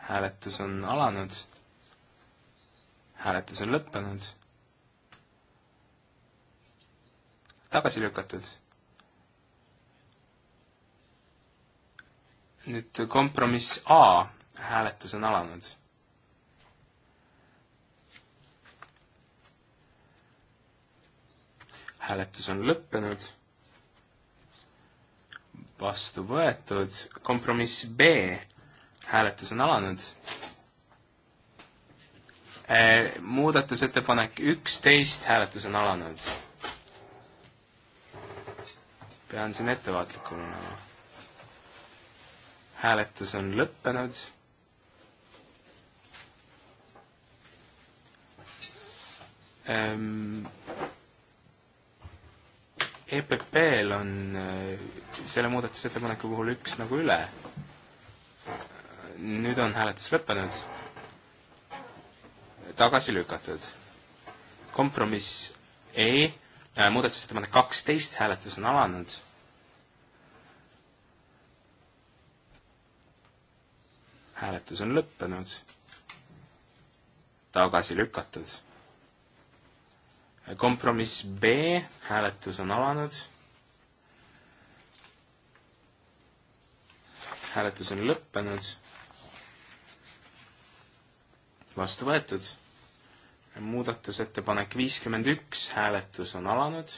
hääletus on alanud. hääletus on lõppenud. tagasi lükatud nüüd kompromiss A, hääletus on alanud. hääletus on lõppenud, vastu võetud, kompromiss B, hääletus on alanud. Äh, muudatusettepanek üksteist, hääletus on alanud. pean siin ettevaatlikum olema hääletus on lõppenud. EPP-l ehm, e on äh, selle muudatusettepaneku puhul üks nagu üle. nüüd on hääletus lõppenud, tagasi lükatud. kompromiss E, äh, muudatusettepanek kaksteist, hääletus on alanud hääletus on lõppenud, tagasi lükatud. kompromiss B, hääletus on alanud. hääletus on lõppenud, vastu võetud. muudatusettepanek viiskümmend üks, hääletus on alanud.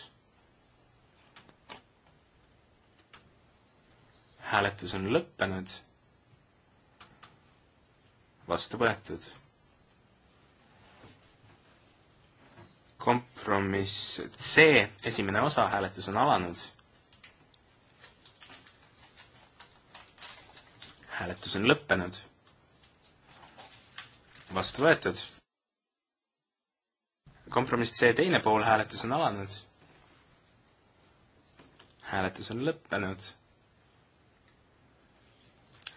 hääletus on lõppenud vastu võetud. kompromiss C, esimene osa, hääletus on alanud. hääletus on lõppenud. vastu võetud. kompromiss C teine pool, hääletus on alanud. hääletus on lõppenud.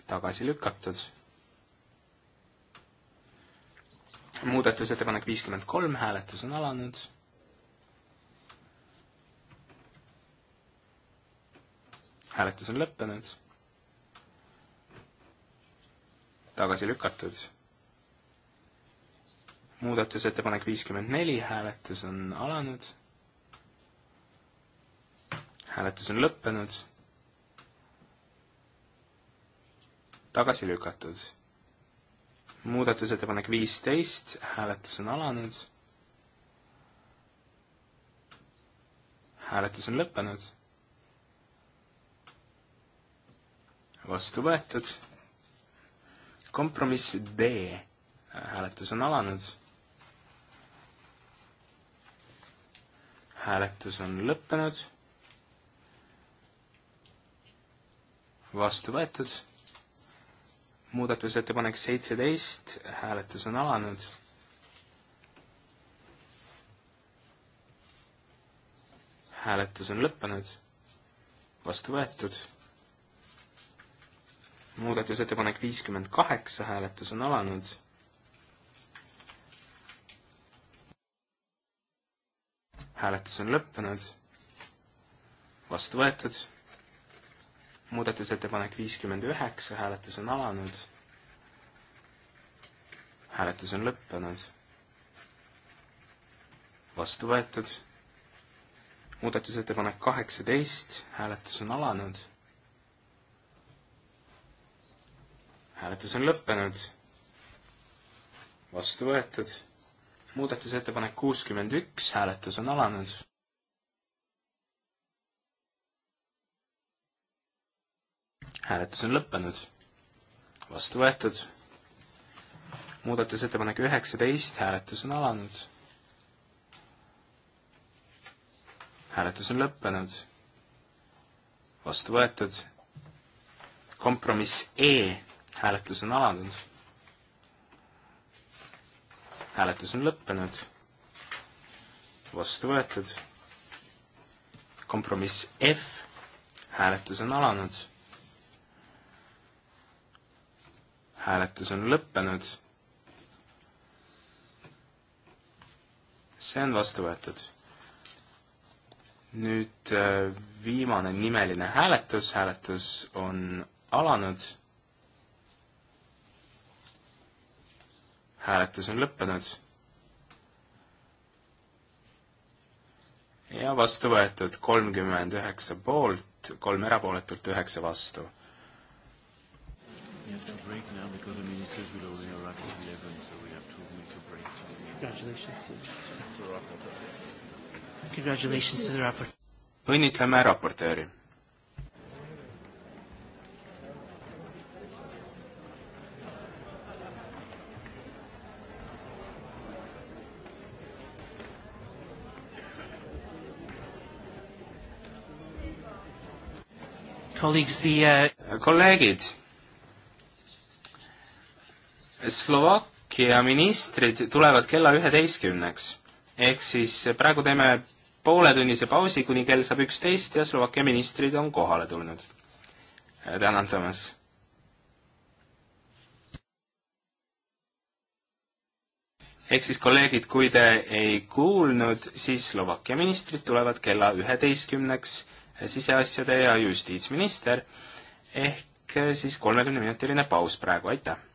tagasi lükatud muudatusettepanek viiskümmend kolm, hääletus on alanud. hääletus on lõppenud. tagasi lükatud. muudatusettepanek viiskümmend neli, hääletus on alanud. hääletus on lõppenud. tagasi lükatud muudatusettepanek viisteist, hääletus on alanud. hääletus on lõppenud. vastu võetud. kompromiss D, hääletus on alanud. hääletus on lõppenud. vastu võetud muudatusettepanek seitseteist, hääletus on alanud. hääletus on lõppenud, vastu võetud. muudatusettepanek viiskümmend kaheksa, hääletus on alanud. hääletus on lõppenud, vastu võetud muudatusettepanek viiskümmend üheksa, hääletus on alanud. hääletus on lõppenud. vastu võetud. muudatusettepanek kaheksateist, hääletus on alanud. hääletus on lõppenud. vastu võetud. muudatusettepanek kuuskümmend üks, hääletus on alanud. hääletus on lõppenud. vastu võetud. muudatusettepanek üheksateist, hääletus on alanud. hääletus on lõppenud. vastu võetud. kompromiss E, hääletus on alanud. hääletus on lõppenud. vastu võetud. kompromiss F, hääletus on alanud hääletus on lõppenud. see on vastu võetud. nüüd äh, viimane nimeline hääletus, hääletus on alanud. hääletus on lõppenud. ja vastu võetud kolmkümmend üheksa poolt, kolm erapooletult, üheksa vastu. You have to break now. Because we'll only arrive at 11, so we have two minutes of break. Congratulations to the rapporteur. Congratulations to the rapporteur. õnnitleme raportööri uh, kolleegid, Slovakkia ministrid tulevad kella üheteistkümneks. ehk siis praegu teeme pooletunnise pausi, kuni kell saab üksteist ja Slovakkia ministrid on kohale tulnud. tänan, Toomas ehk siis kolleegid, kui te ei kuulnud, siis Slovakkia ministrid tulevad kella üheteistkümneks, siseasjade ja justiitsminister, ehk siis kolmekümneminutiline paus praegu, aitäh!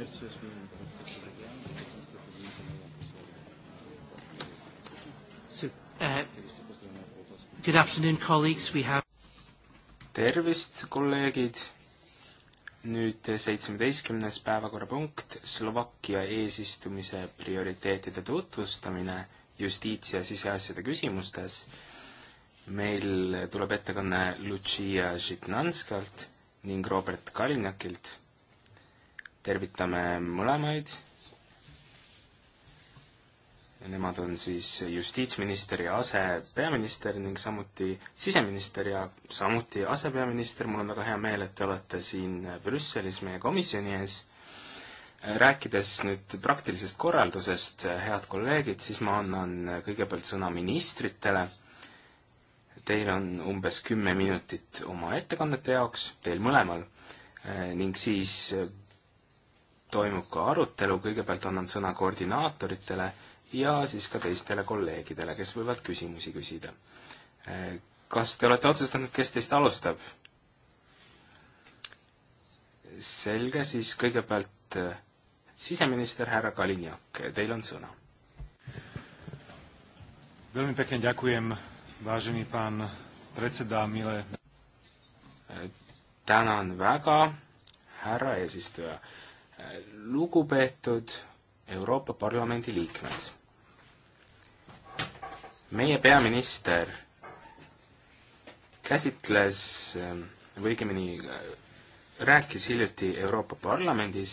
Yes, yes, we will. So, uh, good afternoon, colleagues. We have tervist, kolleegid! nüüd seitsmeteistkümnes päevakorrapunkt, Slovakkia eesistumise prioriteetide tutvustamine justiits- ja siseasjade küsimustes. meil tuleb ettekanne Lucia Žitnanskalt ning Robert Kalinjakilt tervitame mõlemaid. Nemad on siis justiitsminister ja asepeaminister ning samuti siseminister ja samuti asepeaminister. mul on väga hea meel, et te olete siin Brüsselis meie komisjoni ees. rääkides nüüd praktilisest korraldusest, head kolleegid, siis ma annan kõigepealt sõna ministritele teil on umbes kümme minutit oma ettekannete jaoks, teil mõlemal, ning siis toimub ka arutelu, kõigepealt annan sõna koordinaatoritele ja siis ka teistele kolleegidele, kes võivad küsimusi küsida. Eh, kas te olete otsustanud, kes teist alustab? selge, siis kõigepealt eh, siseminister härra Kalinjak, teil on sõna. Eh, tänan väga, härra eesistuja lugupeetud Euroopa Parlamendi liikmed. meie peaminister käsitles või õigemini rääkis hiljuti Euroopa Parlamendis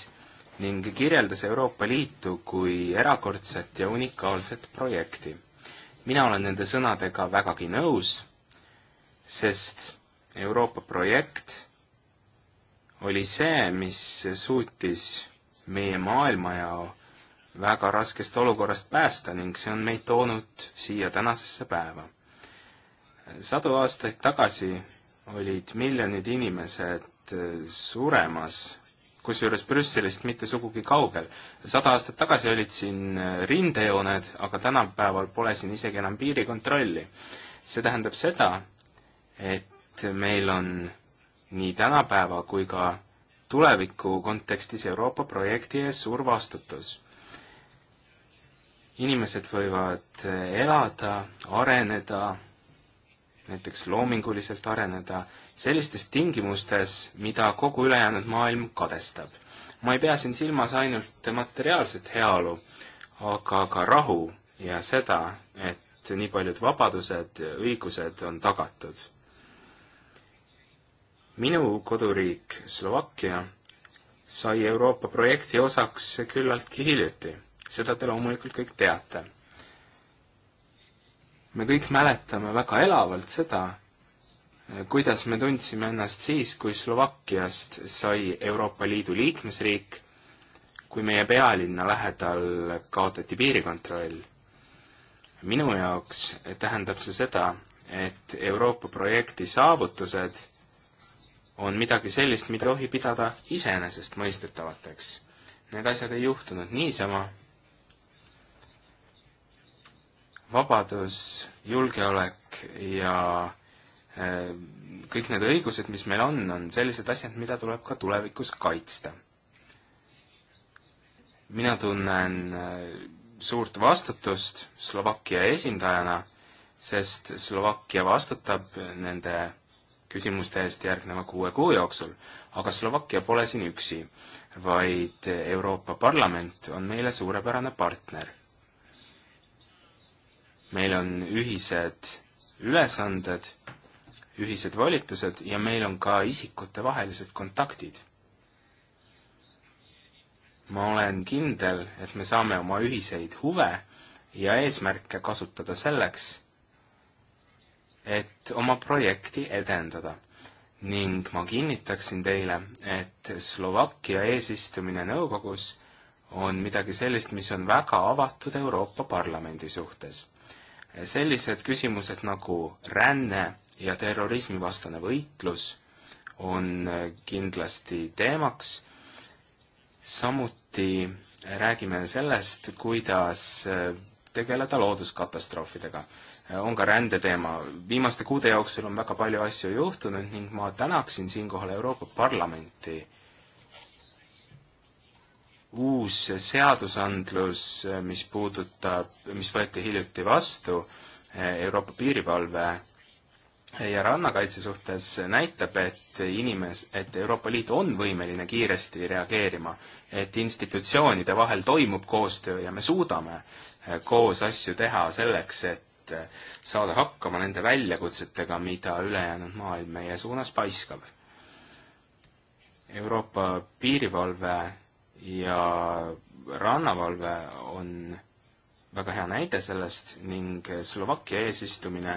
ning kirjeldas Euroopa Liitu kui erakordset ja unikaalset projekti. mina olen nende sõnadega vägagi nõus, sest Euroopa projekt oli see, mis suutis meie maailmajao väga raskest olukorrast päästa ning see on meid toonud siia tänasesse päeva. sadu aastaid tagasi olid miljonid inimesed äh, suremas, kusjuures Brüsselist mitte sugugi kaugel. sada aastat tagasi olid siin äh, rindejooned, aga tänapäeval pole siin isegi enam piirikontrolli. see tähendab seda, et meil on nii tänapäeva kui ka tuleviku kontekstis Euroopa projekti ees suur vastutus. inimesed võivad eh, elada, areneda, näiteks loominguliselt areneda, sellistes tingimustes, mida kogu ülejäänud maailm kadestab. ma ei pea siin silmas ainult materiaalset heaolu, aga ka rahu ja seda, et nii paljud vabadused, õigused on tagatud minu koduriik Slovakkia sai Euroopa projekti osaks küllaltki hiljuti. seda te loomulikult kõik teate. me kõik mäletame väga elavalt seda, kuidas me tundsime ennast siis, kui Slovakkiast sai Euroopa Liidu liikmesriik, kui meie pealinna lähedal kaotati piirikontroll. minu jaoks tähendab see seda, et Euroopa projekti saavutused on midagi sellist, mida ei tohi pidada iseenesestmõistetavateks. Need asjad ei juhtunud niisama. vabadus, julgeolek ja eh, kõik need õigused, mis meil on, on sellised asjad, mida tuleb ka tulevikus kaitsta. mina tunnen eh, suurt vastutust Slovakkia esindajana, sest Slovakkia vastutab nende küsimuste eest järgneva kuue kuu jooksul, aga Slovakkia pole siin üksi, vaid Euroopa Parlament on meile suurepärane partner. meil on ühised ülesanded, ühised volitused ja meil on ka isikutevahelised kontaktid. ma olen kindel, et me saame oma ühiseid huve ja eesmärke kasutada selleks, et oma projekti edendada. ning ma kinnitaksin teile, et Slovakkia eesistumine nõukogus on midagi sellist, mis on väga avatud Euroopa Parlamendi suhtes. sellised küsimused nagu ränne ja terrorismivastane võitlus on kindlasti teemaks, samuti räägime sellest, kuidas tegeleda looduskatastroofidega on ka rändeteema. viimaste kuude jooksul on väga palju asju juhtunud ning ma tänaksin siinkohal Euroopa Parlamenti. uus seadusandlus, mis puudutab, mis võeti hiljuti vastu eh, Euroopa piirivalve ja rannakaitse suhtes näitab, et inimes-, et Euroopa Liit on võimeline kiiresti reageerima, et institutsioonide vahel toimub koostöö ja me suudame eh, koos asju teha selleks, et et eh, saada hakkama nende väljakutsetega, mida ülejäänud maailm meie suunas paiskab. Euroopa piirivalve ja rannavalve on väga hea näide sellest ning Slovakkia eesistumine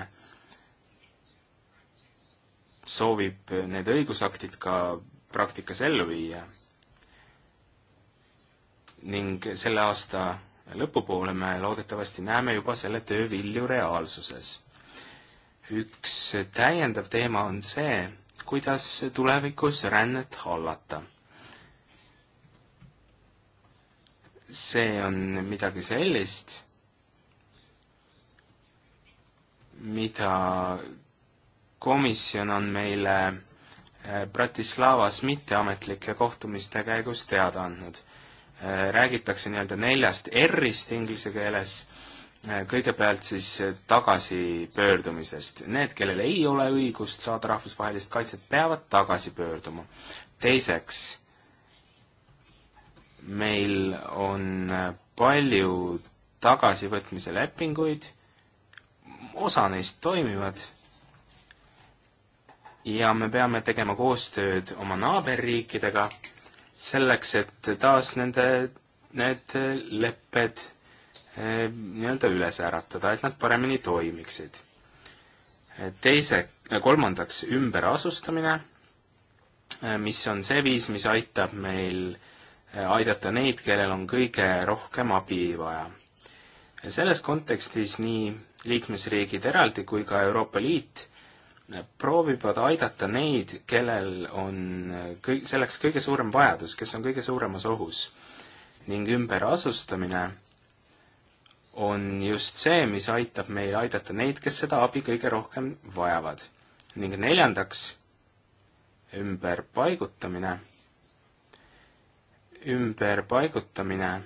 soovib need õigusaktid ka praktikas ellu viia. ning selle aasta lõpupoole me loodetavasti näeme juba selle töö vilju reaalsuses. üks täiendav teema on see, kuidas tulevikus rännet hallata. see on midagi sellist, mida komisjon on meile Bratislavas mitteametlike kohtumiste käigus teada andnud Äh, räägitakse nii-öelda neljast R-ist inglise keeles, äh, kõigepealt siis äh, tagasipöördumisest. Need, kellel ei ole õigust saada rahvusvahelist kaitset, peavad tagasi pöörduma. teiseks, meil on palju tagasivõtmise lepinguid, osa neist toimivad ja me peame tegema koostööd oma naaberriikidega selleks, et taas nende, need lepped eh, nii-öelda üles äratada, et nad paremini toimiksid. Eh, teise, eh, kolmandaks ümberasustamine, mis on see viis, mis aitab meil aidata neid, kellel on kõige rohkem abi vaja. selles kontekstis nii liikmesriigid eraldi kui ka Euroopa Liit proovivad aidata neid, kellel on kõik, selleks kõige suurem vajadus, kes on kõige suuremas ohus. ning ümberasustamine on just see, mis aitab meil aidata neid, kes seda abi kõige rohkem vajavad. ning neljandaks, ümberpaigutamine. ümberpaigutamine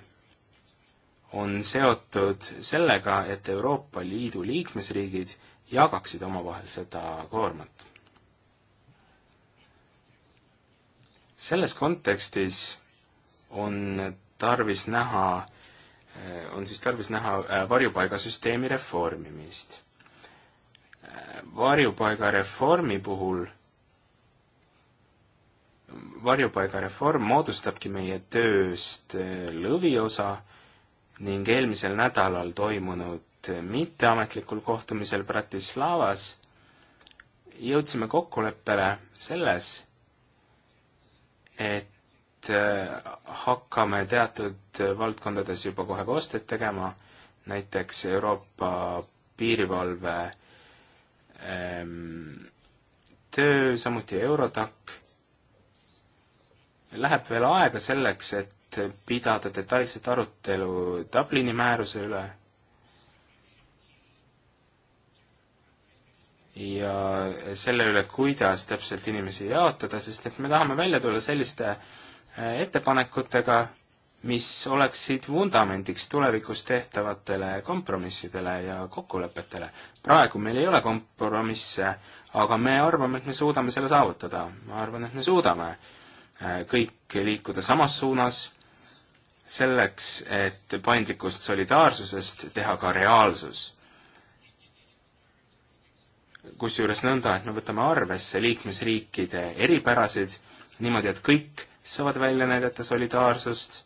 on seotud sellega, et Euroopa Liidu liikmesriigid jagaksid omavahel seda koormat. selles kontekstis on tarvis näha, eh, on siis tarvis näha eh, varjupaigasüsteemi reformimist. Eh, varjupaigareformi puhul varjupaigareform moodustabki meie tööst lõviosa ning eelmisel nädalal toimunud et mitteametlikul kohtumisel Bratislavas jõudsime kokkuleppele selles, et äh, hakkame teatud valdkondades juba kohe koostööd tegema, näiteks Euroopa piirivalve ähm, töö, samuti Eurotac. Läheb veel aega selleks, et pidada detailset arutelu Dublini määruse üle ja selle üle, kuidas täpselt inimesi jaotada, sest et me tahame välja tulla selliste äh, ettepanekutega, mis oleksid vundamendiks tulevikus tehtavatele kompromissidele ja kokkulepetele. praegu meil ei ole kompromisse, aga me arvame, et me suudame selle saavutada. ma arvan, et me suudame äh, kõik liikuda samas suunas, selleks, et paindlikust solidaarsusest teha ka reaalsus kusjuures nõnda, et me võtame arvesse liikmesriikide eripärasid niimoodi, et kõik saavad välja näidata solidaarsust,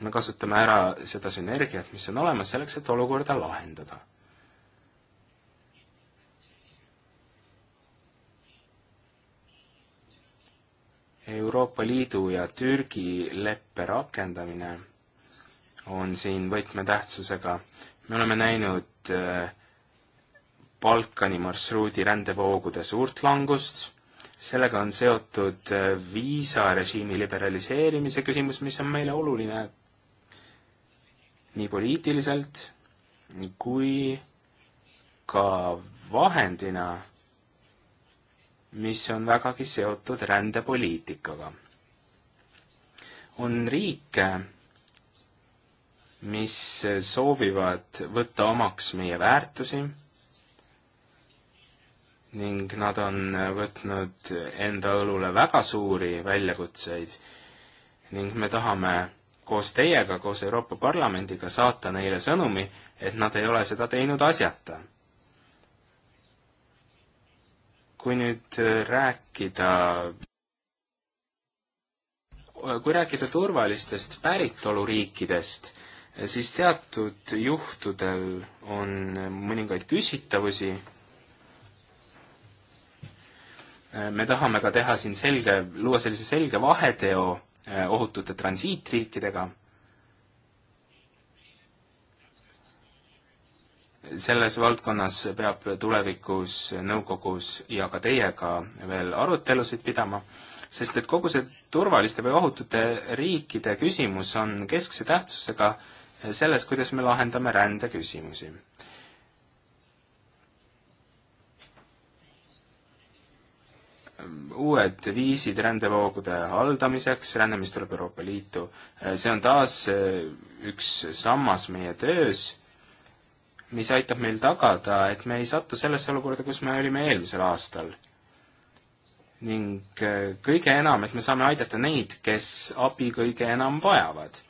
me kasutame ära seda sünergiat, mis on olemas selleks, et olukorda lahendada Euroopa Liidu ja Türgi leppe rakendamine on siin võtmetähtsusega. me oleme näinud äh, Balkani marsruudi rändevoogude suurt langust, sellega on seotud äh, viisarežiimi liberaliseerimise küsimus, mis on meile oluline nii poliitiliselt kui ka vahendina, mis on vägagi seotud rändepoliitikaga. on riike, mis soovivad võtta omaks meie väärtusi ning nad on võtnud enda õlule väga suuri väljakutseid ning me tahame koos teiega, koos Euroopa Parlamendiga saata neile sõnumi, et nad ei ole seda teinud asjata. kui nüüd rääkida, kui rääkida turvalistest päritoluriikidest, siis teatud juhtudel on mõningaid küsitavusi, Äh, me tahame ka teha siin selge, luua sellise selge vaheteo äh, ohutute transiitriikidega. selles valdkonnas peab tulevikus nõukogus ja ka teiega veel arutelusid pidama, sest et kogu see turvaliste või ohutute riikide küsimus on keskse tähtsusega selles, kuidas me lahendame rändeküsimusi uued viisid rändevoogude haldamiseks, ränne, mis tuleb Euroopa Liitu. see on taas äh, üks sammas meie töös, mis aitab meil tagada, et me ei satu sellesse olukorda, kus me olime eelmisel aastal. ning äh, kõige enam, et me saame aidata neid, kes abi kõige enam vajavad.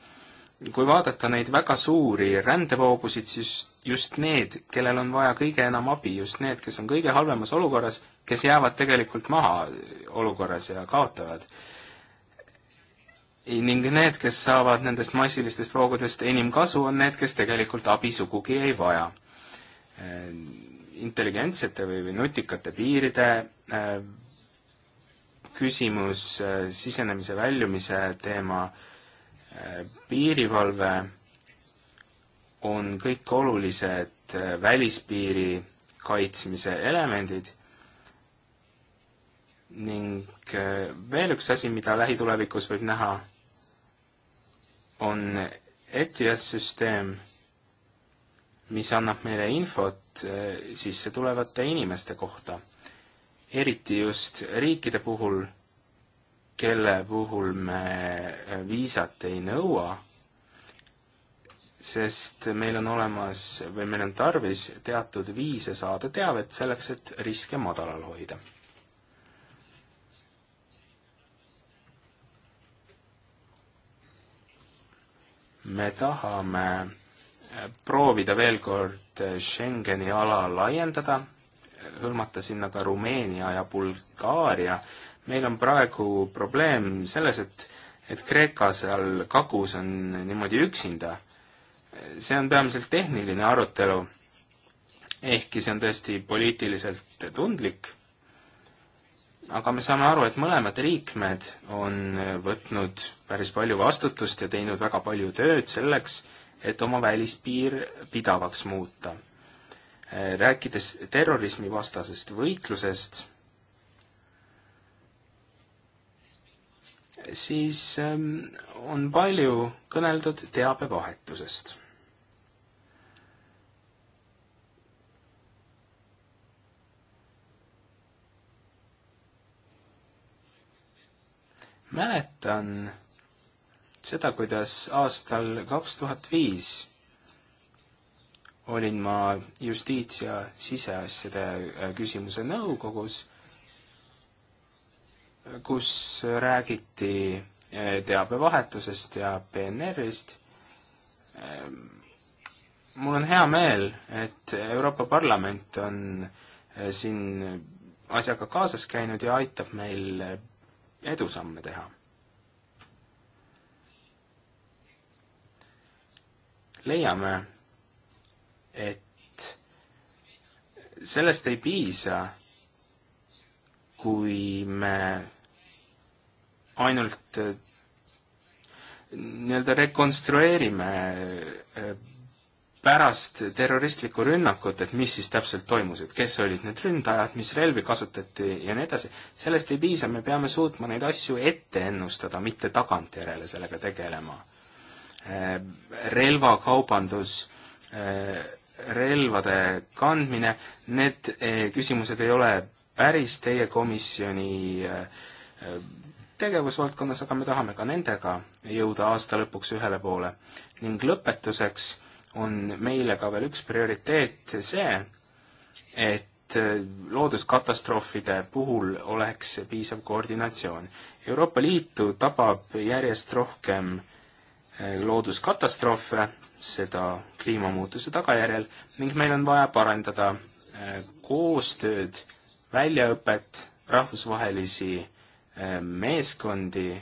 kui vaadata neid väga suuri rändevoogusid, siis just need, kellel on vaja kõige enam abi, just need, kes on kõige halvemas olukorras, kes jäävad tegelikult maha olukorras ja kaotavad. ning need, kes saavad nendest massilistest voogudest enim kasu, on need, kes tegelikult abi sugugi ei vaja. Äh, intelligentsete või, või nutikate piiride äh, küsimus, äh, sisenemise-väljumise teema, piirivalve on kõik olulised välispiiri kaitsmise elemendid ning äh, veel üks asi, mida lähitulevikus võib näha, on ETS-süsteem, mis annab meile infot äh, sisse tulevate inimeste kohta. eriti just riikide puhul, kelle puhul me äh, viisat ei nõua, sest meil on olemas või meil on tarvis teatud viise saada teavet selleks, et riske madalal hoida me tahame äh, proovida veel kord äh, Schengeni ala laiendada, hõlmata sinna ka Rumeenia ja Bulgaaria. meil on praegu probleem selles, et, et Kreeka seal kagus on niimoodi üksinda. see on peamiselt tehniline arutelu, ehkki see on tõesti poliitiliselt tundlik aga me saame aru, et mõlemad liikmed on võtnud päris palju vastutust ja teinud väga palju tööd selleks, et oma välispiir pidavaks muuta. rääkides terrorismivastasest võitlusest, siis ähm, on palju kõneldud teabevahetusest mäletan seda, kuidas aastal kaks tuhat viis olin ma justiits- ja siseasjade äh, küsimuse nõukogus, kus räägiti äh, teabevahetusest ja PNR-ist. Ähm, mul on hea meel, et Euroopa Parlament on äh, siin asjaga kaasas käinud ja aitab meil edusamme teha. leiame, et sellest ei piisa, kui me ainult äh, nii-öelda rekonstrueerime äh, pärast terroristlikku rünnakut, et mis siis täpselt toimus, et kes olid need ründajad, mis relvi kasutati ja nii edasi, sellest ei piisa, me peame suutma neid asju ette ennustada, mitte tagantjärele sellega tegelema. Eh, relvakaubandus, eh, relvade kandmine, need eh, küsimused ei ole päris teie komisjoni tegevusvaldkonnas, aga me tahame ka nendega jõuda aasta lõpuks ühele poole. ning lõpetuseks on meile ka veel üks prioriteet see, et äh, looduskatastroofide puhul oleks piisav koordinatsioon. Euroopa Liitu tabab järjest rohkem äh, looduskatastroofe, seda kliimamuutuse tagajärjel, ning meil on vaja parandada äh, koostööd, väljaõpet, rahvusvahelisi meeskondi,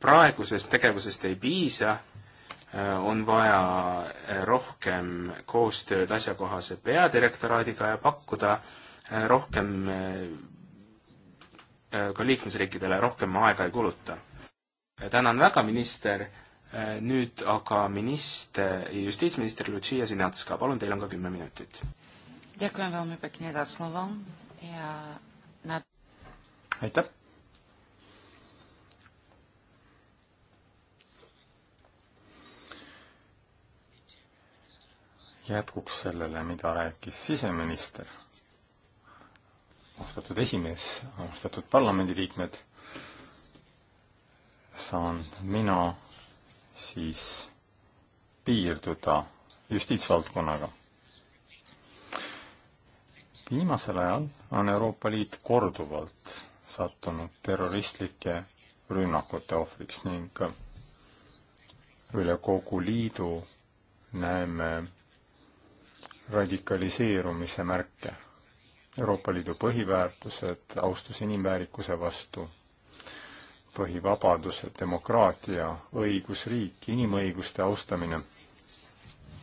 praegusest tegevusest ei piisa, Äh, on vaja äh, rohkem koostööd asjakohase peadirektoraadiga ja pakkuda äh, rohkem ka liikmesriikidele rohkem aega ei kuluta. tänan väga, minister, nüüd aga minister, justiitsminister Lucia Sinatska, palun, teil on ka kümme minutit. aitäh. jätkuks sellele, mida rääkis siseminister, austatud esimees, austatud parlamendiliikmed, saan mina siis piirduda justiitsvaldkonnaga. viimasel ajal on Euroopa Liit korduvalt sattunud terroristlike rünnakute ohvriks ning üle kogu liidu näeme radikaliseerumise märke. Euroopa Liidu põhiväärtused, austus inimväärikuse vastu, põhivabadused, demokraatia, õigusriik, inimõiguste austamine,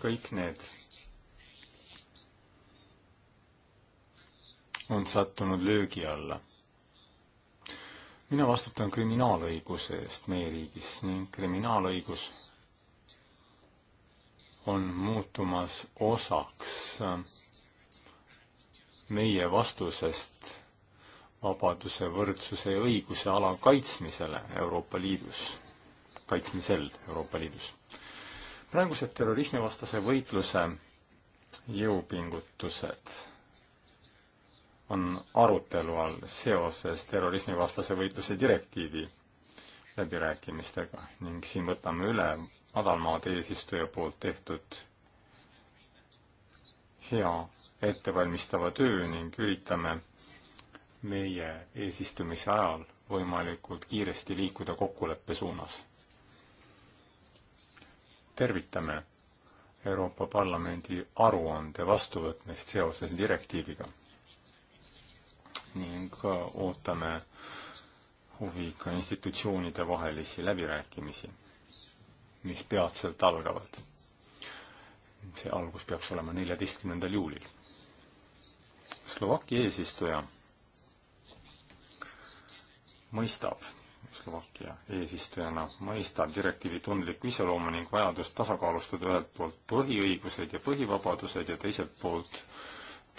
kõik need on sattunud löögi alla mina vastutan kriminaalõiguse eest meie riigis ning kriminaalõigus on muutumas osaks äh, meie vastusest vabaduse, võrdsuse ja õiguse ala kaitsmisele Euroopa Liidus, kaitsmisel Euroopa Liidus. praegused terrorismivastase võitluse jõupingutused on arutelu all seoses terrorismivastase võitluse direktiivi läbirääkimistega ning siin võtame üle madalmaade eesistuja poolt tehtud hea ettevalmistava töö ning üritame meie eesistumise ajal võimalikult kiiresti liikuda kokkuleppe suunas. tervitame Euroopa Parlamendi aruande vastuvõtmist seoses direktiiviga ning ootame huviga institutsioonide vahelisi läbirääkimisi mis peatselt algavad. see algus peaks olema neljateistkümnendal juulil. Slovakkia eesistuja mõistab, Slovakkia eesistujana mõistab direktiivi tundlikku iseloomu ning vajadust tasakaalustada ühelt poolt põhiõigused ja põhivabadused ja teiselt poolt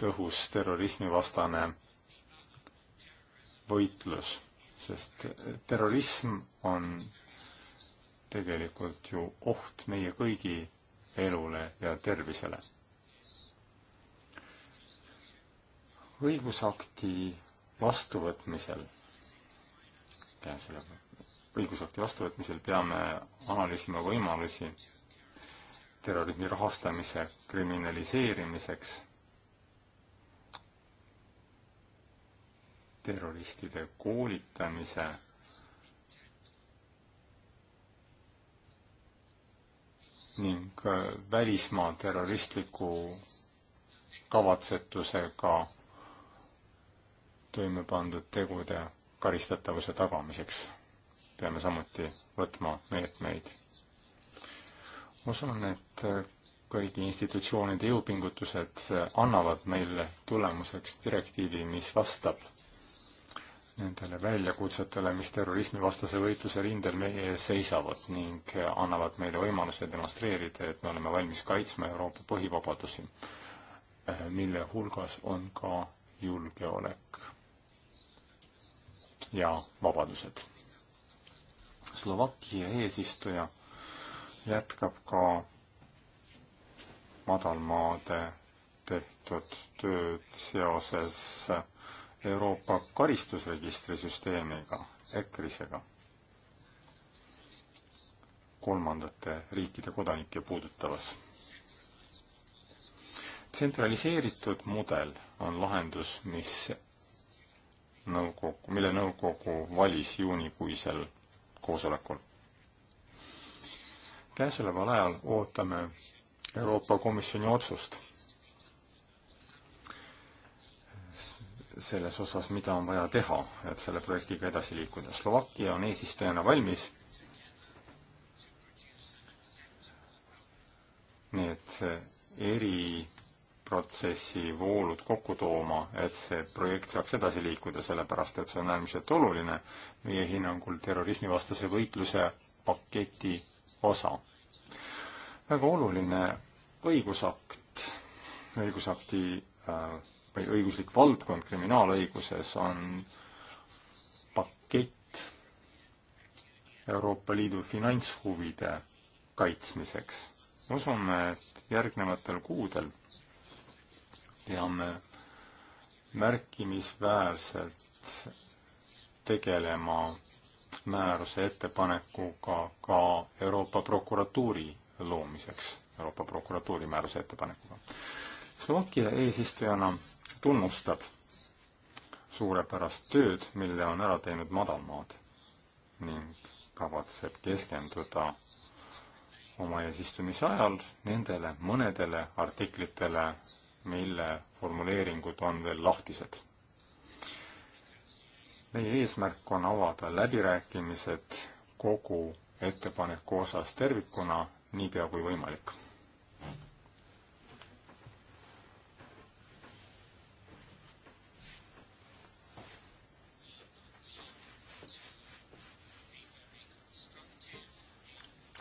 tõhus terrorismivastane võitlus, sest terrorism on tegelikult ju oht meie kõigi elule ja tervisele. õigusakti vastuvõtmisel, käesoleva õigusakti vastuvõtmisel peame analüüsima võimalusi terrorismi rahastamise kriminaliseerimiseks terroristide koolitamise ning äh, välismaa terroristliku kavatsetusega toime pandud tegude karistatavuse tagamiseks peame samuti võtma meetmeid. usun, et äh, kõigi institutsioonide jõupingutused annavad meile tulemuseks direktiivi, mis vastab nendele väljakutsetele, mis terrorismivastase võitluse rindel meie ees seisavad ning annavad meile võimaluse demonstreerida, et me oleme valmis kaitsma Euroopa põhivabadusi, eh, mille hulgas on ka julgeolek ja vabadused. Slovakkia eesistuja jätkab ka madalmaade tehtud tööd seoses Euroopa karistusregistrisüsteemiga, ECRIS-ega, kolmandate riikide kodanikke puudutavas. tsentraliseeritud mudel on lahendus, mis nõukogu, mille nõukogu valis juunikuisel koosolekul. käesoleval ajal ootame Euroopa Komisjoni otsust selles osas, mida on vaja teha, et selle projektiga edasi liikuda. Slovakkia on eesistujana valmis. Need eriprotsessi voolud kokku tooma, et see projekt saaks edasi liikuda, sellepärast et see on äärmiselt oluline meie hinnangul terrorismivastase võitluse paketi osa. väga oluline õigusakt, õigusakti äh, või õiguslik valdkond kriminaalõiguses on pakett Euroopa Liidu finantshuvide kaitsmiseks. usume, et järgnevatel kuudel peame märkimisväärselt tegelema määruse ettepanekuga ka Euroopa prokuratuuri loomiseks, Euroopa prokuratuuri määruse ettepanekuga. Slovakkia eesistujana tunnustab suurepärast tööd, mille on ära teinud madalmaad ning kavatseb keskenduda oma eesistumise ajal nendele mõnedele artiklitele, mille formuleeringud on veel lahtised. meie eesmärk on avada läbirääkimised kogu ettepaneku osas tervikuna niipea kui võimalik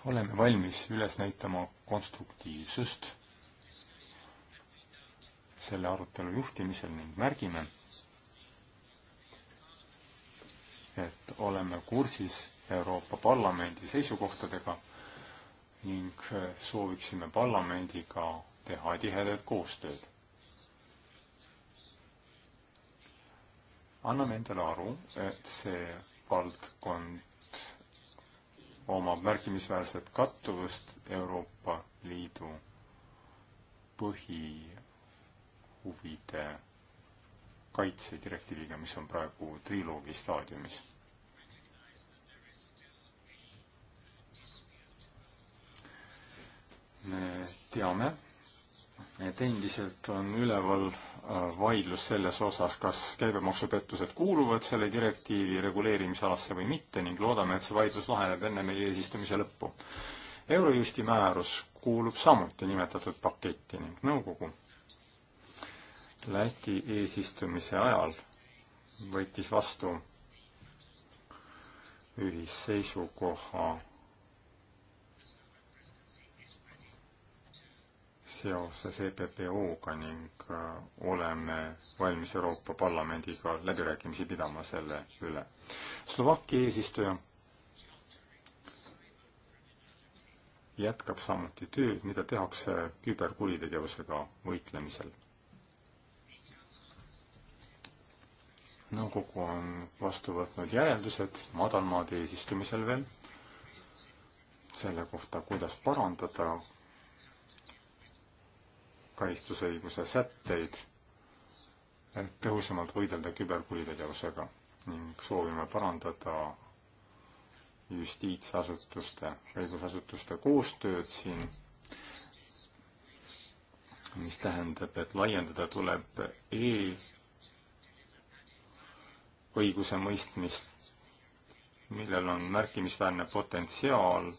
oleme valmis üles näitama konstruktiivsust selle arutelu juhtimisel ning märgime, et oleme kursis Euroopa Parlamendi seisukohtadega ning sooviksime parlamendiga teha tihedat koostööd. anname endale aru, et see valdkond omab märkimisväärset kattuvust Euroopa Liidu põhihuvide kaitsedirektiiviga, mis on praegu triloogi staadiumis. me teame, et endiselt on üleval vaidlus selles osas, kas käibemaksupettused kuuluvad selle direktiivi reguleerimisalasse või mitte ning loodame, et see vaidlus laheneb enne meie eesistumise lõppu. Eurojusti määrus kuulub samuti nimetatud paketti ning nõukogu Läti eesistumise ajal võttis vastu ühisseisukoha seoses EPPO-ga ning äh, oleme valmis Euroopa Parlamendiga läbirääkimisi pidama selle üle. Slovakkia eesistuja jätkab samuti tööd, mida tehakse küberkuritegevusega võitlemisel. nõukogu on vastu võtnud järeldused madalmaade eesistumisel veel selle kohta, kuidas parandada karistusõiguse sätteid, et tõhusamalt võidelda küberkuritegevusega ning soovime parandada justiitsasutuste, õigusasutuste koostööd siin, mis tähendab, et laiendada tuleb e-õiguse mõistmist, millel on märkimisväärne potentsiaal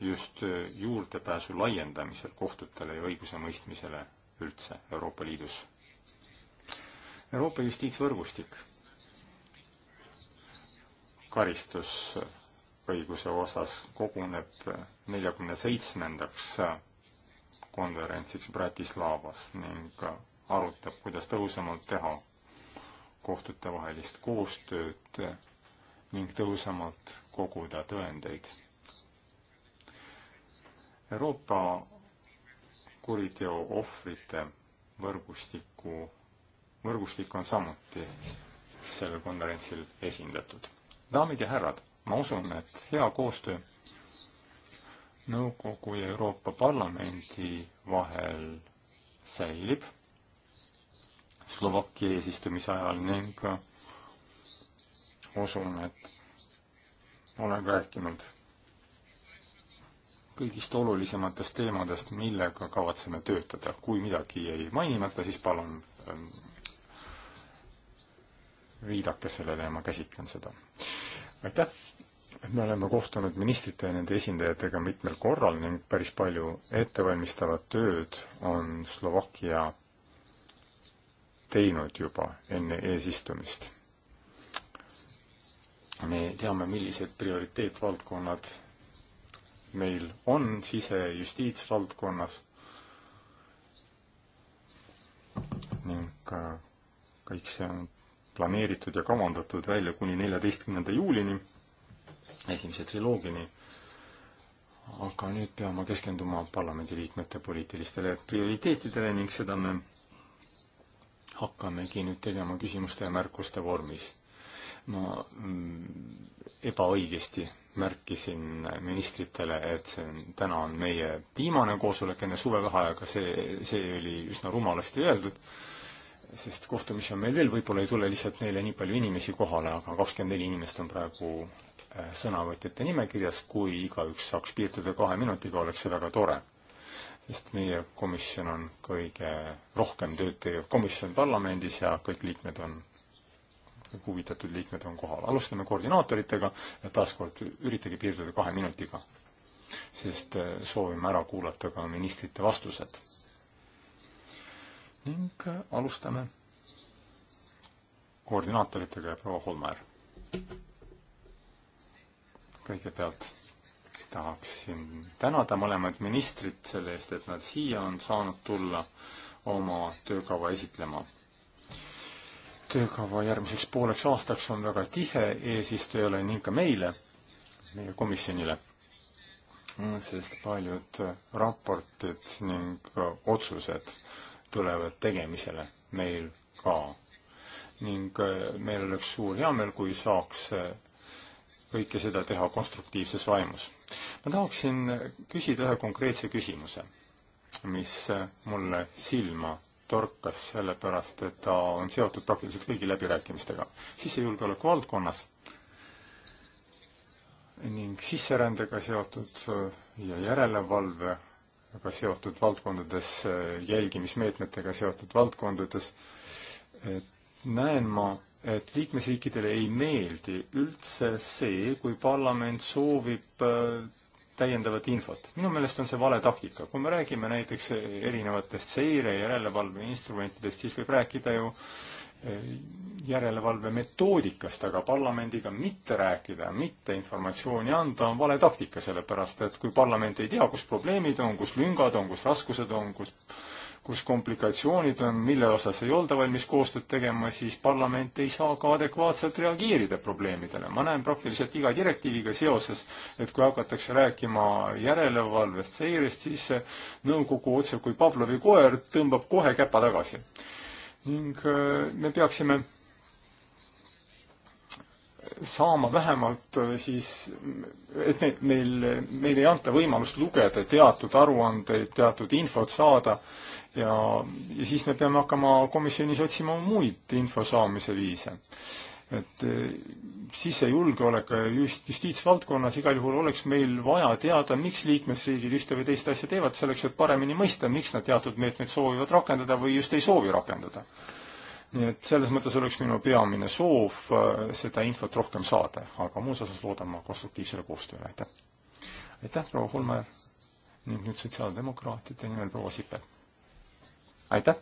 just äh, juurdepääsu laiendamisel kohtutele ja õigusemõistmisele üldse Euroopa Liidus. Euroopa justiitsvõrgustik karistusõiguse osas koguneb äh, neljakümne seitsmendaks äh, konverentsiks Bratislavas ning arutab, kuidas tõhusamalt teha kohtutevahelist koostööd ning tõhusamalt koguda tõendeid Euroopa kuriteo ohvrite võrgustiku, võrgustik on samuti sellel konverentsil esindatud. daamid ja härrad, ma usun, et hea koostöö Nõukogu ja Euroopa Parlamendi vahel säilib Slovakkia eesistumise ajal ning usun, et olen rääkinud kõigist olulisematest teemadest, millega kavatseme töötada. kui midagi jäi mainimata, siis palun ähm, viidake sellele ja ma käsitlen seda. aitäh! me oleme kohtunud ministrite ja nende esindajatega mitmel korral ning päris palju ettevalmistavat tööd on Slovakkia teinud juba enne eesistumist. me teame, millised prioriteetvaldkonnad meil on sisejustiitsvaldkonnas ning äh, kõik see on planeeritud ja kavandatud välja kuni neljateistkümnenda juulini, esimese triloogini. aga nüüd peame keskenduma parlamendiliikmete poliitilistele prioriteetidele ning seda me hakkamegi nüüd tegema küsimuste ja märkuste vormis ma mm, ebaõigesti märkisin ministritele, et see on, täna on meie viimane koosolek enne suvevaheaega, see, see oli üsna rumalasti öeldud, sest kohtumisi on meil veel, võib-olla ei tule lihtsalt neile nii palju inimesi kohale, aga kakskümmend neli inimest on praegu äh, sõnavõtjate nimekirjas, kui igaüks saaks piirduda kahe minutiga, oleks see väga tore. sest meie komisjon on kõige rohkem tööd tegev komisjon parlamendis ja kõik liikmed on huvitatud liikmed on kohal. alustame koordinaatoritega ja taaskord üritage piirduda kahe minutiga, sest äh, soovime ära kuulata ka ministrite vastused. ning äh, alustame koordinaatoritega ja proua Holmer. kõigepealt tahaksin tänada mõlemad ministrid selle eest, et nad siia on saanud tulla oma töökava esitlema töökava järgmiseks pooleks aastaks on väga tihe eesistujale ning ka meile, meie komisjonile, sest paljud raportid ning otsused tulevad tegemisele meil ka. ning äh, meil oleks suur heameel, kui saaks äh, kõike seda teha konstruktiivses vaimus. ma tahaksin küsida ühe konkreetse küsimuse, mis äh, mulle silma torkas sellepärast, et ta on seotud praktiliselt kõigi läbirääkimistega sissejulgeoleku valdkonnas ning sisserändega seotud ja järelevalvega seotud valdkondades, jälgimismeetmetega seotud valdkondades, et näen ma, et liikmesriikidele ei meeldi üldse see, kui parlament soovib äh, täiendavat infot. minu meelest on see vale taktika. kui me räägime näiteks erinevatest seire- ja järelevalveinstrumentidest, siis võib rääkida ju eh, järelevalve metoodikast, aga parlamendiga mitte rääkida, mitte informatsiooni anda, on vale taktika, sellepärast et kui parlament ei tea, kus probleemid on, kus lüngad on, kus raskused on, kus kus komplikatsioonid on, mille osas ei olda valmis koostööd tegema, siis parlament ei saa ka adekvaatselt reageerida probleemidele. ma näen praktiliselt iga direktiiviga seoses, et kui hakatakse rääkima järelevalvest, seirest, siis nõukogu otse kui Pavlovi koer tõmbab kohe käpa tagasi. ning äh, me peaksime saama vähemalt äh, siis, et me, meil, meil ei anta võimalust lugeda teatud aruandeid, teatud infot saada ja, ja siis me peame hakkama komisjonis otsima muid info saamise viise. et eh, sisejulgeolek just justiitsvaldkonnas igal juhul oleks meil vaja teada, miks liikmesriigid ühte või teist asja teevad, selleks et paremini mõista, miks nad teatud meetmeid soovivad rakendada või just ei soovi rakendada. nii et selles mõttes oleks minu peamine soov eh, seda infot rohkem saada, aga muus osas loodan ma konstruktiivsele koostööle, aitäh! aitäh, proua Holmer ning nüüd sotsiaaldemokraatide nimel proua Sipel aitäh!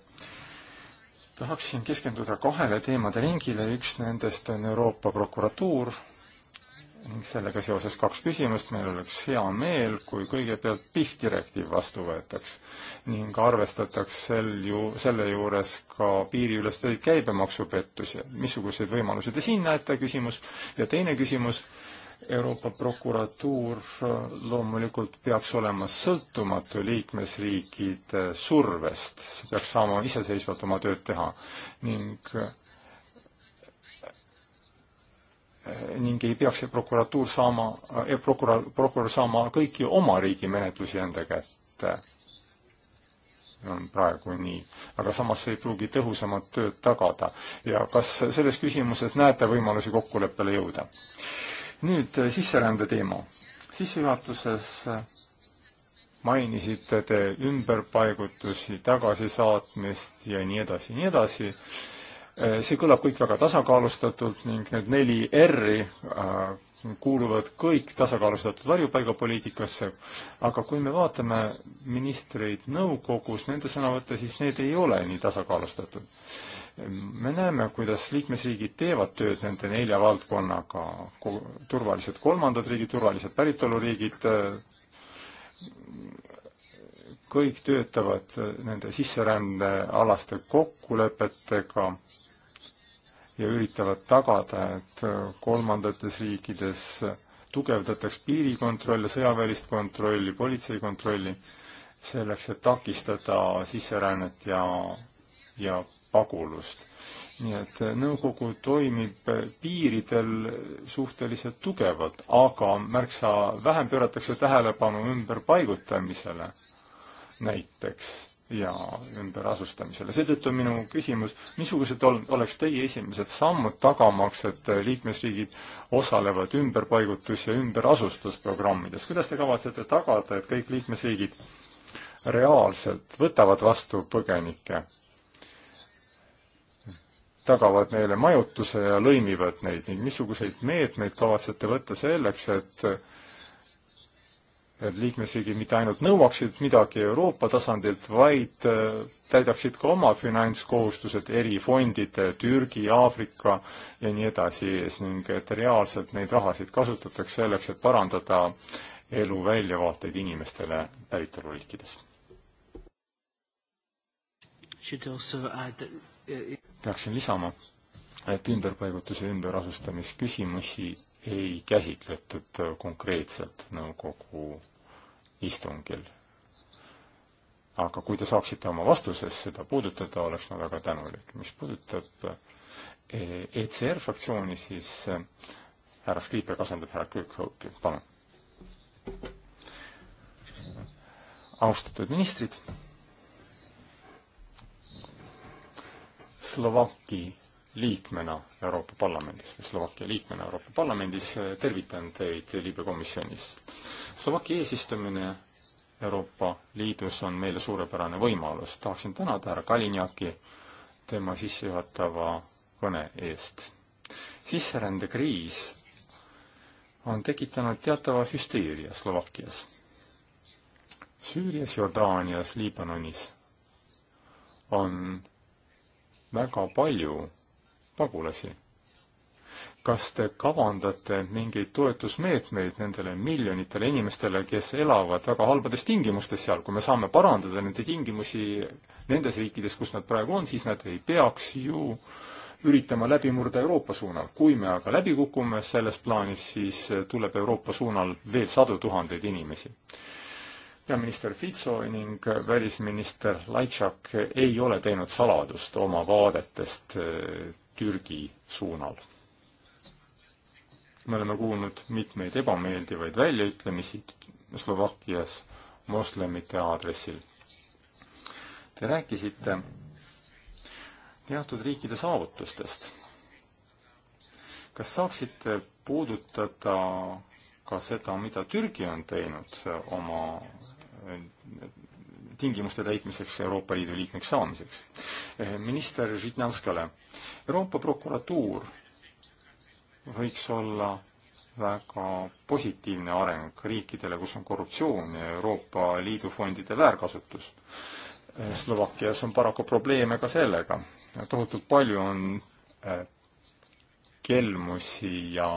tahaksin keskenduda kahele teemade ringile, üks nendest on Euroopa prokuratuur ning sellega seoses kaks küsimust, meil oleks hea meel, kui kõigepealt PIH direktiiv vastu võetaks ning arvestataks sel ju, selle juures ka piiriüleseid käibemaksupettusi. missuguseid võimalusi te siin näete, küsimus, ja teine küsimus, Euroopa prokuratuur loomulikult peaks olema sõltumatu liikmesriikide survest, see peaks saama iseseisvalt oma tööd teha ning ning ei peaks see prokuratuur saama, eh, prokurör, prokurör saama kõiki oma riigi menetlusi enda kätte. on praegu nii, aga samas see ei pruugi tõhusamat tööd tagada ja kas selles küsimuses näete võimalusi kokkuleppele jõuda? nüüd äh, sisserände teema. sissejuhatuses äh, mainisite te ümberpaigutusi, tagasisaatmist ja nii edasi, nii edasi. Äh, see kõlab kõik väga tasakaalustatult ning need neli R-i kuuluvad kõik tasakaalustatud varjupaigapoliitikasse, aga kui me vaatame ministreid nõukogus, nende sõnavõtte, siis need ei ole nii tasakaalustatud me näeme, kuidas liikmesriigid teevad tööd nende nelja valdkonnaga, turvalised kolmandad riigid, turvalised päritoluriigid, kõik töötavad nende sisserändealaste kokkulepetega ja üritavad tagada, et kolmandates riikides tugevdataks piirikontrolli, sõjaväelist kontrolli, politseikontrolli, selleks et takistada sisserännet ja ja pagulust. nii et nõukogu toimib piiridel suhteliselt tugevalt, aga märksa vähem pööratakse tähelepanu ümberpaigutamisele näiteks ja ümberasustamisele. seetõttu on minu küsimus, missugused ol-, oleks teie esimesed sammud tagamaks, et liikmesriigid osalevad ümberpaigutus- ja ümberasustusprogrammides, kuidas te kavatsete tagada, et kõik liikmesriigid reaalselt võtavad vastu põgenikke tagavad neile majutuse ja lõimivad neid ning missuguseid meetmeid kavatsete võtta selleks, et et liikmesriigid mitte ainult nõuaksid midagi Euroopa tasandilt, vaid äh, täidaksid ka oma finantskohustused erifondide, Türgi, Aafrika ja nii edasi ees ning et reaalselt neid rahasid kasutatakse selleks, et parandada elu väljavaateid inimestele päritoluriikides. Should also add that uh, peaksin lisama, et ümberpaigutuse ja ümberasustamisküsimusi ei käsitletud konkreetselt nõukogu istungil. aga kui te saaksite oma vastuses seda puudutada, oleks ma väga tänulik. mis puudutab ECR e fraktsiooni, siis e, härra Skripek asendab härra Kirkhope'i, palun. austatud ministrid Slovaki liikmena Euroopa Parlamendis, Slovakkia liikmena Euroopa Parlamendis eh, tervitan teid liibekomisjonis. Slovakkia eesistumine Euroopa Liidus on meile suurepärane võimalus. tahaksin tänada härra Kalinjaki tema sissejuhatava kõne eest. sisserändekriis on tekitanud teatava hüsteeria Slovakkias. Süürias, Jordaanias, Liibanonis on väga palju pagulasi. kas te kavandate mingeid toetusmeetmeid nendele miljonitele inimestele, kes elavad väga halbades tingimustes seal, kui me saame parandada nende tingimusi nendes riikides, kus nad praegu on, siis nad ei peaks ju üritama läbi murda Euroopa suunal. kui me aga läbi kukume selles plaanis, siis tuleb Euroopa suunal veel sadu tuhandeid inimesi peaminister Fitso ning välisminister Laitšak ei ole teinud saladust oma vaadetest äh, Türgi suunal. me oleme kuulnud mitmeid ebameeldivaid väljaütlemisi Slovakkias moslemite aadressil. Te rääkisite teatud riikide saavutustest. kas saaksite puudutada ka seda, mida Türgi on teinud oma eh, tingimuste täitmiseks Euroopa Liidu liikmeks saamiseks. Eh, minister Žitnanskale, Euroopa prokuratuur võiks olla väga positiivne areng riikidele, kus on korruptsioon ja Euroopa Liidu fondide väärkasutus. Eh, Slovakkias on paraku probleeme ka sellega. tohutult palju on kelmusi ja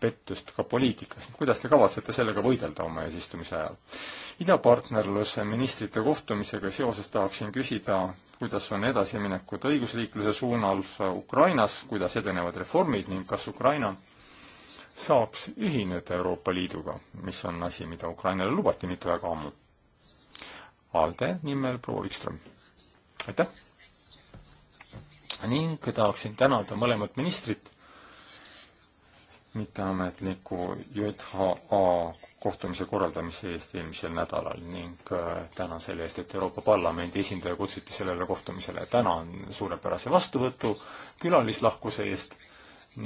pettust ka poliitikas. kuidas te kavatsete sellega võidelda oma eesistumise ajal? idapartnerluse ministrite kohtumisega seoses tahaksin küsida, kuidas on edasiminekud õigusriikluse suunal Ukrainas, kuidas edenevad reformid ning kas Ukraina saaks ühineda Euroopa Liiduga, mis on asi, mida Ukrainale lubati mitte väga ammu. Alde nimel proua Vikström, aitäh! ning tahaksin tänada mõlemat ministrit mitteametliku JHA kohtumise korraldamise eest eelmisel nädalal ning äh, tänan selle eest, et Euroopa Parlamendi esindaja kutsuti sellele kohtumisele. tänan suurepärase vastuvõtu, külalislahkuse eest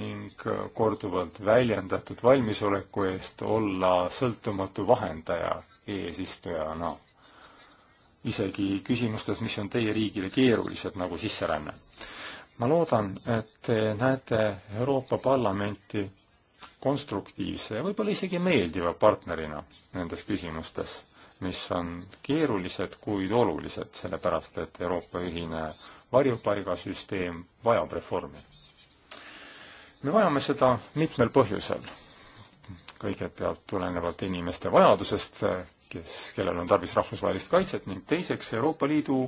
ning äh, korduvalt väljendatud valmisoleku eest olla sõltumatu vahendaja eesistujana. isegi küsimustes, mis on teie riigile keerulised, nagu sisseränne ma loodan, et te näete Euroopa Parlamenti konstruktiivse ja võib-olla isegi meeldiva partnerina nendes küsimustes, mis on keerulised, kuid olulised, sellepärast et Euroopa ühine varjupaigasüsteem vajab reformi. me vajame seda mitmel põhjusel. kõigepealt tulenevalt inimeste vajadusest, kes, kellel on tarvis rahvusvahelist kaitset ning teiseks Euroopa Liidu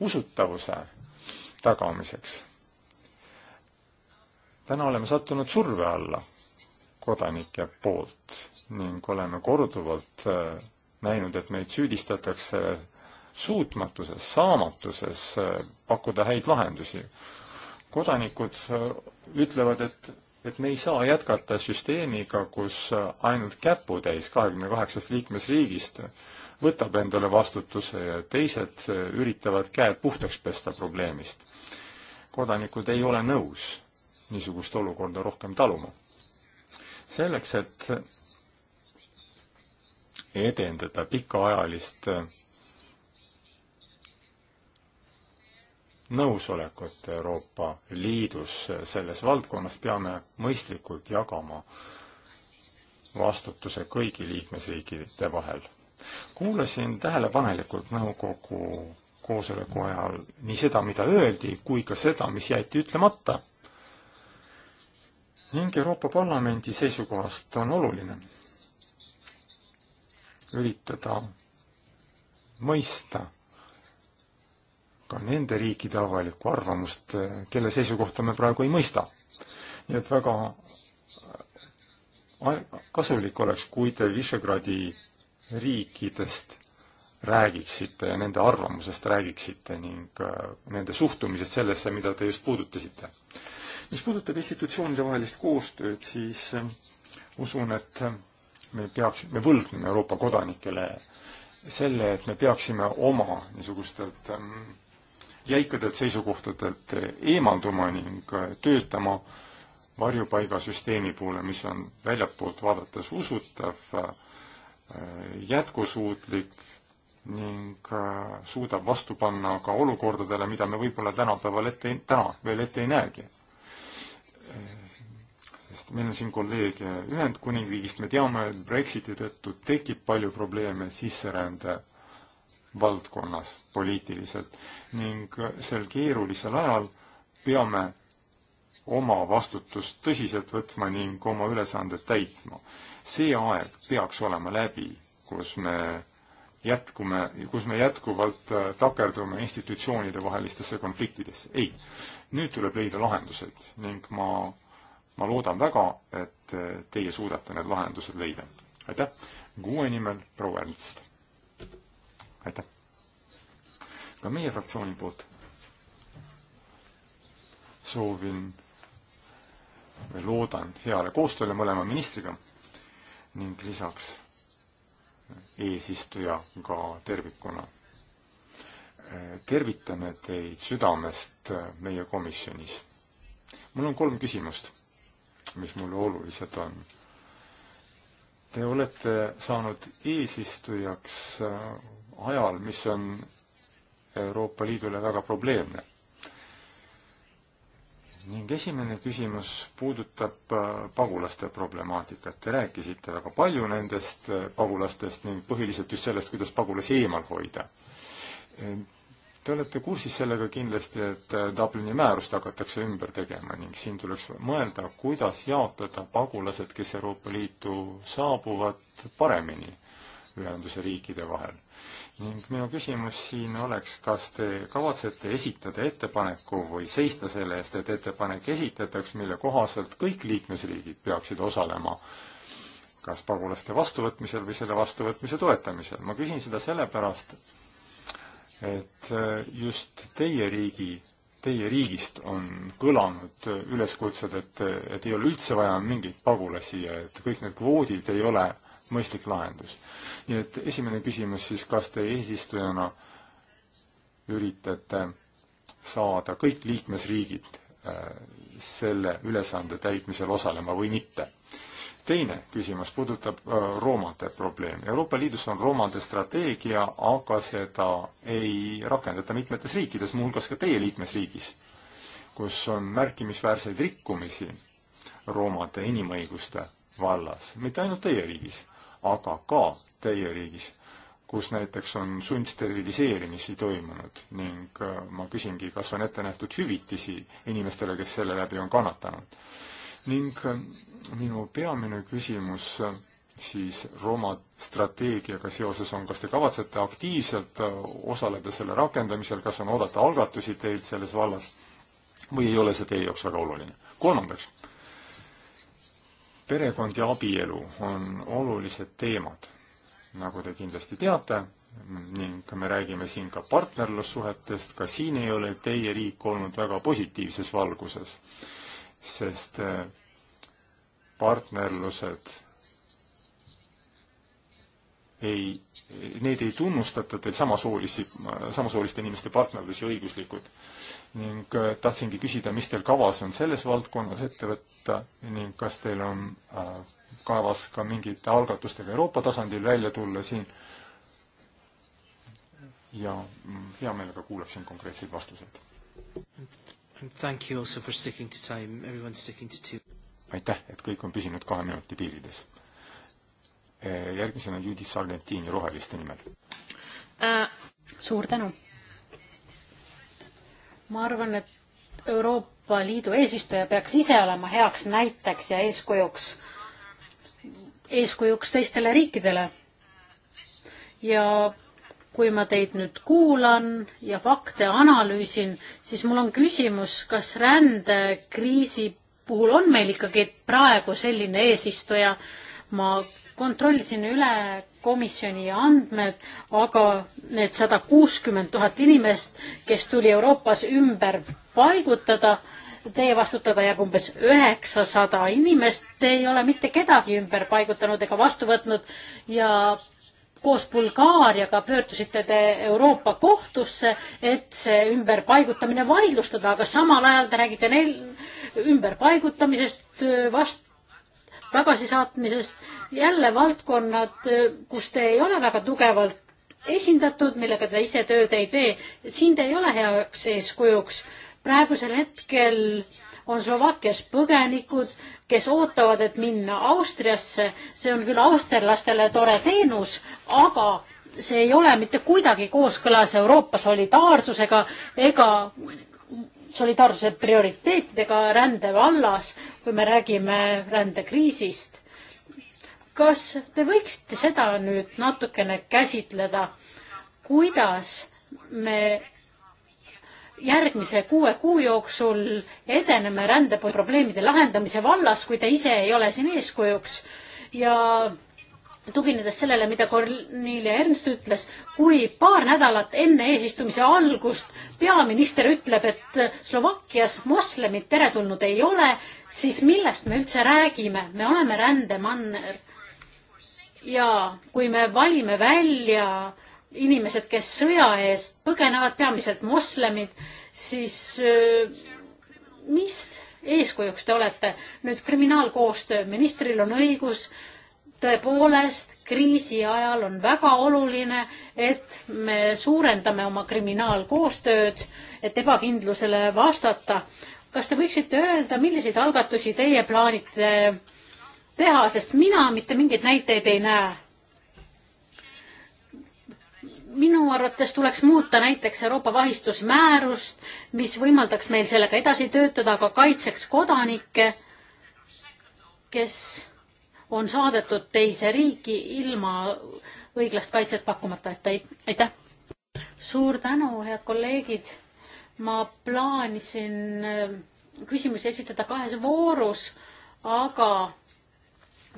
usutavuse tagamiseks. täna oleme sattunud surve alla kodanike poolt ning oleme korduvalt äh, näinud, et meid süüdistatakse suutmatuses, saamatuses äh, pakkuda häid lahendusi. kodanikud äh, ütlevad, et, et me ei saa jätkata süsteemiga, kus ainult käputäis kahekümne kaheksast liikmesriigist võtab endale vastutuse ja teised üritavad käed puhtaks pesta probleemist. kodanikud ei ole nõus niisugust olukorda rohkem taluma selleks, et edendada pikaajalist nõusolekut Euroopa Liidus selles valdkonnas, peame mõistlikult jagama vastutuse kõigi liikmesriikide vahel. kuulasin tähelepanelikult nõukogu koosoleku ajal nii seda, mida öeldi, kui ka seda, mis jäeti ütlemata ning Euroopa Parlamendi seisukohast on oluline üritada mõista ka nende riikide avalikku arvamust, kelle seisukohta me praegu ei mõista. nii et väga kasulik oleks, kui te Visegradi riikidest räägiksite ja nende arvamusest räägiksite ning äh, nende suhtumisest sellesse, mida te just puudutasite mis puudutab institutsioonide vahelist koostööd, siis äh, usun, et äh, me peaks, me võlgneme Euroopa kodanikele selle, et me peaksime oma niisugustelt äh, jäikadelt seisukohtadelt eemalduma ning töötama varjupaigasüsteemi poole, mis on väljapoolt vaadates usutav, jätkusuutlik ning suudab vastu panna ka olukordadele, mida me võib-olla tänapäeval ette, täna veel ette ei näegi sest meil on siin kolleeg Ühendkuningriigist, me teame, et Brexiti tõttu tekib palju probleeme sisserände valdkonnas poliitiliselt ning sel keerulisel ajal peame oma vastutust tõsiselt võtma ning oma ülesanded täitma. see aeg peaks olema läbi, kus me jätkume, kus me jätkuvalt äh, takerdume institutsioonide vahelistesse konfliktidesse. ei. nüüd tuleb leida lahendused ning ma, ma loodan väga, et äh, teie suudate need lahendused leida. aitäh. kuue nimel proua Ernst. aitäh. ka meie fraktsiooni poolt soovin või loodan heale koostööle mõlema ministriga ning lisaks eesistujaga tervikuna. tervitame teid südamest meie komisjonis. mul on kolm küsimust, mis mulle olulised on. Te olete saanud eesistujaks ajal, mis on Euroopa Liidule väga probleemne ning esimene küsimus puudutab äh, pagulaste problemaatikat. Te rääkisite väga palju nendest äh, pagulastest ning põhiliselt just sellest, kuidas pagulasi eemal hoida. Ehm, te olete kursis sellega kindlasti, et äh, Dublini määrust hakatakse ümber tegema ning siin tuleks mõelda, kuidas jaotada pagulased, kes Euroopa Liitu saabuvad, paremini ühenduse riikide vahel ning minu küsimus siin oleks, kas te kavatsete esitada ettepaneku või seista selle eest, et ettepanek esitataks, mille kohaselt kõik liikmesriigid peaksid osalema kas pagulaste vastuvõtmisel või selle vastuvõtmise toetamisel. ma küsin seda sellepärast, et äh, just teie riigi, teie riigist on kõlanud üleskutsed, et, et ei ole üldse vaja mingeid pagulasi ja et kõik need kvoodid ei ole mõistlik lahendus. nii et esimene küsimus siis, kas te eesistujana üritate saada kõik liikmesriigid äh, selle ülesande täitmisel osalema või mitte? teine küsimus puudutab äh, roomade probleemi. Euroopa Liidus on roomade strateegia, aga seda ei rakendata mitmetes riikides, muuhulgas ka teie liikmesriigis, kus on märkimisväärseid rikkumisi roomade inimõiguste vallas, mitte ainult teie riigis, aga ka teie riigis, kus näiteks on sundsteriliseerimisi toimunud ning äh, ma küsingi, kas on ette nähtud hüvitisi inimestele, kes selle läbi on kannatanud. ning äh, minu peamine küsimus äh, siis Rooma strateegiaga seoses on, kas te kavatsete aktiivselt osaleda selle rakendamisel, kas on oodata algatusi teilt selles vallas või ei ole see teie jaoks väga oluline? kolmandaks perekond ja abielu on olulised teemad, nagu te kindlasti teate, ning me räägime siin ka partnerlussuhetest, ka siin ei ole teie riik olnud väga positiivses valguses, sest eh, partnerlused ei, neid ei tunnustata teil samasoolisi, samasooliste inimeste partnerlusi õiguslikult. ning äh, tahtsingi küsida, mis teil kavas on selles valdkonnas ette võtta ning kas teil on äh, kavas ka mingite algatustega Euroopa tasandil välja tulla siin ja mm, hea meelega kuulaksin konkreetseid vastuseid. aitäh, et kõik on püsinud kahe minuti piirides Eh, järgmisena Judith Sargentini Roheliste nimel äh.. suur tänu. ma arvan, et Euroopa Liidu eesistuja peaks ise olema heaks näiteks ja eeskujuks, eeskujuks teistele riikidele. ja kui ma teid nüüd kuulan ja fakte analüüsin, siis mul on küsimus, kas rändekriisi puhul on meil ikkagi praegu selline eesistuja, ma kontrollisin üle komisjoni andmed, aga need sada kuuskümmend tuhat inimest, kes tuli Euroopas ümber paigutada, teie vastutada jääb umbes üheksasada inimest, te ei ole mitte kedagi ümber paigutanud ega vastu võtnud ja koos Bulgaariaga pöördusite te Euroopa kohtusse, et see ümberpaigutamine vaidlustada, aga samal ajal te räägite neil ümberpaigutamisest, vast-, tagasisaatmisest, jälle valdkonnad, kus te ei ole väga tugevalt esindatud, millega te ise tööd ei tee. siin te ei ole heaks eeskujuks. praegusel hetkel on Slovakkias põgenikud, kes ootavad, et minna Austriasse. see on küll austerlastele tore teenus, aga see ei ole mitte kuidagi kooskõlas Euroopa solidaarsusega ega solidaarsuse prioriteetidega rände vallas, kui me räägime rändekriisist. kas te võiksite seda nüüd natukene käsitleda, kuidas me järgmise kuue kuu jooksul edeneme rändeprobleemide lahendamise vallas, kui te ise ei ole siin eeskujuks ja tuginedes sellele, mida Cornelia Ernst ütles, kui paar nädalat enne eesistumise algust peaminister ütleb, et Slovakkias moslemid teretulnud ei ole, siis millest me üldse räägime, me oleme rändemanner. ja kui me valime välja inimesed, kes sõja eest põgenevad, peamiselt moslemid, siis äh, mis eeskujuks te olete? nüüd kriminaalkoostöö, ministril on õigus tõepoolest kriisi ajal on väga oluline, et me suurendame oma kriminaalkoostööd, et ebakindlusele vastata. kas te võiksite öelda, milliseid algatusi teie plaanite teha, sest mina mitte mingeid näiteid ei näe? minu arvates tuleks muuta näiteks Euroopa vahistusmäärust, mis võimaldaks meil sellega edasi töötada, aga kaitseks kodanikke, kes on saadetud teise riiki ilma õiglast kaitset pakkumata, et aitäh. suur tänu, head kolleegid. ma plaanisin äh, küsimusi esitada kahes voorus, aga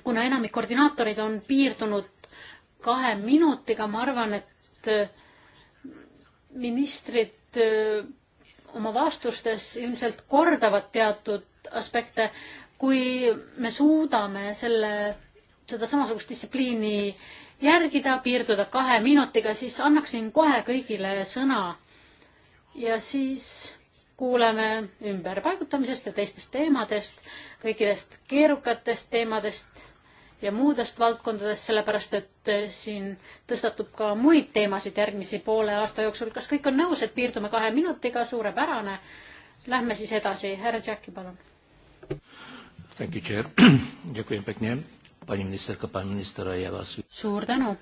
kuna enamik koordinaatoreid on piirdunud kahe minutiga, ma arvan, et äh, ministrid äh, oma vastustes ilmselt kordavad teatud aspekte, kui me suudame selle, seda samasugust distsipliini järgida, piirduda kahe minutiga, siis annaksin kohe kõigile sõna. ja siis kuuleme ümberpaigutamisest ja teistest teemadest, kõikidest keerukatest teemadest ja muudest valdkondadest, sellepärast et eh, siin tõstatub ka muid teemasid järgmise poole aasta jooksul. kas kõik on nõus, et piirdume kahe minutiga, suurepärane. Lähme siis edasi, härra Tšäkki, palun Thank you, Chair. Ďakujem pekne. Pani ministerka, pán minister, ja vás... Suur tänu.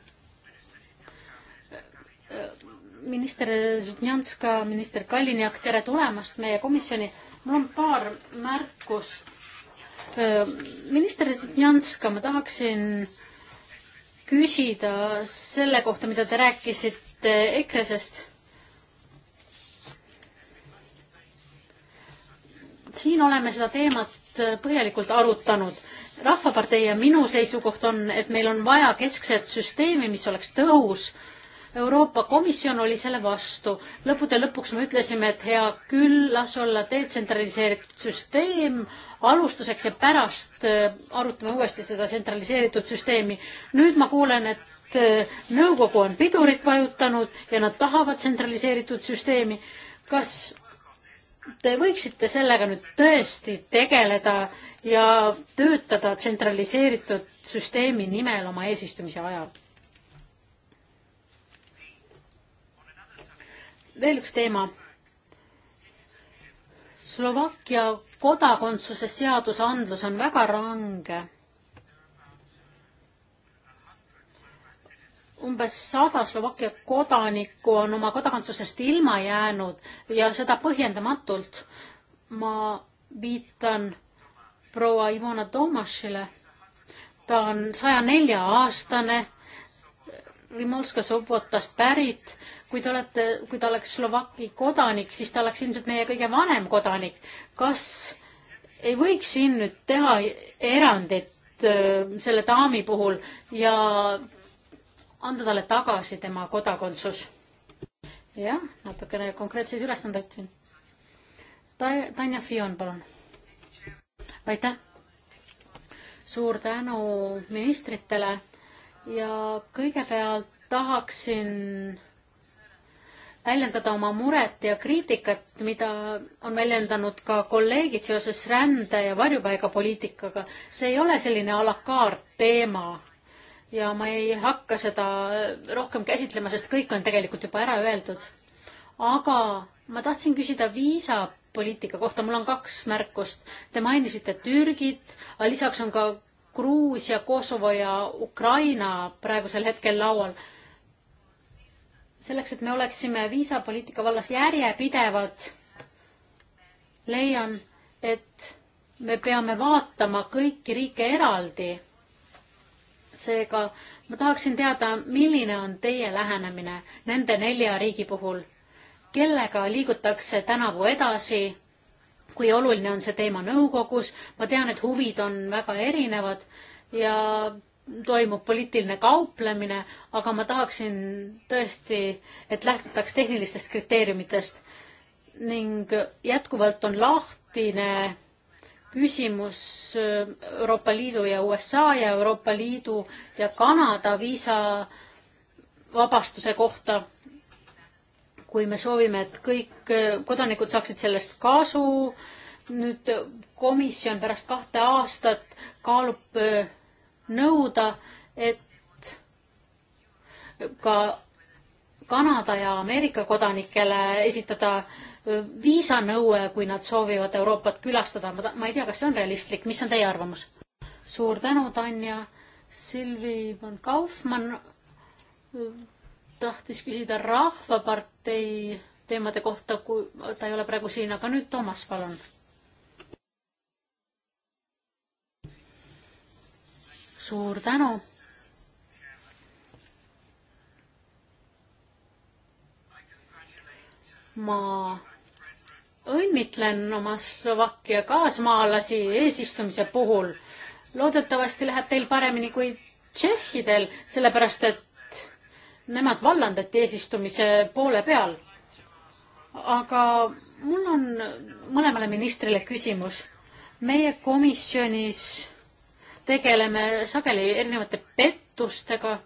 Minister Žitnjanska, minister Kallinjak, tere tulemast meie komisjoni. Mul on paar märkust. Minister Žitnjanska, ma tahaksin küsida selle kohta, mida te rääkisite EKRE-sest. Siin oleme seda teemat küsimust äh, põhjalikult arutanud. rahvapartei ja minu seisukoht on, et meil on vaja keskset süsteemi, mis oleks tõhus. Euroopa Komisjon oli selle vastu. lõppude lõpuks me ütlesime, et hea küll, las olla detsentraliseeritud süsteem alustuseks ja pärast äh, arutame uuesti seda tsentraliseeritud süsteemi. nüüd ma kuulen, et äh, nõukogu on pidurit vajutanud ja nad tahavad tsentraliseeritud süsteemi. kas te võiksite sellega nüüd tõesti tegeleda ja töötada tsentraliseeritud süsteemi nimel oma eesistumise ajal. veel üks teema. Slovakkia kodakondsuse seadusandlus on väga range umbes sada Slovakkia kodanikku on oma kodakondsusest ilma jäänud ja seda põhjendamatult. ma viitan proua Ivona Tomašile. ta on saja nelja aastane, Rimolska Sobotast pärit. kui te olete, kui ta oleks Slovakki kodanik, siis ta oleks ilmselt meie kõige vanem kodanik. kas ei võiks siin nüüd teha erandit äh, selle daami puhul ja anda talle tagasi tema kodakondsus. jah, natukene konkreetseid ülesandeid siin. Tanja Fion, palun. aitäh. suur tänu ministritele ja kõigepealt tahaksin väljendada oma muret ja kriitikat, mida on väljendanud ka kolleegid seoses rände ja varjupaigapoliitikaga. see ei ole selline a la carte teema ja ma ei hakka seda rohkem käsitlema, sest kõik on tegelikult juba ära öeldud. aga ma tahtsin küsida viisapoliitika kohta, mul on kaks märkust. Te mainisite Türgit, aga lisaks on ka Gruusia, Kosovo ja Ukraina praegusel hetkel laual. selleks, et me oleksime viisapoliitika vallas järjepidevad, leian, et me peame vaatama kõiki riike eraldi seega ma tahaksin teada, milline on teie lähenemine nende nelja riigi puhul, kellega liigutakse tänavu edasi, kui oluline on see teema nõukogus, ma tean, et huvid on väga erinevad ja toimub poliitiline kauplemine, aga ma tahaksin tõesti, et lähtutaks tehnilistest kriteeriumitest ning jätkuvalt on lahtine küsimus äh, Euroopa Liidu ja USA ja Euroopa Liidu ja Kanada viisavabastuse kohta. kui me soovime, et kõik äh, kodanikud saaksid sellest kasu, nüüd komisjon pärast kahte aastat kaalub äh, nõuda, et ka Kanada ja Ameerika kodanikele esitada äh, viisanõue, kui nad soovivad Euroopat külastada. ma ei tea, kas see on realistlik, mis on teie arvamus? suur tänu, Tanja. Silvi von Kaufmann äh, tahtis küsida Rahvapartei teemade kohta, kui ta ei ole praegu siin, aga nüüd Toomas, palun. suur tänu. ma õnnitlen oma Slovakkia kaasmaalasi eesistumise puhul. loodetavasti läheb teil paremini kui tšehhidel, sellepärast et nemad vallandati eesistumise poole peal. aga mul on mõlemale ministrile küsimus. meie komisjonis tegeleme sageli erinevate pettustega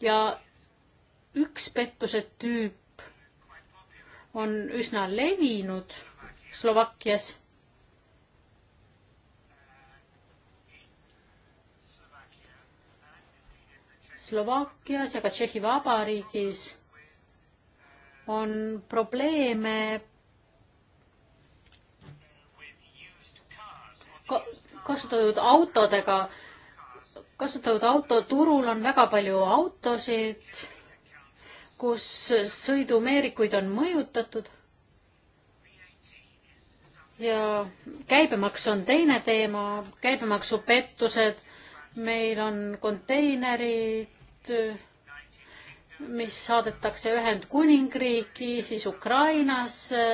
ja üks pettuse tüüp on üsna levinud Slovakkias. Slovakkias ja ka Tšehhi Vabariigis on probleeme kasutatud autodega, kasutatud autoturul on väga palju autosid kus sõidumeerikuid on mõjutatud. ja käibemaks on teine teema, käibemaksupettused, meil on konteinerid, mis saadetakse Ühendkuningriiki, siis Ukrainasse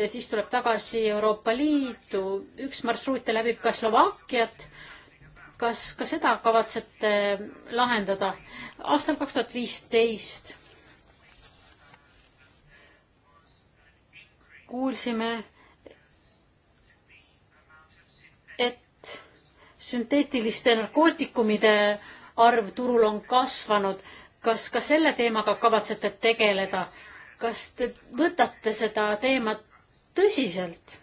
ja siis tuleb tagasi Euroopa Liitu. üks marsruut läbib ka Slovakkiat kas ka seda kavatsete lahendada? aastal kaks tuhat viisteist kuulsime, et sünteetiliste narkootikumide arv turul on kasvanud. kas ka selle teemaga kavatsete tegeleda? kas te võtate seda teemat tõsiselt?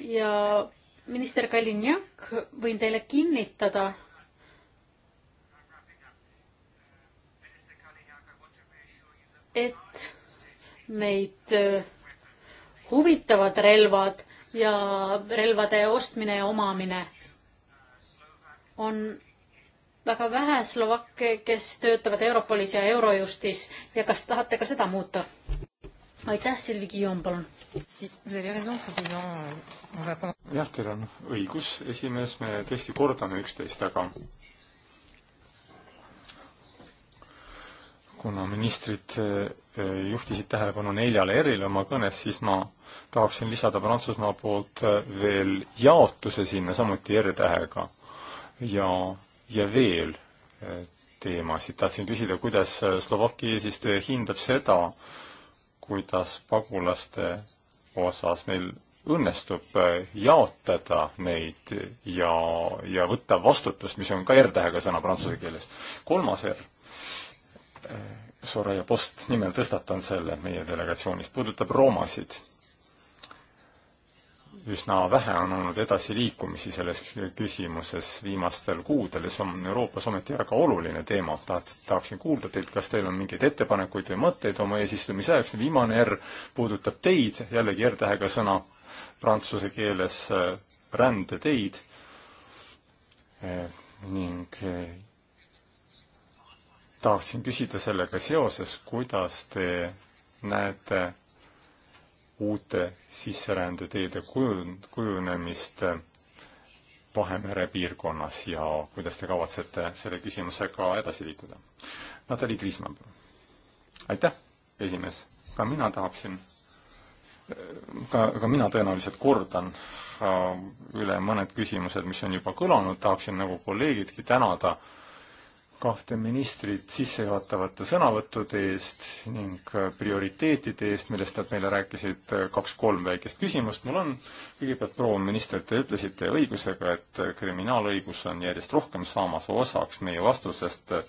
ja minister Kalinjak, võin teile kinnitada, et meid äh, huvitavad relvad ja relvade ostmine ja omamine. on väga vähe Slovakke, kes töötavad Europolis ja Eurojustis ja kas tahate ka seda muuta? aitäh, Silvi Kiion, palun. jah, teil on õigus, esimees, me tõesti kordame üksteist, aga kuna ministrid eh, eh, juhtisid tähelepanu neljale erile oma kõnes, siis ma tahaksin lisada Prantsusmaa poolt eh, veel jaotuse sinna samuti R-tähega ja, ja veel teemasid. tahtsin küsida, kuidas Slovakkia eesistuja hindab seda, kuidas pagulaste osas meil õnnestub jaotada neid ja, ja võtta vastutust, mis on ka R-tähega sõna prantsuse keeles. kolmas R Soraya Post nimel tõstatan selle meie delegatsioonist, puudutab roomasid. üsna vähe on olnud edasiliikumisi selles küsimuses viimastel kuudel ja see on Euroopas ometi väga oluline teema. tahad, tahaksin kuulda teilt, kas teil on mingeid ettepanekuid või mõtteid oma eesistumise ajaks, viimane R puudutab teid, jällegi R-tähega sõna prantsuse keeles äh, rändeteid äh, ning äh, tahaksin küsida sellega seoses, kuidas te näete uute sisserändeteede kujun-, kujunemist Vahemere piirkonnas ja kuidas te kavatsete selle küsimusega edasi liikuda? Natali Kriismann, palun. aitäh, esimees. ka mina tahaksin, ka, ka mina tõenäoliselt kordan äh, üle mõned küsimused, mis on juba kõlanud, tahaksin nagu kolleegidki tänada äh, kahte ministrit sissejuhatavate sõnavõttude eest ning prioriteetide eest, millest nad meile rääkisid, äh, kaks-kolm väikest küsimust mul on. kõigepealt proua minister, te ütlesite õigusega, et kriminaalõigus on järjest rohkem saamas osaks meie vastusest äh,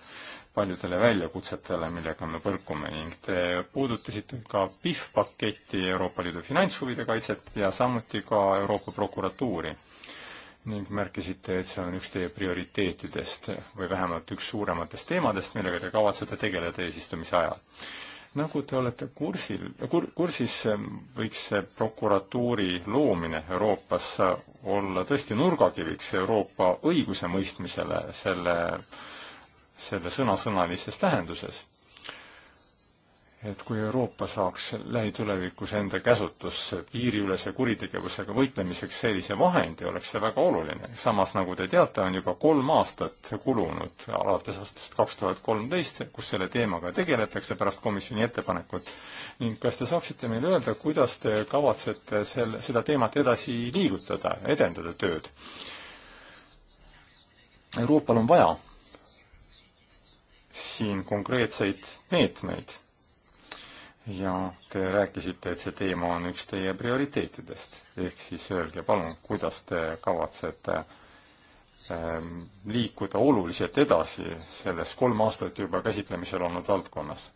paljudele väljakutsetele, millega me põrkume ning te puudutasite ka PIF paketti Euroopa Liidu finantshuvide kaitset ja samuti ka Euroopa prokuratuuri ning märkisite, et see on üks teie prioriteetidest või vähemalt üks suurematest teemadest, millega te kavatsete tegeleda eesistumise ajal. nagu te olete kursil kur,, kursis, võiks see prokuratuuri loomine Euroopas olla tõesti nurgakiviks Euroopa õigusemõistmisele selle, selle sõnasõnalises tähenduses et kui Euroopa saaks lähitulevikus enda käsutusse piiriülese kuritegevusega võitlemiseks sellise vahendi, oleks see väga oluline. samas, nagu te teate, on juba kolm aastat kulunud alates aastast kaks tuhat kolmteist, kus selle teemaga tegeletakse pärast komisjoni ettepanekut. ning kas te saaksite meile öelda, kuidas te kavatsete selle, seda teemat edasi liigutada, edendada tööd? Euroopal on vaja siin konkreetseid meetmeid ja te rääkisite, et see teema on üks teie prioriteetidest. ehk siis öelge palun, kuidas te kavatsete ähm, liikuda oluliselt edasi selles kolm aastat juba käsitlemisel olnud valdkonnas.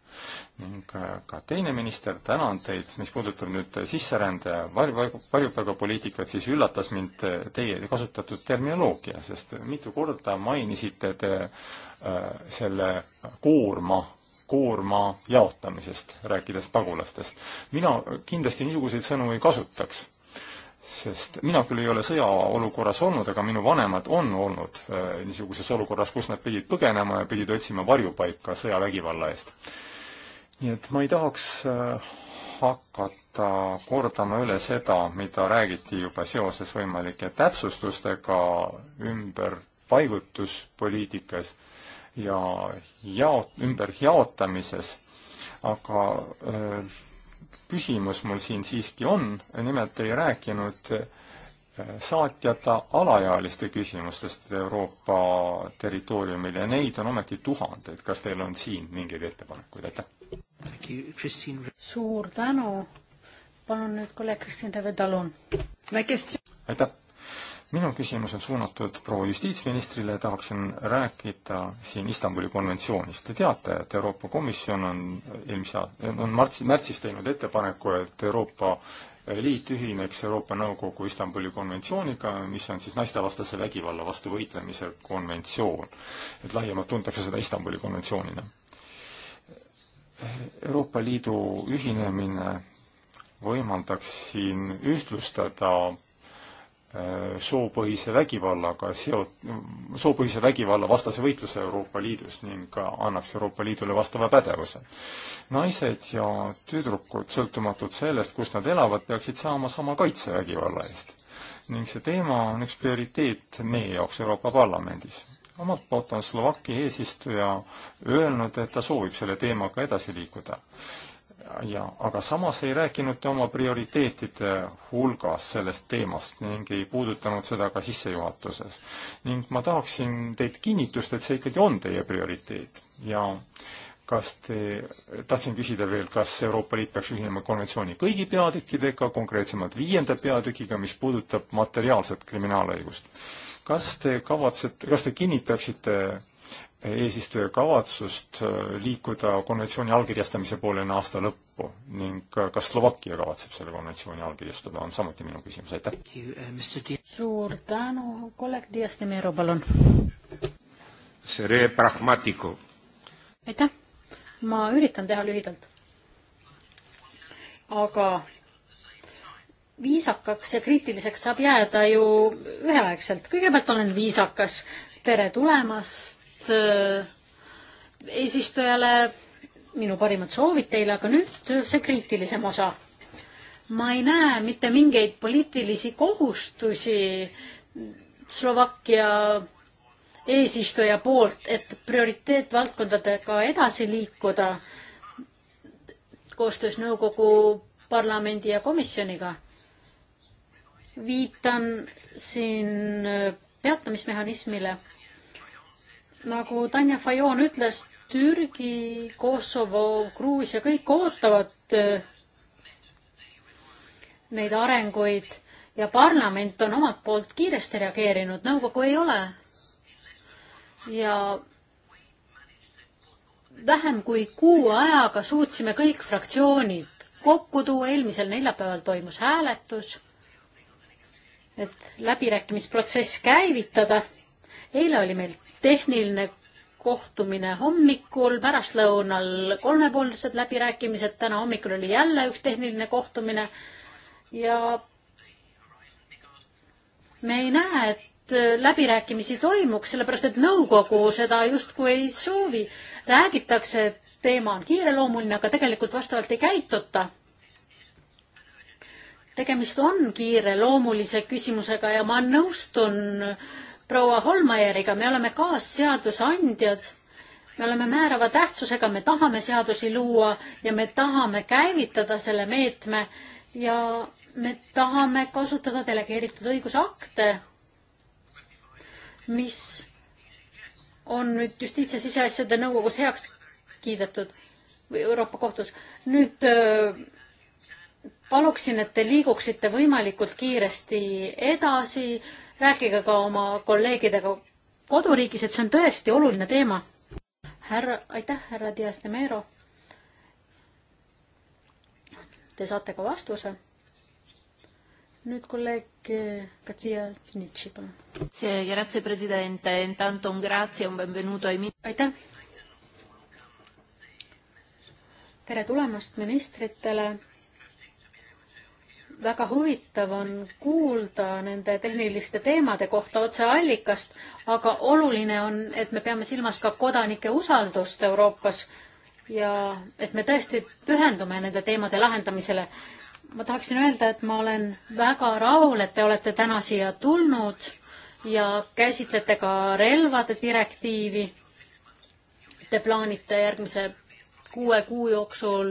ning äh, ka teine minister, tänan teid, mis puudutab nüüd sisserände varjupaigapoliitikat, siis üllatas mind teie kasutatud terminoloogia, sest mitu korda mainisite te äh, selle koorma koorma jaotamisest, rääkides pagulastest. mina kindlasti niisuguseid sõnu ei kasutaks, sest mina küll ei ole sõjaolukorras olnud, aga minu vanemad on olnud äh, niisuguses olukorras, kus nad pidid põgenema ja pidid otsima varjupaika sõjavägivalla eest. nii et ma ei tahaks äh, hakata kordama üle seda, mida räägiti juba seoses võimalike täpsustustega ümber paigutuspoliitikas ja jaot-, ümberjaotamises, aga öö, äh, küsimus mul siin siiski on, nimelt ei rääkinud äh, saatjata alaealiste küsimustest Euroopa territooriumil ja neid on ometi tuhandeid. kas teil on siin mingeid ettepanekuid, aitäh? suur tänu. palun nüüd kolleeg Kristin Revedalon. aitäh minu küsimus on suunatud proua justiitsministrile, tahaksin rääkida siin Istanbuli konventsioonist. Te teate, et Euroopa Komisjon on eelmise, on märts, märtsis teinud ettepaneku, et Euroopa Liit ühineks Euroopa Nõukogu Istanbuli konventsiooniga, mis on siis naistevastase vägivalla vastu võitlemise konventsioon. et laiemalt tuntakse seda Istanbuli konventsioonina. Euroopa Liidu ühinemine võimaldaks siin ühtlustada Äh, soopõhise vägivallaga seot-, soopõhise vägivalla vastase võitluse Euroopa Liidus ning annaks Euroopa Liidule vastava pädevuse. naised ja tüdrukud, sõltumatult sellest, kus nad elavad, peaksid saama sama kaitse vägivalla eest. ning see teema on üks prioriteet meie jaoks Euroopa Parlamendis. omalt poolt on Slovakkia eesistuja öelnud, et ta soovib selle teemaga edasi liikuda ja, aga samas ei rääkinud te oma prioriteetide hulgas sellest teemast ning ei puudutanud seda ka sissejuhatuses. ning ma tahaksin teilt kinnitust, et see ikkagi on teie prioriteet ja kas te, tahtsin küsida veel, kas Euroopa Liit peaks ühinema konventsiooni kõigi peatükkidega, konkreetsemalt viienda peatükiga, mis puudutab materiaalset kriminaalõigust. kas te kavatsete, kas te kinnitaksite eesistuja kavatsust äh, liikuda konventsiooni allkirjastamise poole enne aasta lõppu ning äh, kas Slovakkia kavatseb selle konventsiooni allkirjastada, on samuti minu küsimus, aitäh. Uh, suur tänu, kolleeg Dias de Mero, palun. aitäh, ma üritan teha lühidalt. aga viisakaks ja kriitiliseks saab jääda ju üheaegselt. kõigepealt olen viisakas, tere tulemast Äh, eesistujale minu parimad soovid teile, aga nüüd see kriitilisem osa. ma ei näe mitte mingeid poliitilisi kohustusi Slovakkia eesistuja poolt, et prioriteetvaldkondadega edasi liikuda koostöös nõukogu, parlamendi ja komisjoniga. viitan siin peatamismehhanismile nagu Tanja Fajon ütles, Türgi, Kosovo, Gruusia, kõik ootavad eh, neid arenguid ja parlament on omalt poolt kiiresti reageerinud, nõukogu ei ole. ja vähem kui kuu ajaga suutsime kõik fraktsioonid kokku tuua, eelmisel neljapäeval toimus hääletus, et läbirääkimisprotsess käivitada eile oli meil tehniline kohtumine hommikul, pärastlõunal kolmepoolsed läbirääkimised, täna hommikul oli jälle üks tehniline kohtumine ja me ei näe, et läbirääkimisi toimuks, sellepärast et nõukogu seda justkui ei soovi. räägitakse, et teema on kiireloomuline, aga tegelikult vastavalt ei käituta. tegemist on kiireloomulise küsimusega ja ma nõustun proua Holmajäriga, me oleme kaasseadusandjad, me oleme määrava tähtsusega, me tahame seadusi luua ja me tahame käivitada selle meetme ja me tahame kasutada delegeeritud õigusakte, mis on nüüd Justiits- ja Siseasjade Nõukogus heaks kiidetud või Euroopa Kohtus. nüüd äh, paluksin, et te liiguksite võimalikult kiiresti edasi rääkige ka oma kolleegidega koduriigis, et see on tõesti oluline teema. härra, aitäh, härra Dias de Meiro. Te saate ka vastuse. nüüd kolleeg eh, Katja Tšinitši, palun. aitäh. tere tulemast ministritele väga huvitav on kuulda nende tehniliste teemade kohta otseallikast, aga oluline on, et me peame silmas ka kodanike usaldust Euroopas ja et me tõesti pühendume nende teemade lahendamisele. ma tahaksin öelda, et ma olen väga rahul, et te olete täna siia tulnud ja käsitlete ka relvade direktiivi. Te plaanite järgmise kuue kuu jooksul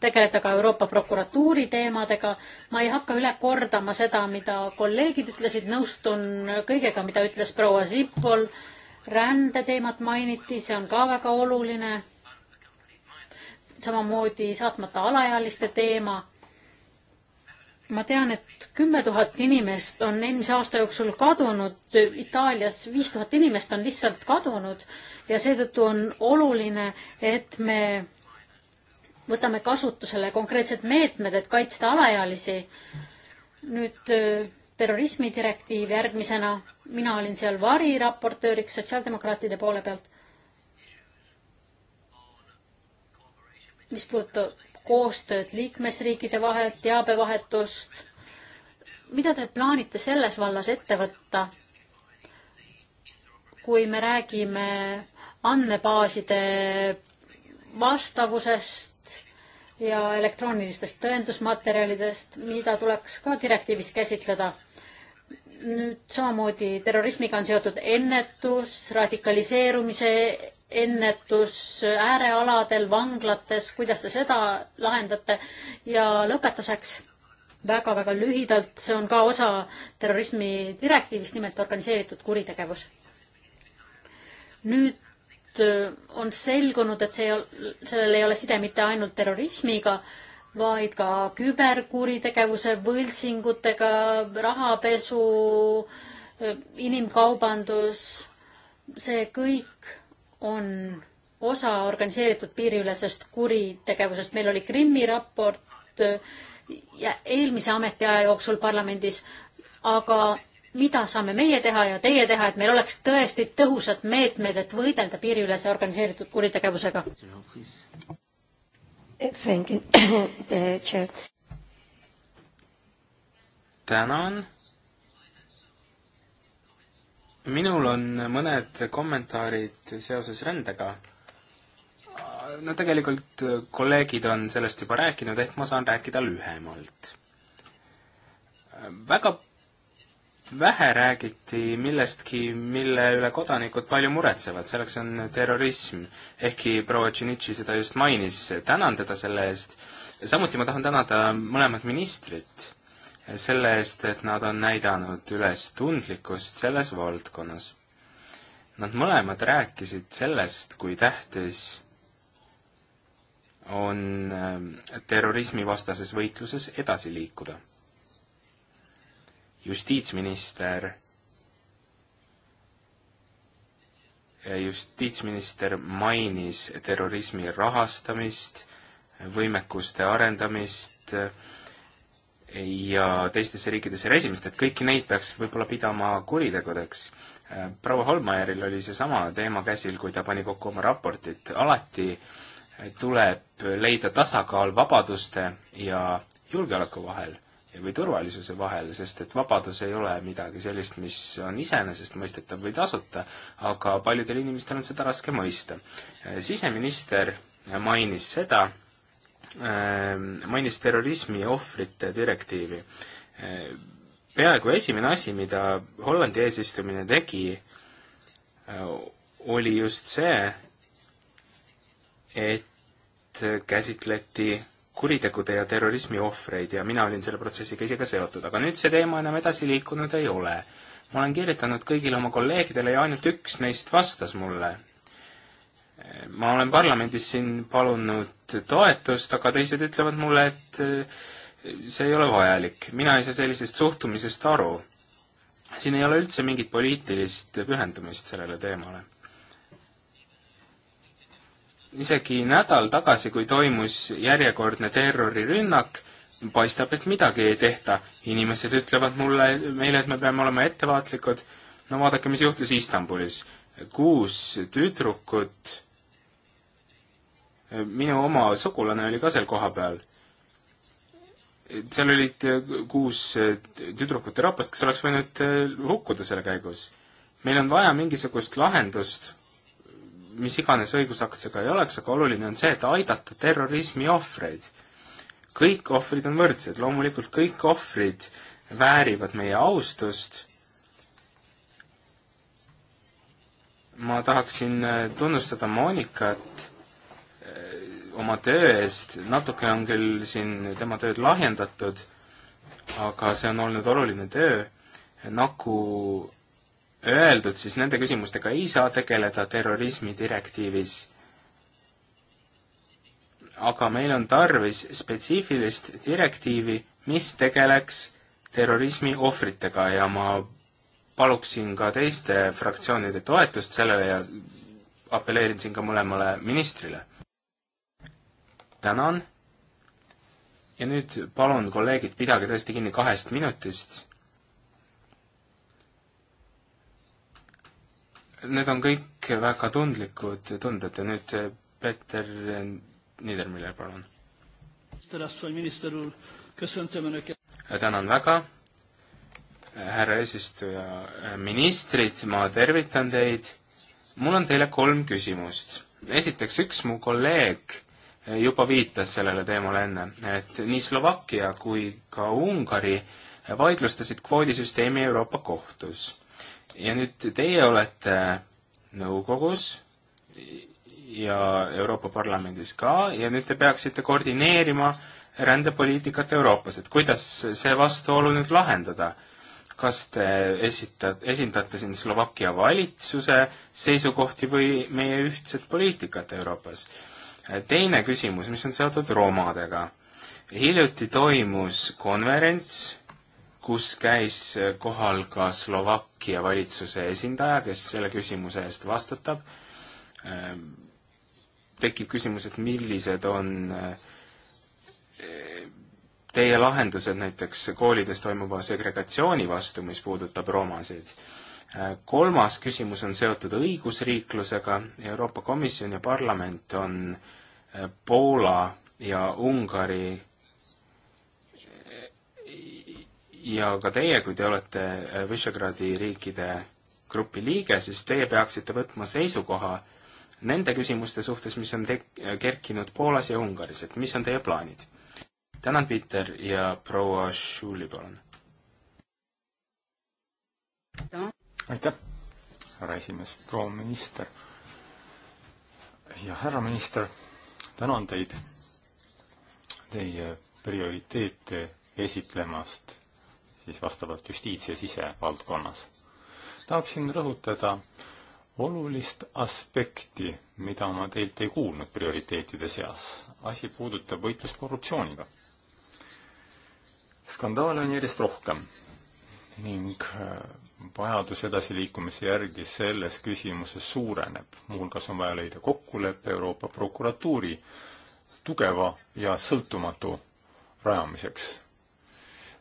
tegeleda ka Euroopa prokuratuuri teemadega. ma ei hakka üle kordama seda, mida kolleegid ütlesid, nõustun kõigega, mida ütles proua Sippol. rändeteemat mainiti, see on ka väga oluline. samamoodi saatmata alaealiste teema ma tean, et kümme tuhat inimest on eelmise aasta jooksul kadunud, Itaalias viis tuhat inimest on lihtsalt kadunud ja seetõttu on oluline, et me võtame kasutusele konkreetsed meetmed, et kaitsta alaealisi. nüüd terrorismi direktiiv järgmisena, mina olin seal variraportööriks sotsiaaldemokraatide poole pealt. mis puudutab koostööd liikmesriikide vahel, teabevahetust, mida te plaanite selles vallas ette võtta? kui me räägime andmebaaside vastavusest ja elektroonilistest tõendusmaterjalidest, mida tuleks ka direktiivis käsitleda. nüüd samamoodi terrorismiga on seotud ennetus, radikaliseerumise ennetus äärealadel, vanglates, kuidas te seda lahendate ja lõpetuseks väga-väga lühidalt, see on ka osa terrorismi direktiivist, nimelt organiseeritud kuritegevus. nüüd Äh, on selgunud, et see, sellel ei ole side mitte ainult terrorismiga, vaid ka küberkuritegevuse, võltsingutega, rahapesu, äh, inimkaubandus, see kõik on osa organiseeritud piiriülesest kuritegevusest. meil oli Krimmi raport äh, ja eelmise ametiaja jooksul parlamendis, aga mida saame meie teha ja teie teha, et meil oleks tõesti tõhusad meetmed, et võidelda piiriülese organiseeritud kuritegevusega? tänan. minul on mõned kommentaarid seoses rändega. no tegelikult kolleegid on sellest juba rääkinud, ehk ma saan rääkida lühemalt. väga vähe räägiti millestki, mille üle kodanikud palju muretsevad, selleks on terrorism. ehkki proua Tšinitši seda just mainis, tänan teda selle eest. samuti ma tahan tänada mõlemat ministrit selle eest, et nad on näidanud üles tundlikkust selles valdkonnas. Nad mõlemad rääkisid sellest, kui tähtis on ähm, terrorismivastases võitluses edasi liikuda justiitsminister, justiitsminister mainis terrorismi rahastamist, võimekuste arendamist ja teistesse riikidesse reisimist, et kõiki neid peaks võib-olla pidama kuritegudeks. proua Holmajäril oli seesama teema käsil, kui ta pani kokku oma raportit, alati tuleb leida tasakaal vabaduste ja julgeoleku vahel või turvalisuse vahel, sest et vabadus ei ole midagi sellist, mis on iseenesestmõistetav või tasuta, aga paljudel inimestel on seda raske mõista. siseminister mainis seda, ähm, mainis terrorismi ohvrite direktiivi. peaaegu esimene asi, mida Hollandi eesistumine tegi, äh, oli just see, et käsitleti kuritegude ja terrorismi ohvreid ja mina olin selle protsessiga ise ka seotud, aga nüüd see teema enam edasi liikunud ei ole. ma olen kirjutanud kõigile oma kolleegidele ja ainult üks neist vastas mulle. ma olen parlamendis siin palunud toetust, aga teised ütlevad mulle, et eh, see ei ole vajalik, mina ei saa sellisest suhtumisest aru. siin ei ole üldse mingit poliitilist pühendumist sellele teemale isegi nädal tagasi, kui toimus järjekordne terrorirünnak, paistab, et midagi ei tehta. inimesed ütlevad mulle, meile, et me peame olema ettevaatlikud. no vaadake, mis juhtus Istanbulis. kuus tüdrukut, minu oma sugulane oli ka seal kohapeal. seal olid kuus tüdrukut Euroopast, kes oleks võinud hukkuda selle käigus. meil on vaja mingisugust lahendust mis iganes õigusakt see ka ei oleks, aga oluline on see, et aidata terrorismi ohvreid. kõik ohvrid on võrdsed, loomulikult kõik ohvrid väärivad meie austust ma tahaksin äh, tunnustada Monikat äh, oma töö eest, natuke on küll siin tema tööd lahjendatud, aga see on olnud oluline töö. Naku öeldud, siis nende küsimustega ei saa tegeleda terrorismi direktiivis. aga meil on tarvis spetsiifilist direktiivi, mis tegeleks terrorismi ohvritega ja ma paluksin ka teiste fraktsioonide toetust sellele ja apelleerin siin ka mõlemale ministrile. tänan. ja nüüd palun, kolleegid, pidage tõesti kinni kahest minutist need on kõik väga tundlikud tunded ja nüüd eh, Peeter Niedermüller, palun. Eh, tänan väga, eh, härra eesistuja, ministrid, ma tervitan teid. mul on teile kolm küsimust. esiteks, üks mu kolleeg juba viitas sellele teemale enne, et nii Slovakkia kui ka Ungari vaidlustasid kvoodisüsteemi Euroopa Kohtus ja nüüd teie olete nõukogus ja Euroopa Parlamendis ka ja nüüd te peaksite koordineerima rändepoliitikat Euroopas, et kuidas see vastuolu nüüd lahendada kas te esitad, esindate siin Slovakkia valitsuse seisukohti või meie ühtset poliitikat Euroopas? teine küsimus, mis on seotud romadega. hiljuti toimus konverents kus käis kohal ka Slovakkia valitsuse esindaja, kes selle küsimuse eest vastutab. Ehm, tekib küsimus, et millised on ehm, teie lahendused näiteks koolides toimuva segregatsiooni vastu, mis puudutab romasid? Ehm, kolmas küsimus on seotud õigusriiklusega. Euroopa Komisjon ja parlament on Poola ja Ungari ja ka teie, kui te olete äh, Visegradi riikide grupi liige, siis teie peaksite võtma seisukoha nende küsimuste suhtes, mis on tek-, kerkinud Poolas ja Ungaris, et mis on teie plaanid? tänan, Peeter ja proua Šuli, palun. aitäh, härra esimees, proua minister ja härra minister, tänan teid teie prioriteete esitlemast siis vastavalt justiits- ja sisevaldkonnas. tahaksin rõhutada olulist aspekti, mida ma teilt ei kuulnud prioriteetide seas. asi puudutab võitlust korruptsiooniga. skandaale on järjest rohkem ning äh, vajadus edasiliikumise järgi selles küsimuses suureneb. muuhulgas on vaja leida kokkulepe Euroopa prokuratuuri tugeva ja sõltumatu rajamiseks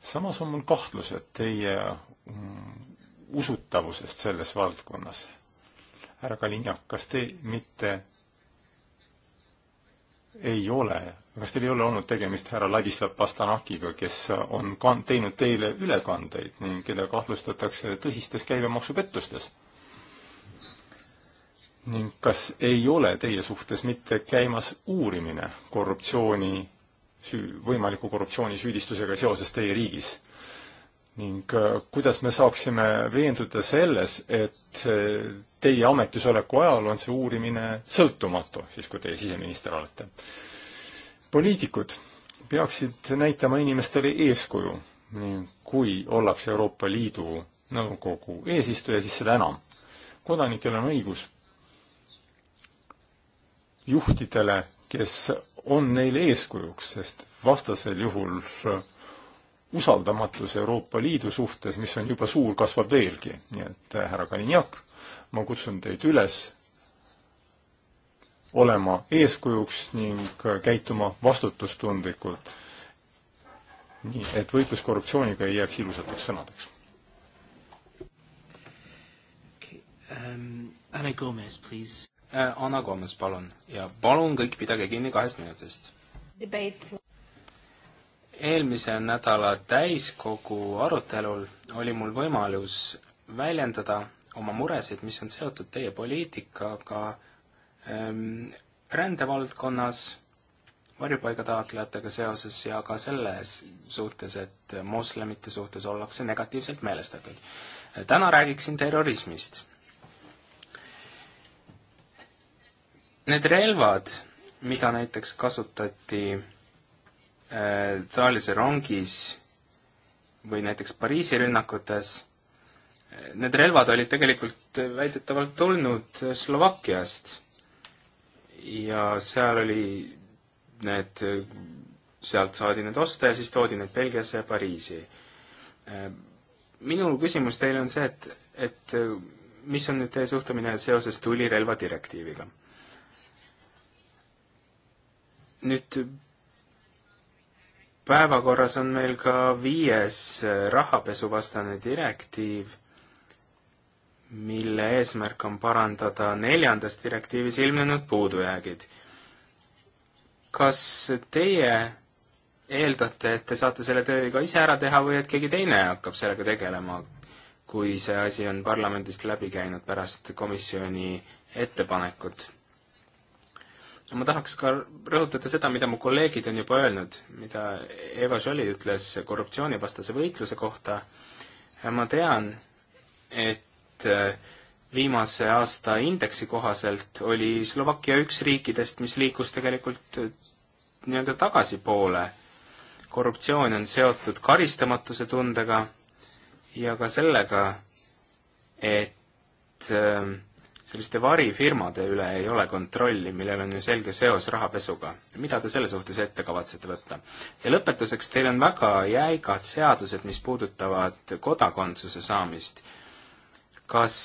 samas on mul kahtlused teie mm, usutavusest selles valdkonnas. härra Kalinjak, kas te mitte ei ole, kas teil ei ole olnud tegemist härra Ladislav Pastanakiga, kes on kan-, teinud teile ülekandeid ning keda kahtlustatakse tõsistes käibemaksupettustes? ning kas ei ole teie suhtes mitte käimas uurimine korruptsiooni süü, võimaliku korruptsioonisüüdistusega seoses teie riigis? ning äh, kuidas me saaksime veenduda selles, et äh, teie ametisoleku ajal on see uurimine sõltumatu, siis kui teie siseminister olete? poliitikud peaksid näitama inimestele eeskuju ning kui ollakse Euroopa Liidu Nõukogu eesistuja, siis seda enam. kodanikel on õigus juhtidele, kes on neile eeskujuks, sest vastasel juhul äh, usaldamatus Euroopa Liidu suhtes, mis on juba suur, kasvab veelgi. nii et äh, härra Kalinjak, ma kutsun teid üles olema eeskujuks ning äh, käituma vastutustundlikult. nii, et võitlus korruptsiooniga ei jääks ilusateks sõnadeks okay.. Um, Anna Gomez, please. Äh, Anna Gomes, palun. ja palun kõik pidage kinni kahest minutist. eelmise nädala täiskogu arutelul oli mul võimalus väljendada oma muresid, mis on seotud teie poliitikaga ähm, rändevaldkonnas, varjupaigataotlejatega seoses ja ka selles suhtes, et moslemite suhtes ollakse negatiivselt meelestatud. täna räägiksin terrorismist Need relvad, mida näiteks kasutati äh, Talise rongis või näiteks Pariisi rünnakutes, äh, need relvad olid tegelikult väidetavalt tulnud Slovakkiast ja seal oli need, sealt saadi need osta ja siis toodi need Belgiasse ja Pariisi. Äh, minu küsimus teile on see, et, et äh, mis on nüüd teie suhtumine seoses tulirelva direktiiviga? nüüd päevakorras on meil ka viies rahapesuvastane direktiiv, mille eesmärk on parandada neljandas direktiivis ilmnenud puudujäägid. kas teie eeldate, et te saate selle töö ka ise ära teha või et keegi teine hakkab sellega tegelema, kui see asi on parlamendist läbi käinud pärast komisjoni ettepanekut? ma tahaks ka rõhutada seda, mida mu kolleegid on juba öelnud, mida Eva Jolie ütles korruptsioonivastase võitluse kohta. ma tean, et äh, viimase aasta indeksi kohaselt oli Slovakkia üks riikidest, mis liikus tegelikult äh, nii-öelda tagasipoole. korruptsioon on seotud karistamatuse tundega ja ka sellega, et äh, selliste varifirmade üle ei ole kontrolli, millel on ju selge seos rahapesuga. mida te selle suhtes ette kavatsete võtta? ja lõpetuseks, teil on väga jäigad seadused, mis puudutavad kodakondsuse saamist. kas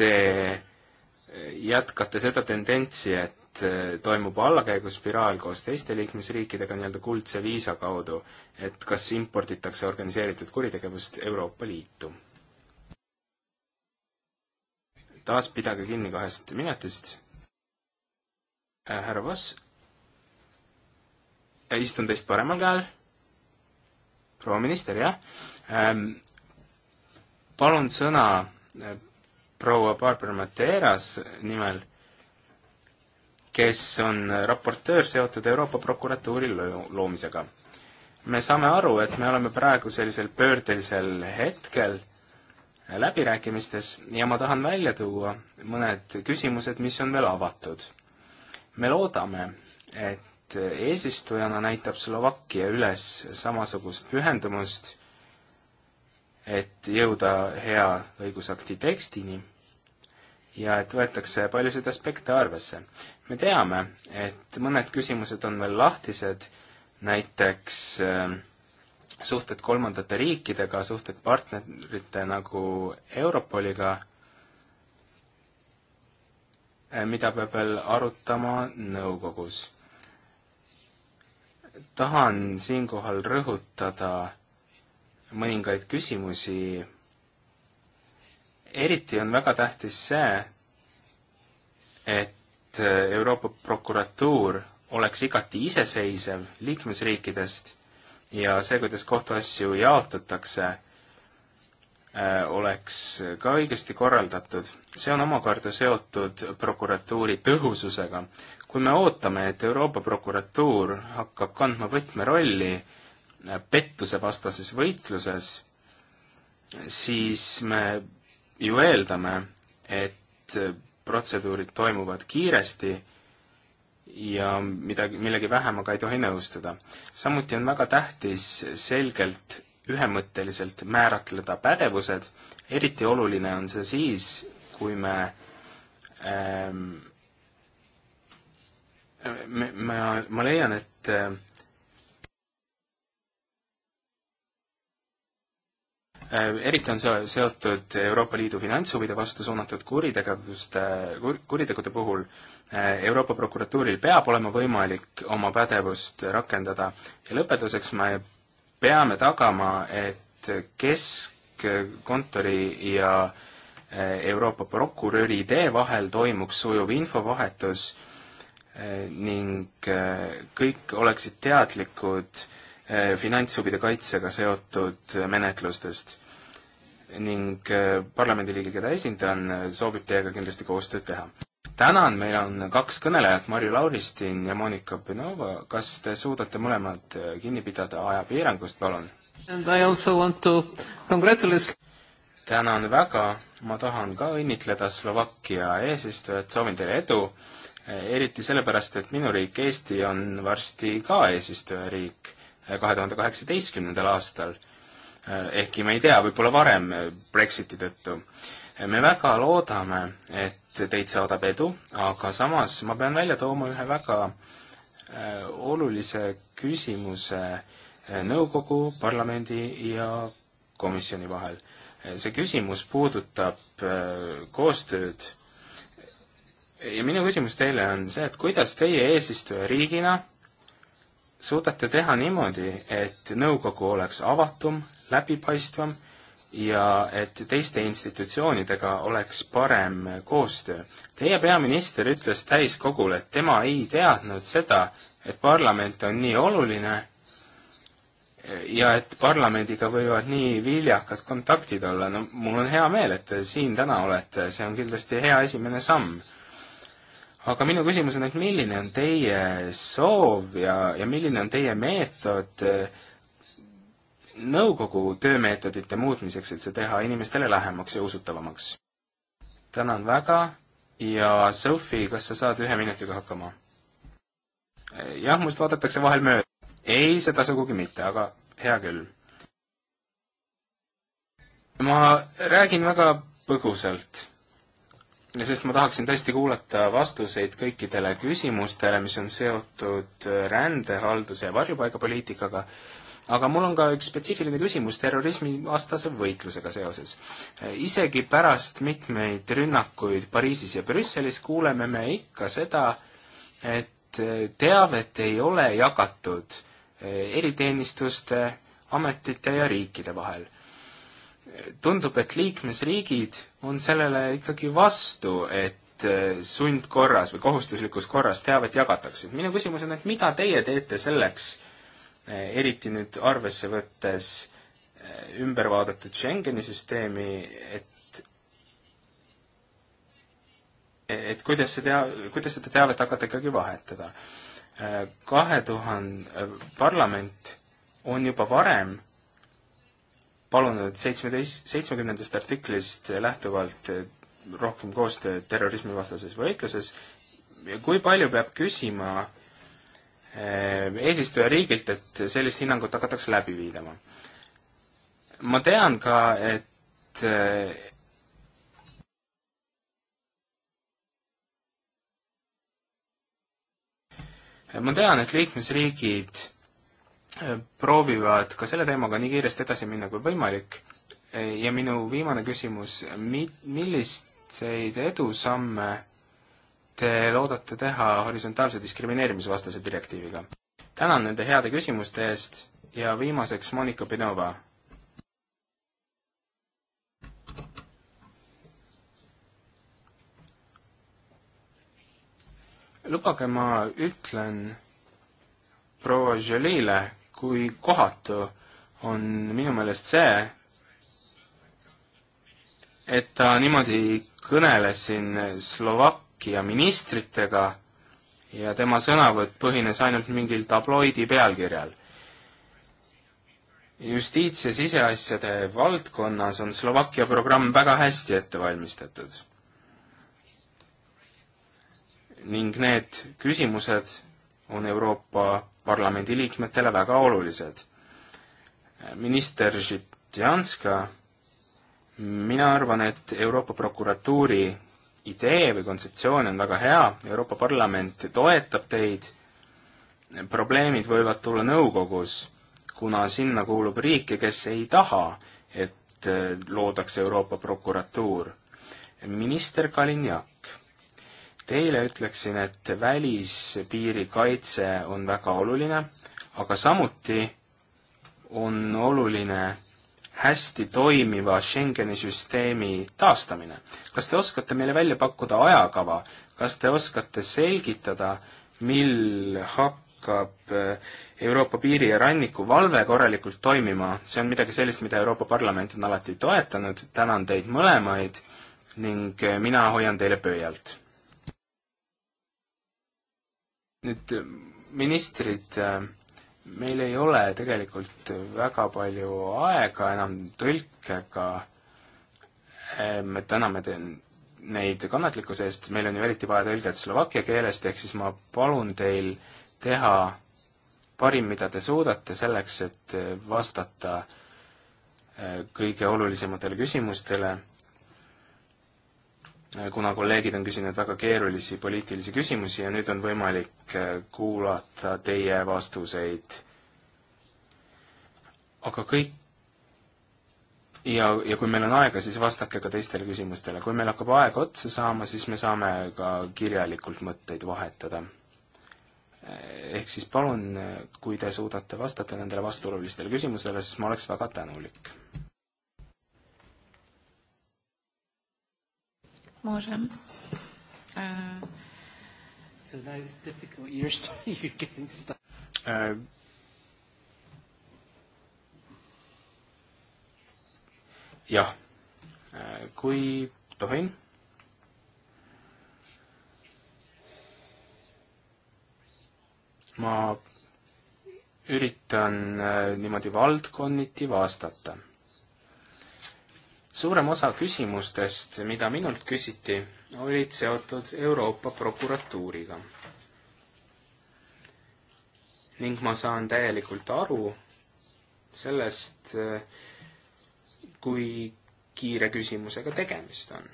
te jätkate seda tendentsi, et toimub allakäiguspiraal koos teiste liikmesriikidega nii-öelda kuldse viisa kaudu, et kas imporditakse organiseeritud kuritegevust Euroopa Liitu? taas pidage kinni kahest minutist. Äh, härra Voss, äh, istun teist paremal käel. proua minister, jah ähm,. palun sõna äh, proua Barbara Mateeras nimel, kes on raportöör seotud Euroopa prokuratuuri loomisega. me saame aru, et me oleme praegu sellisel pöördelisel hetkel läbirääkimistes ja ma tahan välja tuua mõned küsimused, mis on veel avatud. me loodame, et eesistujana näitab Slovakkia üles samasugust pühendumust, et jõuda hea õigusakti tekstini ja et võetakse paljusid aspekte arvesse. me teame, et mõned küsimused on veel lahtised, näiteks äh, suhted kolmandate riikidega, suhted partnerite nagu Europoliga, eh, mida peab veel arutama nõukogus. tahan siinkohal rõhutada mõningaid küsimusi. eriti on väga tähtis see, et Euroopa prokuratuur oleks igati iseseisev liikmesriikidest ja see, kuidas kohtuasju jaotatakse, äh, oleks ka õigesti korraldatud. see on omakorda seotud prokuratuuri tõhususega. kui me ootame, et Euroopa prokuratuur hakkab kandma võtmerolli äh, pettusevastases võitluses, siis me ju eeldame, et äh, protseduurid toimuvad kiiresti ja midagi, millegi vähemaga ei tohi nõustuda. samuti on väga tähtis selgelt, ühemõtteliselt määratleda pädevused, eriti oluline on see siis, kui me ähm, me, ma, ma leian, et äh, eriti on see seotud Euroopa Liidu finantshuvide vastu suunatud kuritegevuste kur,, kuritegude puhul äh, Äh, Euroopa prokuratuuril peab olema võimalik oma pädevust rakendada ja lõpetuseks me peame tagama, et keskkontori ja äh, Euroopa prokuröri idee vahel toimuks sujuv infovahetus äh, ning kõik oleksid teadlikud finantshuvide kaitsega seotud menetlustest. ning parlamendiliige, keda esindan, soovib teiega kindlasti koostööd teha tänan, meil on kaks kõnelejat, Marju Lauristin ja Monika Benova, kas te suudate mõlemad äh, kinni pidada ajapiirangust, palun? tänan väga, ma tahan ka õnnitleda Slovakkia eesistujat, soovin teile edu, äh, eriti sellepärast, et minu riik, Eesti, on varsti ka eesistujariik äh, kahe tuhande kaheksateistkümnendal aastal ehkki me ei tea, võib-olla varem Brexiti tõttu me väga loodame, et teid saadab edu, aga samas ma pean välja tooma ühe väga äh, olulise küsimuse äh, nõukogu, parlamendi ja komisjoni vahel. Äh, see küsimus puudutab koostööd ja minu küsimus teile on see, et kuidas teie eesistujariigina suudate teha niimoodi, et nõukogu oleks avatum, läbipaistvam ja et teiste institutsioonidega oleks parem koostöö. Teie peaminister ütles täiskogule, et tema ei teadnud seda, et parlament on nii oluline ja et parlamendiga võivad nii viljakad kontaktid olla. no mul on hea meel, et te siin täna olete, see on kindlasti hea esimene samm. aga minu küsimus on, et milline on teie soov ja, ja milline on teie meetod äh, nõukogu töömeetodite muutmiseks, et see teha inimestele lähemaks ja usutavamaks. tänan väga ja Sophie, kas sa saad ühe minutiga hakkama? jah, must vaadatakse vahel mööda. ei, seda sugugi mitte, aga hea küll. ma räägin väga põgusalt, sest ma tahaksin tõesti kuulata vastuseid kõikidele küsimustele, mis on seotud rändehalduse ja varjupaigapoliitikaga aga mul on ka üks spetsiifiline küsimus terrorismivastase võitlusega seoses. isegi pärast mitmeid rünnakuid Pariisis ja Brüsselis kuuleme me ikka seda, et teavet ei ole jagatud eh, eriteenistuste, ametite ja riikide vahel tundub, et liikmesriigid on sellele ikkagi vastu, et eh, sundkorras või kohustuslikus korras teavet jagatakse. minu küsimus on, et mida teie teete selleks, Eh, eriti nüüd arvesse võttes eh, ümber vaadatud Schengeni süsteemi, et eh, et kuidas see tea-, kuidas seda teavet hakata ikkagi vahetada. kahe tuhande, parlament on juba varem palunud seitsmeteist, seitsmekümnendast artiklist lähtuvalt rohkem koostööd terrorismivastases võitluses ja kui palju peab küsima äh, Äh, eesistujariigilt, et sellist hinnangut hakatakse läbi viidama. ma tean ka, et äh, ma tean, et liikmesriigid äh, proovivad ka selle teemaga nii kiiresti edasi minna kui võimalik ja minu viimane küsimus, mi-, milliseid edusamme te loodate teha horisontaalse diskrimineerimisvastase direktiiviga? tänan nende heade küsimuste eest ja viimaseks Monika Pinova. lubage, ma ütlen proua Jolile, kui kohatu on minu meelest see, et ta niimoodi kõneles siin slovakk-, Slovakkia ministritega ja tema sõnavõtt põhines ainult mingil tabloidi pealkirjal. justiits- ja siseasjade valdkonnas on Slovakkia programm väga hästi ette valmistatud. ning need küsimused on Euroopa Parlamendi liikmetele väga olulised. minister Žitjanska mina arvan, et Euroopa prokuratuuri idee või kontseptsioon on väga hea, Euroopa Parlament toetab teid, probleemid võivad tulla nõukogus, kuna sinna kuulub riike, kes ei taha, et äh, loodaks Euroopa prokuratuur. minister Kalinjak, teile ütleksin, et välispiiri kaitse on väga oluline, aga samuti on oluline hästi toimiva Schengeni süsteemi taastamine. kas te oskate meile välja pakkuda ajakava, kas te oskate selgitada, mil hakkab eh, Euroopa piiri- ja rannikuvalve korralikult toimima, see on midagi sellist, mida Euroopa Parlament on alati toetanud, tänan teid mõlemaid ning eh, mina hoian teile pöialt. nüüd eh, ministrid äh, meil ei ole tegelikult väga palju aega enam tõlkega, et täna me teen neid kannatlikkuse eest, meil on ju eriti vaja tõlget slovakkia keelest, ehk siis ma palun teil teha parim, mida te suudate selleks, et vastata eh, kõige olulisematele küsimustele Äh, kuna kolleegid on küsinud väga keerulisi poliitilisi küsimusi ja nüüd on võimalik äh, kuulata teie vastuseid. aga kõik ja, ja kui meil on aega, siis vastake ka teistele küsimustele. kui meil hakkab aeg otsa saama, siis me saame ka kirjalikult mõtteid vahetada. Äh, ehk siis palun, kui te suudate vastata nendele vastuolulistele küsimustele, siis ma oleks väga tänulik Можем. Uh... So now it's difficult. You're, st- you're getting stuck. Uh, jah, kui tohin. ma üritan э, niimoodi valdkonniti vastata suurem osa küsimustest, mida minult küsiti, olid seotud Euroopa prokuratuuriga. ning ma saan täielikult aru sellest, kui kiire küsimusega tegemist on.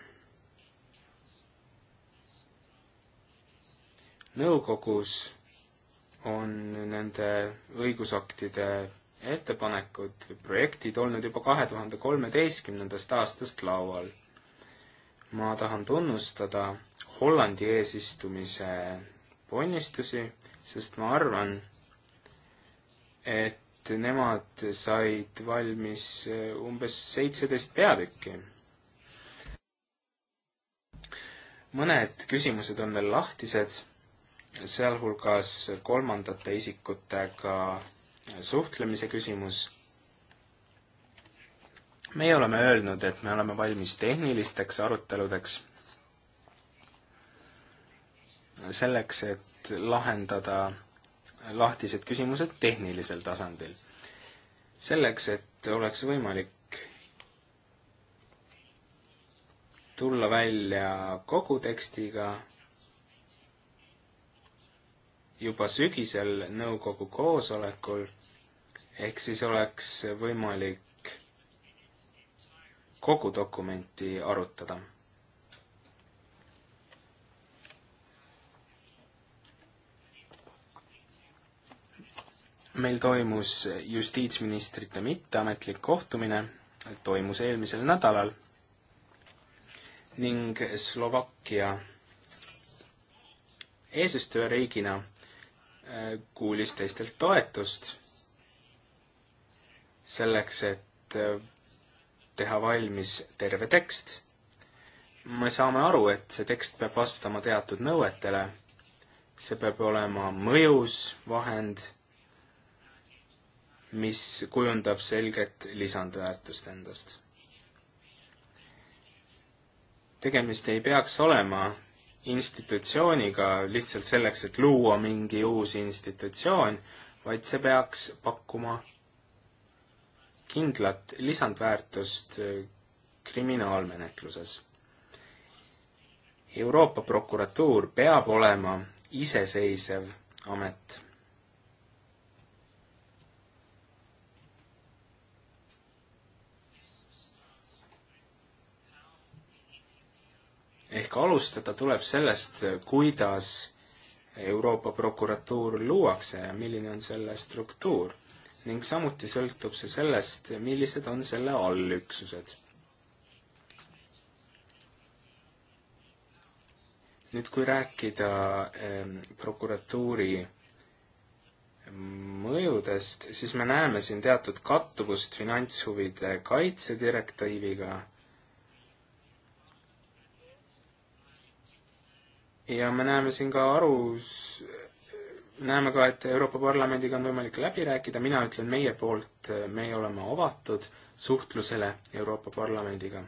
nõukogus on nende õigusaktide ettepanekud või projektid olnud juba kahe tuhande kolmeteistkümnendast aastast laual. ma tahan tunnustada Hollandi eesistumise ponnistusi, sest ma arvan, et nemad said valmis umbes seitseteist peatükki. mõned küsimused on veel lahtised, sealhulgas kolmandate isikutega suhtlemise küsimus. meie oleme öelnud, et me oleme valmis tehnilisteks aruteludeks, selleks, et lahendada lahtised küsimused tehnilisel tasandil. selleks, et oleks võimalik tulla välja kogu tekstiga juba sügisel nõukogu koosolekul ehk siis oleks võimalik kogu dokumenti arutada. meil toimus justiitsministrite mitteametlik kohtumine, toimus eelmisel nädalal ning Slovakkia eesistujariigina äh, kuulis teistelt toetust selleks, et äh, teha valmis terve tekst. me saame aru, et see tekst peab vastama teatud nõuetele. see peab olema mõjus vahend, mis kujundab selget lisandväärtust endast. tegemist ei peaks olema institutsiooniga lihtsalt selleks, et luua mingi uus institutsioon, vaid see peaks pakkuma kindlat lisandväärtust äh, kriminaalmenetluses. Euroopa prokuratuur peab olema iseseisev amet. ehk alustada tuleb sellest, kuidas Euroopa prokuratuur luuakse ja milline on selle struktuur ning samuti sõltub see sellest, millised on selle allüksused. nüüd, kui rääkida ehm, prokuratuuri mõjudest, siis me näeme siin teatud kattuvust finantshuvide kaitse direktiiviga ja me näeme siin ka arus, näeme ka, et Euroopa Parlamendiga on võimalik läbi rääkida, mina ütlen meie poolt, eh, meie oleme avatud suhtlusele Euroopa Parlamendiga.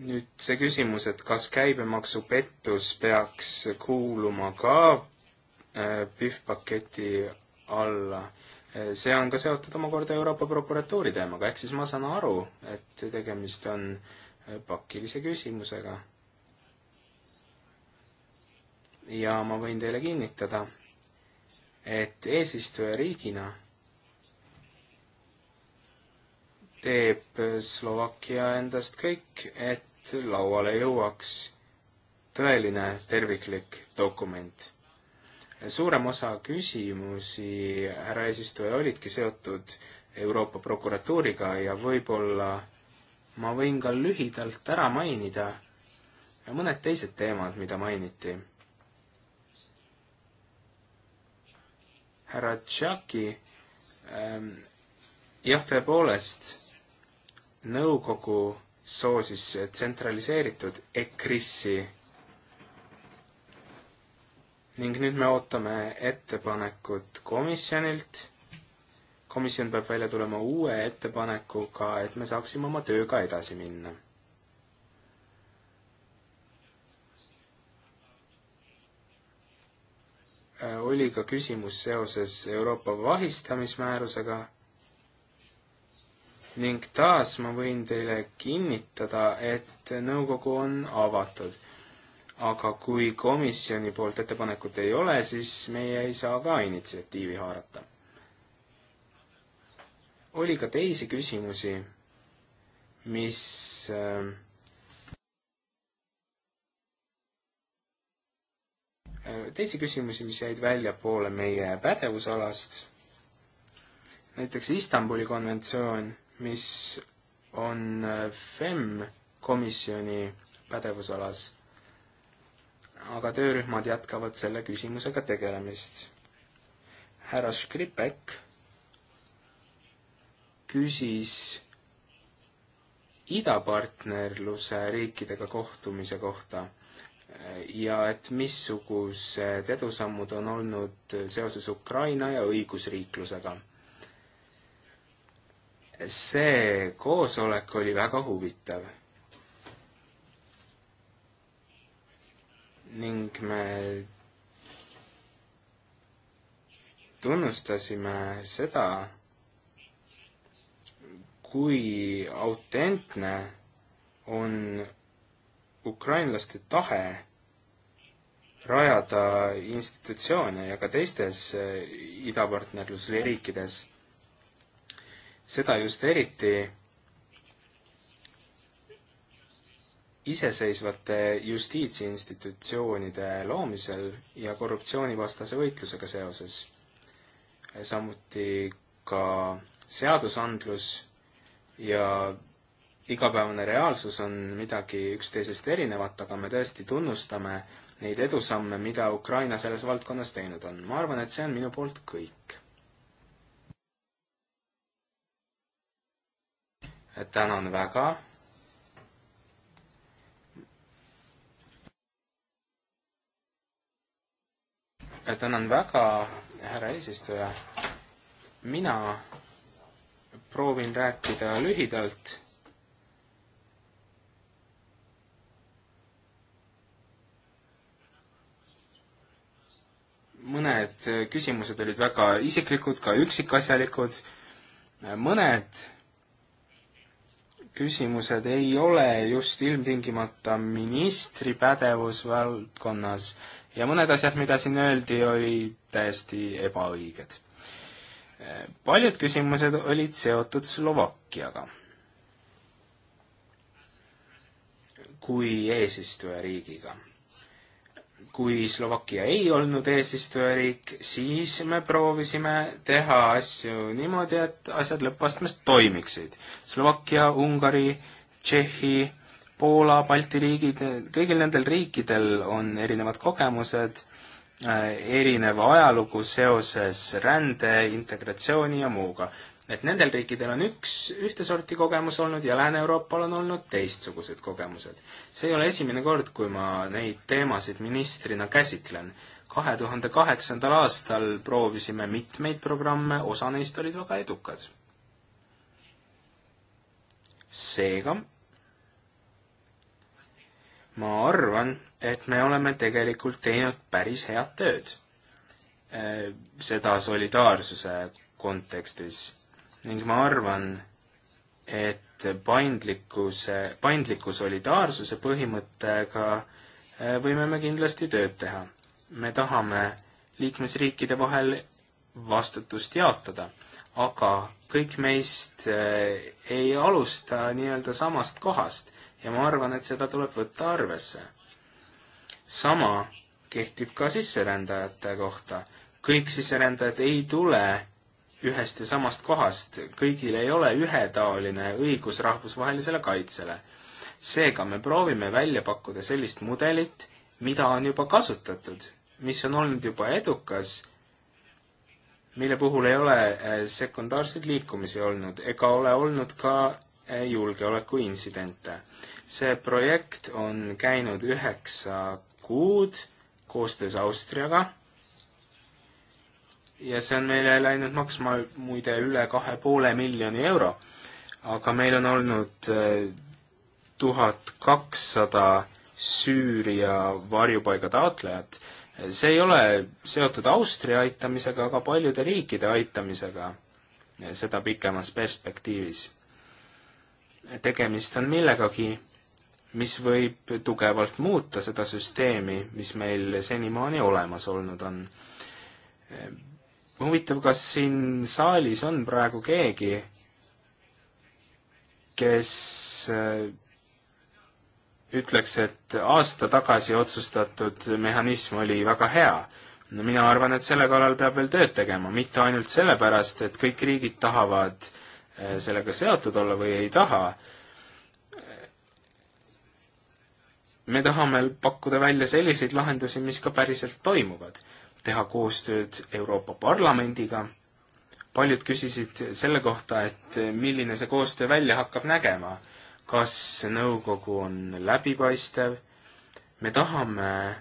nüüd see küsimus, et kas käibemaksupettus peaks kuuluma ka eh, PIF-paketi alla, eh, see on ka seotud omakorda Euroopa prokuratuuri teemaga, ehk siis ma saan aru, et tegemist on pakilise küsimusega ja ma võin teile kinnitada, et eesistujariigina teeb Slovakkia endast kõik, et lauale jõuaks tõeline terviklik dokument. suurem osa küsimusi, härra eesistuja, olidki seotud Euroopa prokuratuuriga ja võib-olla ma võin ka lühidalt ära mainida mõned teised teemad, mida mainiti härra Tšaki, ähm, jah, tõepoolest, nõukogu soosis tsentraliseeritud EKRIS-i ning nüüd me ootame ettepanekut komisjonilt. komisjon peab välja tulema uue ettepanekuga, et me saaksime oma tööga edasi minna Äh, oli ka küsimus seoses Euroopa vahistamismäärusega ning taas ma võin teile kinnitada, et nõukogu on avatud. aga kui komisjoni poolt ettepanekut ei ole, siis meie ei saa ka initsiatiivi haarata. oli ka teisi küsimusi, mis äh, Äh, teisi küsimusi, mis jäid väljapoole meie pädevusalast, näiteks Istanbuli konventsioon, mis on äh, FEM komisjoni pädevusalas, aga töörühmad jätkavad selle küsimusega tegelemist. härra Škripek küsis idapartnerluse riikidega kohtumise kohta ja et missugused edusammud on olnud seoses Ukraina ja õigusriiklusega. see koosolek oli väga huvitav. ning me tunnustasime seda, kui autentne on ukrainlaste tahe rajada institutsioone ja ka teistes eh, idapartnerlusriikides. seda just eriti iseseisvate justiitsinstitutsioonide loomisel ja korruptsioonivastase võitlusega seoses. samuti ka seadusandlus ja igapäevane reaalsus on midagi üksteisest erinevat, aga me tõesti tunnustame neid edusamme, mida Ukraina selles valdkonnas teinud on. ma arvan, et see on minu poolt kõik. tänan väga. tänan väga, härra eesistuja. mina proovin rääkida lühidalt mõned äh, küsimused olid väga isiklikud, ka üksikasjalikud, äh, mõned küsimused ei ole just ilmtingimata ministri pädevusvaldkonnas ja mõned asjad, mida siin öeldi, olid täiesti ebaõiged. Äh, paljud küsimused olid seotud Slovakkiaga kui eesistujariigiga kui Slovakkia ei olnud eesistujariik, siis me proovisime teha asju niimoodi, et asjad lõppastmes toimiksid. Slovakkia, Ungari, Tšehhi, Poola, Balti riigid, kõigil nendel riikidel on erinevad kogemused, äh, erineva ajalugu seoses rände, integratsiooni ja muuga et nendel riikidel on üks ühte sorti kogemus olnud ja Lääne-Euroopal on olnud teistsugused kogemused. see ei ole esimene kord, kui ma neid teemasid ministrina käsitlen. kahe tuhande kaheksandal aastal proovisime mitmeid programme, osa neist olid väga edukad. seega ma arvan, et me oleme tegelikult teinud päris head tööd. Eh, seda solidaarsuse kontekstis ning ma arvan, et paindlikkuse, paindliku solidaarsuse põhimõttega äh, võime me kindlasti tööd teha. me tahame liikmesriikide vahel vastutust jaotada, aga kõik meist äh, ei alusta nii-öelda samast kohast ja ma arvan, et seda tuleb võtta arvesse. sama kehtib ka sisserändajate kohta. kõik sisserändajad ei tule ühest ja samast kohast, kõigil ei ole ühetaoline õigus rahvusvahelisele kaitsele. seega me proovime välja pakkuda sellist mudelit, mida on juba kasutatud, mis on olnud juba edukas, mille puhul ei ole äh, sekundaarseid liikumisi olnud ega ole olnud ka äh, julgeolekuintsidente. see projekt on käinud üheksa kuud koostöös Austriaga ja see on meile läinud maksma muide üle kahe poole miljoni euro. aga meil on olnud eh, tuhat kakssada Süüria varjupaiga taotlejat. see ei ole seotud Austria aitamisega, aga paljude riikide aitamisega, seda pikemas perspektiivis. tegemist on millegagi, mis võib tugevalt muuta seda süsteemi, mis meil senimaani olemas olnud on huvitav, kas siin saalis on praegu keegi, kes äh, ütleks, et aasta tagasi otsustatud mehhanism oli väga hea. no mina arvan, et selle kallal peab veel tööd tegema, mitte ainult sellepärast, et kõik riigid tahavad äh, sellega seotud olla või ei taha. me tahame pakkuda välja selliseid lahendusi, mis ka päriselt toimuvad teha koostööd Euroopa Parlamendiga. paljud küsisid selle kohta, et milline see koostöö välja hakkab nägema. kas nõukogu on läbipaistev? me tahame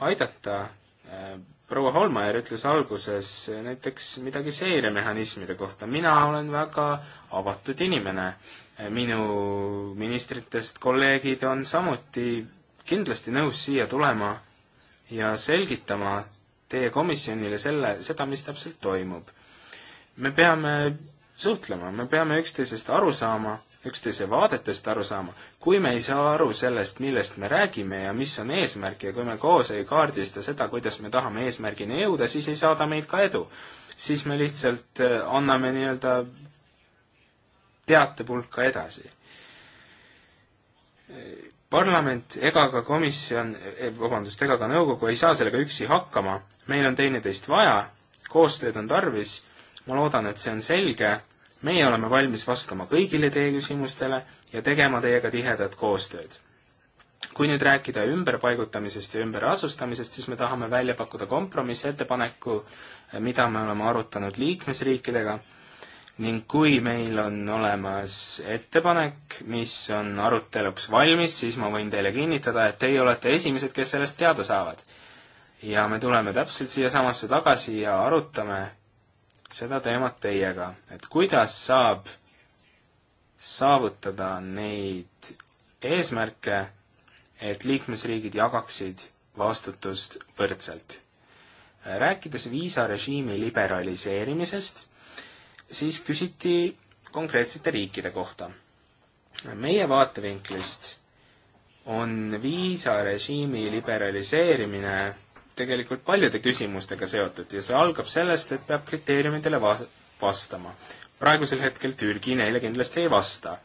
aidata, äh, proua Holmajärv ütles alguses näiteks midagi seiremehhanismide kohta, mina olen väga avatud inimene. minu ministritest kolleegid on samuti kindlasti nõus siia tulema ja selgitama teie komisjonile selle, seda, mis täpselt toimub. me peame suhtlema, me peame üksteisest aru saama, üksteise vaadetest aru saama. kui me ei saa aru sellest, millest me räägime ja mis on eesmärk ja kui me koos ei kaardista seda, kuidas me tahame eesmärgini jõuda, siis ei saada meid ka edu. siis me lihtsalt äh, anname nii-öelda teatepulka edasi äh, parlament ega ka komisjon, eh, vabandust, ega ka nõukogu ei saa sellega üksi hakkama, meil on teineteist vaja, koostööd on tarvis, ma loodan, et see on selge, meie oleme valmis vastama kõigile teie küsimustele ja tegema teiega tihedat koostööd. kui nüüd rääkida ümberpaigutamisest ja ümberasustamisest, siis me tahame välja pakkuda kompromissettepaneku, eh, mida me oleme arutanud liikmesriikidega ning kui meil on olemas ettepanek, mis on aruteluks valmis, siis ma võin teile kinnitada, et teie olete esimesed, kes sellest teada saavad. ja me tuleme täpselt siiasamasse tagasi ja arutame seda teemat teiega, et kuidas saab saavutada neid eesmärke, et liikmesriigid jagaksid vastutust võrdselt. rääkides viisarežiimi liberaliseerimisest siis küsiti konkreetsete riikide kohta. meie vaatevinklist on viisarežiimi liberaliseerimine tegelikult paljude küsimustega seotud ja see algab sellest, et peab kriteeriumidele va-, vastama. praegusel hetkel Türgi neile kindlasti ei vasta.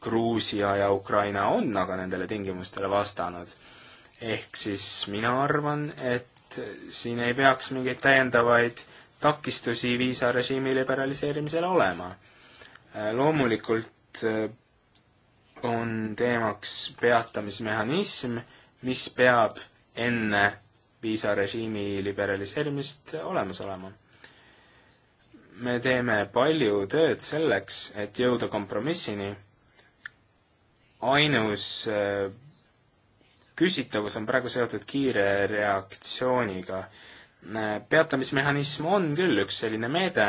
Gruusia ja Ukraina on aga nendele tingimustele vastanud. ehk siis mina arvan, et siin ei peaks mingeid täiendavaid takistusi viisarežiimi liberaliseerimisele olema. Äh, loomulikult äh, on teemaks peatamismehhanism, mis peab enne viisarežiimi liberaliseerimist olemas olema. me teeme palju tööd selleks, et jõuda kompromissini. ainus äh, küsitavus on praegu seotud kiire reaktsiooniga Äh, peatamismehhanism on küll üks selline meede,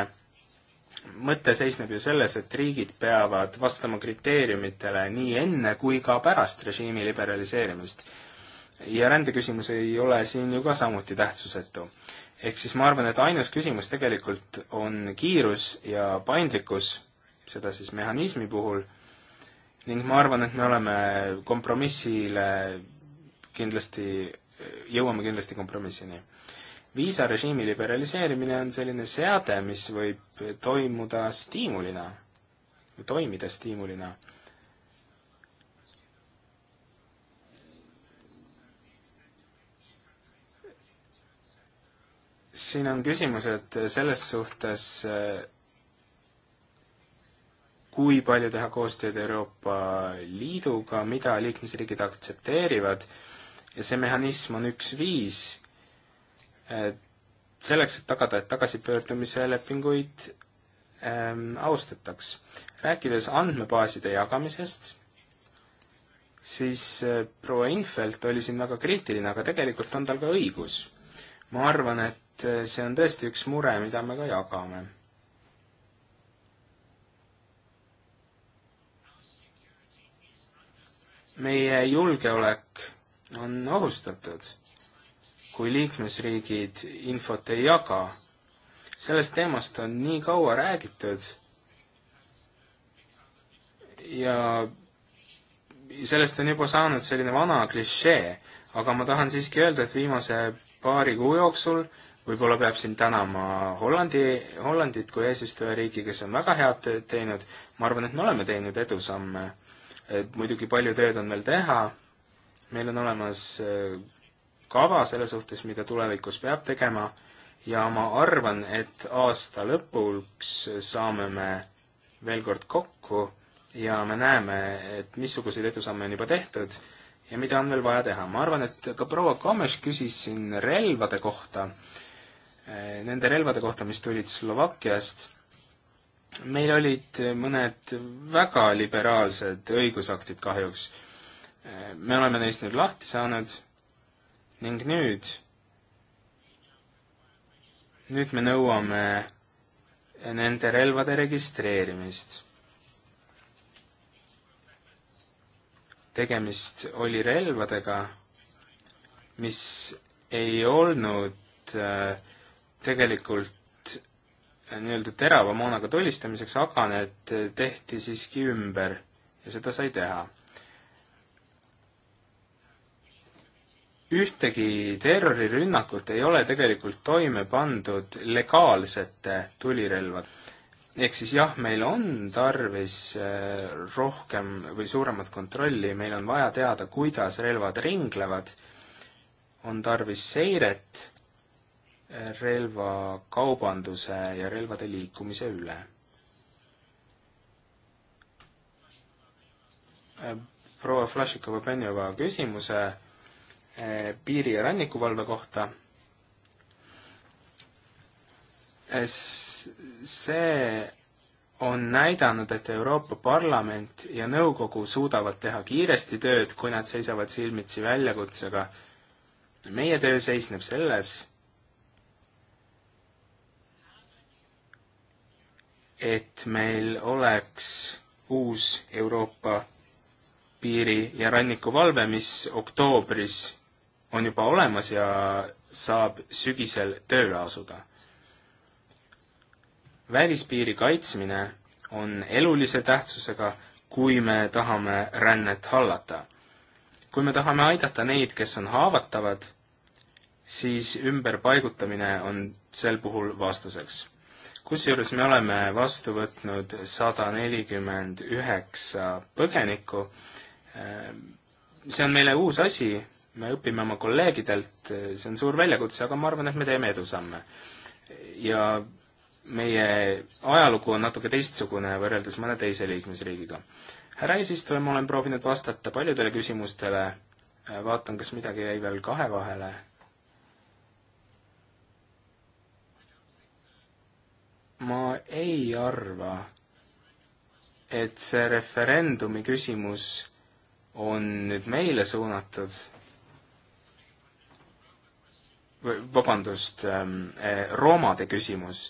mõte seisneb ju selles, et riigid peavad vastama kriteeriumitele nii enne kui ka pärast režiimi liberaliseerimist. ja rändeküsimus ei ole siin ju ka samuti tähtsusetu. ehk siis ma arvan, et ainus küsimus tegelikult on kiirus ja paindlikkus, seda siis mehhanismi puhul, ning ma arvan, et me oleme kompromissile kindlasti, jõuame kindlasti kompromissini viisarežiimi liberaliseerimine on selline seade, mis võib toimuda stiimulina, toimida stiimulina. siin on küsimused selles suhtes, kui palju teha koostööd Euroopa Liiduga, mida liikmesriigid aktsepteerivad ja see mehhanism on üks viis Äh, selleks, et tagada, et tagasipöördumise lepinguid ähm, austataks. rääkides andmebaaside jagamisest, siis äh, proua Infeld oli siin väga kriitiline, aga tegelikult on tal ka õigus. ma arvan, et äh, see on tõesti üks mure, mida me ka jagame. meie julgeolek on ohustatud kui liikmesriigid infot ei jaga. sellest teemast on nii kaua räägitud ja sellest on juba saanud selline vana klišee, aga ma tahan siiski öelda, et viimase paari kuu jooksul võib-olla peab siin tänama Hollandi, Hollandit kui eesistujariiki, kes on väga head tööd teinud, ma arvan, et me oleme teinud edusamme. et muidugi palju tööd on veel teha, meil on olemas äh, kava selle suhtes, mida tulevikus peab tegema ja ma arvan, et aasta lõpuks saame me veel kord kokku ja me näeme, et missuguseid edusamme on juba tehtud ja mida on veel vaja teha. ma arvan, et ka proua Kames küsis siin relvade kohta, nende relvade kohta, mis tulid Slovakkiast. meil olid mõned väga liberaalsed õigusaktid kahjuks. me oleme neist nüüd lahti saanud ning nüüd, nüüd me nõuame nende relvade registreerimist. tegemist oli relvadega, mis ei olnud äh, tegelikult äh, nii-öelda terava moonaga tulistamiseks, aga need äh, tehti siiski ümber ja seda sai teha ühtegi terrorirünnakut ei ole tegelikult toime pandud legaalsete tulirelvad. ehk siis jah, meil on tarvis äh, rohkem või suuremat kontrolli, meil on vaja teada, kuidas relvad ringlevad, on tarvis seiret äh, relvakaubanduse ja relvade liikumise üle äh, proua Flašikova-Penjova küsimuse Eh, piiri- ja rannikuvalve kohta. Eh, see on näidanud, et Euroopa Parlament ja nõukogu suudavad teha kiiresti tööd, kui nad seisavad silmitsi väljakutsega. meie töö seisneb selles, et meil oleks uus Euroopa piiri- ja rannikuvalve, mis oktoobris on juba olemas ja saab sügisel tööle asuda. välispiiri kaitsmine on elulise tähtsusega, kui me tahame rännet hallata. kui me tahame aidata neid, kes on haavatavad, siis ümberpaigutamine on sel puhul vastuseks. kusjuures me oleme vastu võtnud sada nelikümmend üheksa põgenikku, ehm, see on meile uus asi, me õpime oma kolleegidelt, see on suur väljakutse, aga ma arvan, et me teeme edusamme. ja meie ajalugu on natuke teistsugune võrreldes mõne teise liikmesriigiga. härra eesistuja, ma olen proovinud vastata paljudele küsimustele, vaatan, kas midagi jäi veel kahe vahele. ma ei arva, et see referendumi küsimus on nüüd meile suunatud vabandust, ähm, äh, roomade küsimus,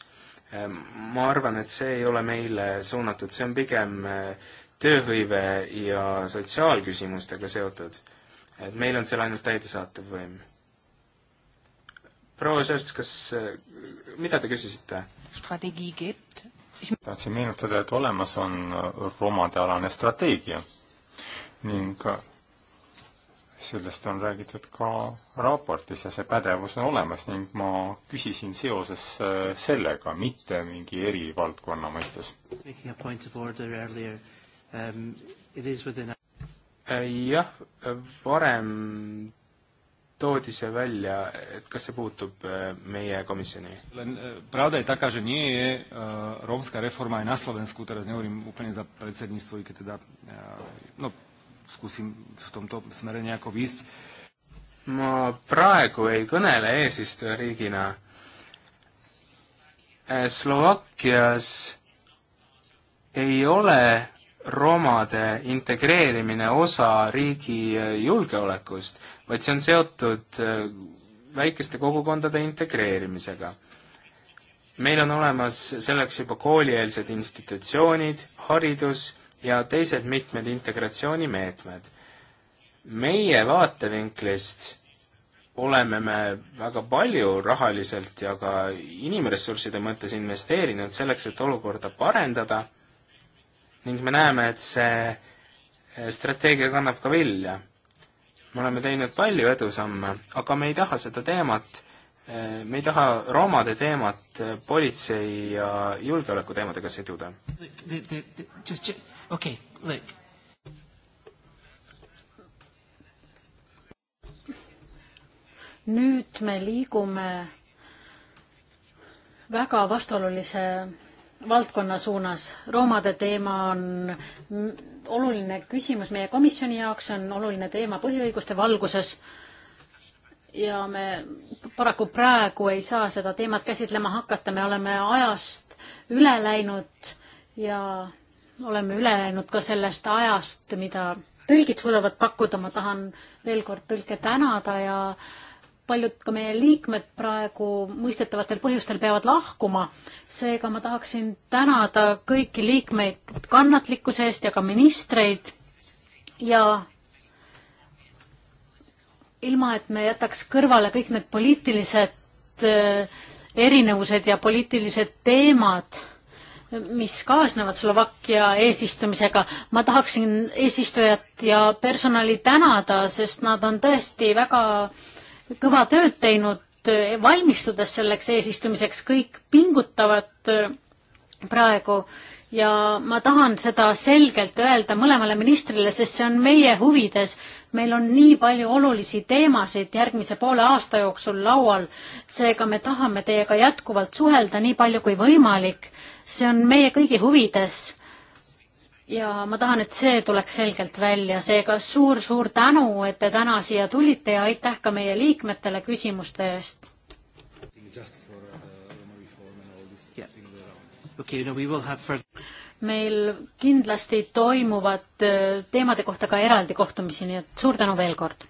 ähm, ma arvan, et see ei ole meile suunatud, see on pigem äh, tööhõive ja sotsiaalküsimustega seotud. et meil on seal ainult täidesaatev võim. proua Šerts, kas, äh, mida te küsisite? tahtsin meenutada, et olemas on romade alane strateegia ning sellest on räägitud ka raportis ja see pädevus on olemas ning ma küsisin seoses äh, sellega, mitte mingi erivaldkonna mõistes. Um, äh, jah, varem toodi see välja, et kas see puutub äh, meie komisjoni? E, pravda je taká, že nie je e, rómska reforma aj na Slovensku, teraz nehovorím úplne za predsedníctvo, i keď teda e, no skúsim v tomto smere nejako výjsť. ma praegu ei kõnele eesistujariigina. Äh, Slovakkias ei ole romade integreerimine osa riigi äh, julgeolekust, vaid see on seotud äh, väikeste kogukondade integreerimisega meil on olemas selleks juba koolieelsed institutsioonid, haridus ja teised mitmed integratsioonimeetmed. meie vaatevinklist oleme me väga palju rahaliselt ja ka inimressursside mõttes investeerinud selleks, et olukorda parendada ning me näeme, et see eh, strateegia kannab ka vilja. me oleme teinud palju edusamme, aga me ei taha seda teemat, eh, me ei taha roomade teemat eh, politsei ja julgeoleku teemadega siduda. Okay, look. nüüd me liigume väga vastuolulise valdkonna suunas. roomade teema on oluline küsimus meie komisjoni jaoks, on oluline teema põhiõiguste valguses. ja me paraku praegu ei saa seda teemat käsitlema hakata, me oleme ajast üle läinud ja oleme üle läinud ka sellest ajast, mida tõlgid suudavad pakkuda, ma tahan veel kord tõlke tänada ja paljud ka meie liikmed praegu mõistetavatel põhjustel peavad lahkuma. seega ma tahaksin tänada kõiki liikmeid kannatlikkuse eest ja ka ministreid ja ilma, et me jätaks kõrvale kõik need poliitilised äh, erinevused ja poliitilised teemad mis kaasnevad Slovakkia eesistumisega. ma tahaksin eesistujat ja personali tänada, sest nad on tõesti väga kõva tööd teinud, valmistudes selleks eesistumiseks, kõik pingutavad äh, praegu ja ma tahan seda selgelt öelda mõlemale ministrile, sest see on meie huvides. meil on nii palju olulisi teemasid järgmise poole aasta jooksul laual, seega me tahame teiega jätkuvalt suhelda nii palju kui võimalik see on meie kõigi huvides. ja ma tahan, et see tuleks selgelt välja, seega suur-suur tänu, et te täna siia tulite ja aitäh ka meie liikmetele küsimuste eest. Okay, no, we will have further meil kindlasti toimuvad äh, teemade kohta ka eraldi kohtumisi, nii et suur tänu veel kord!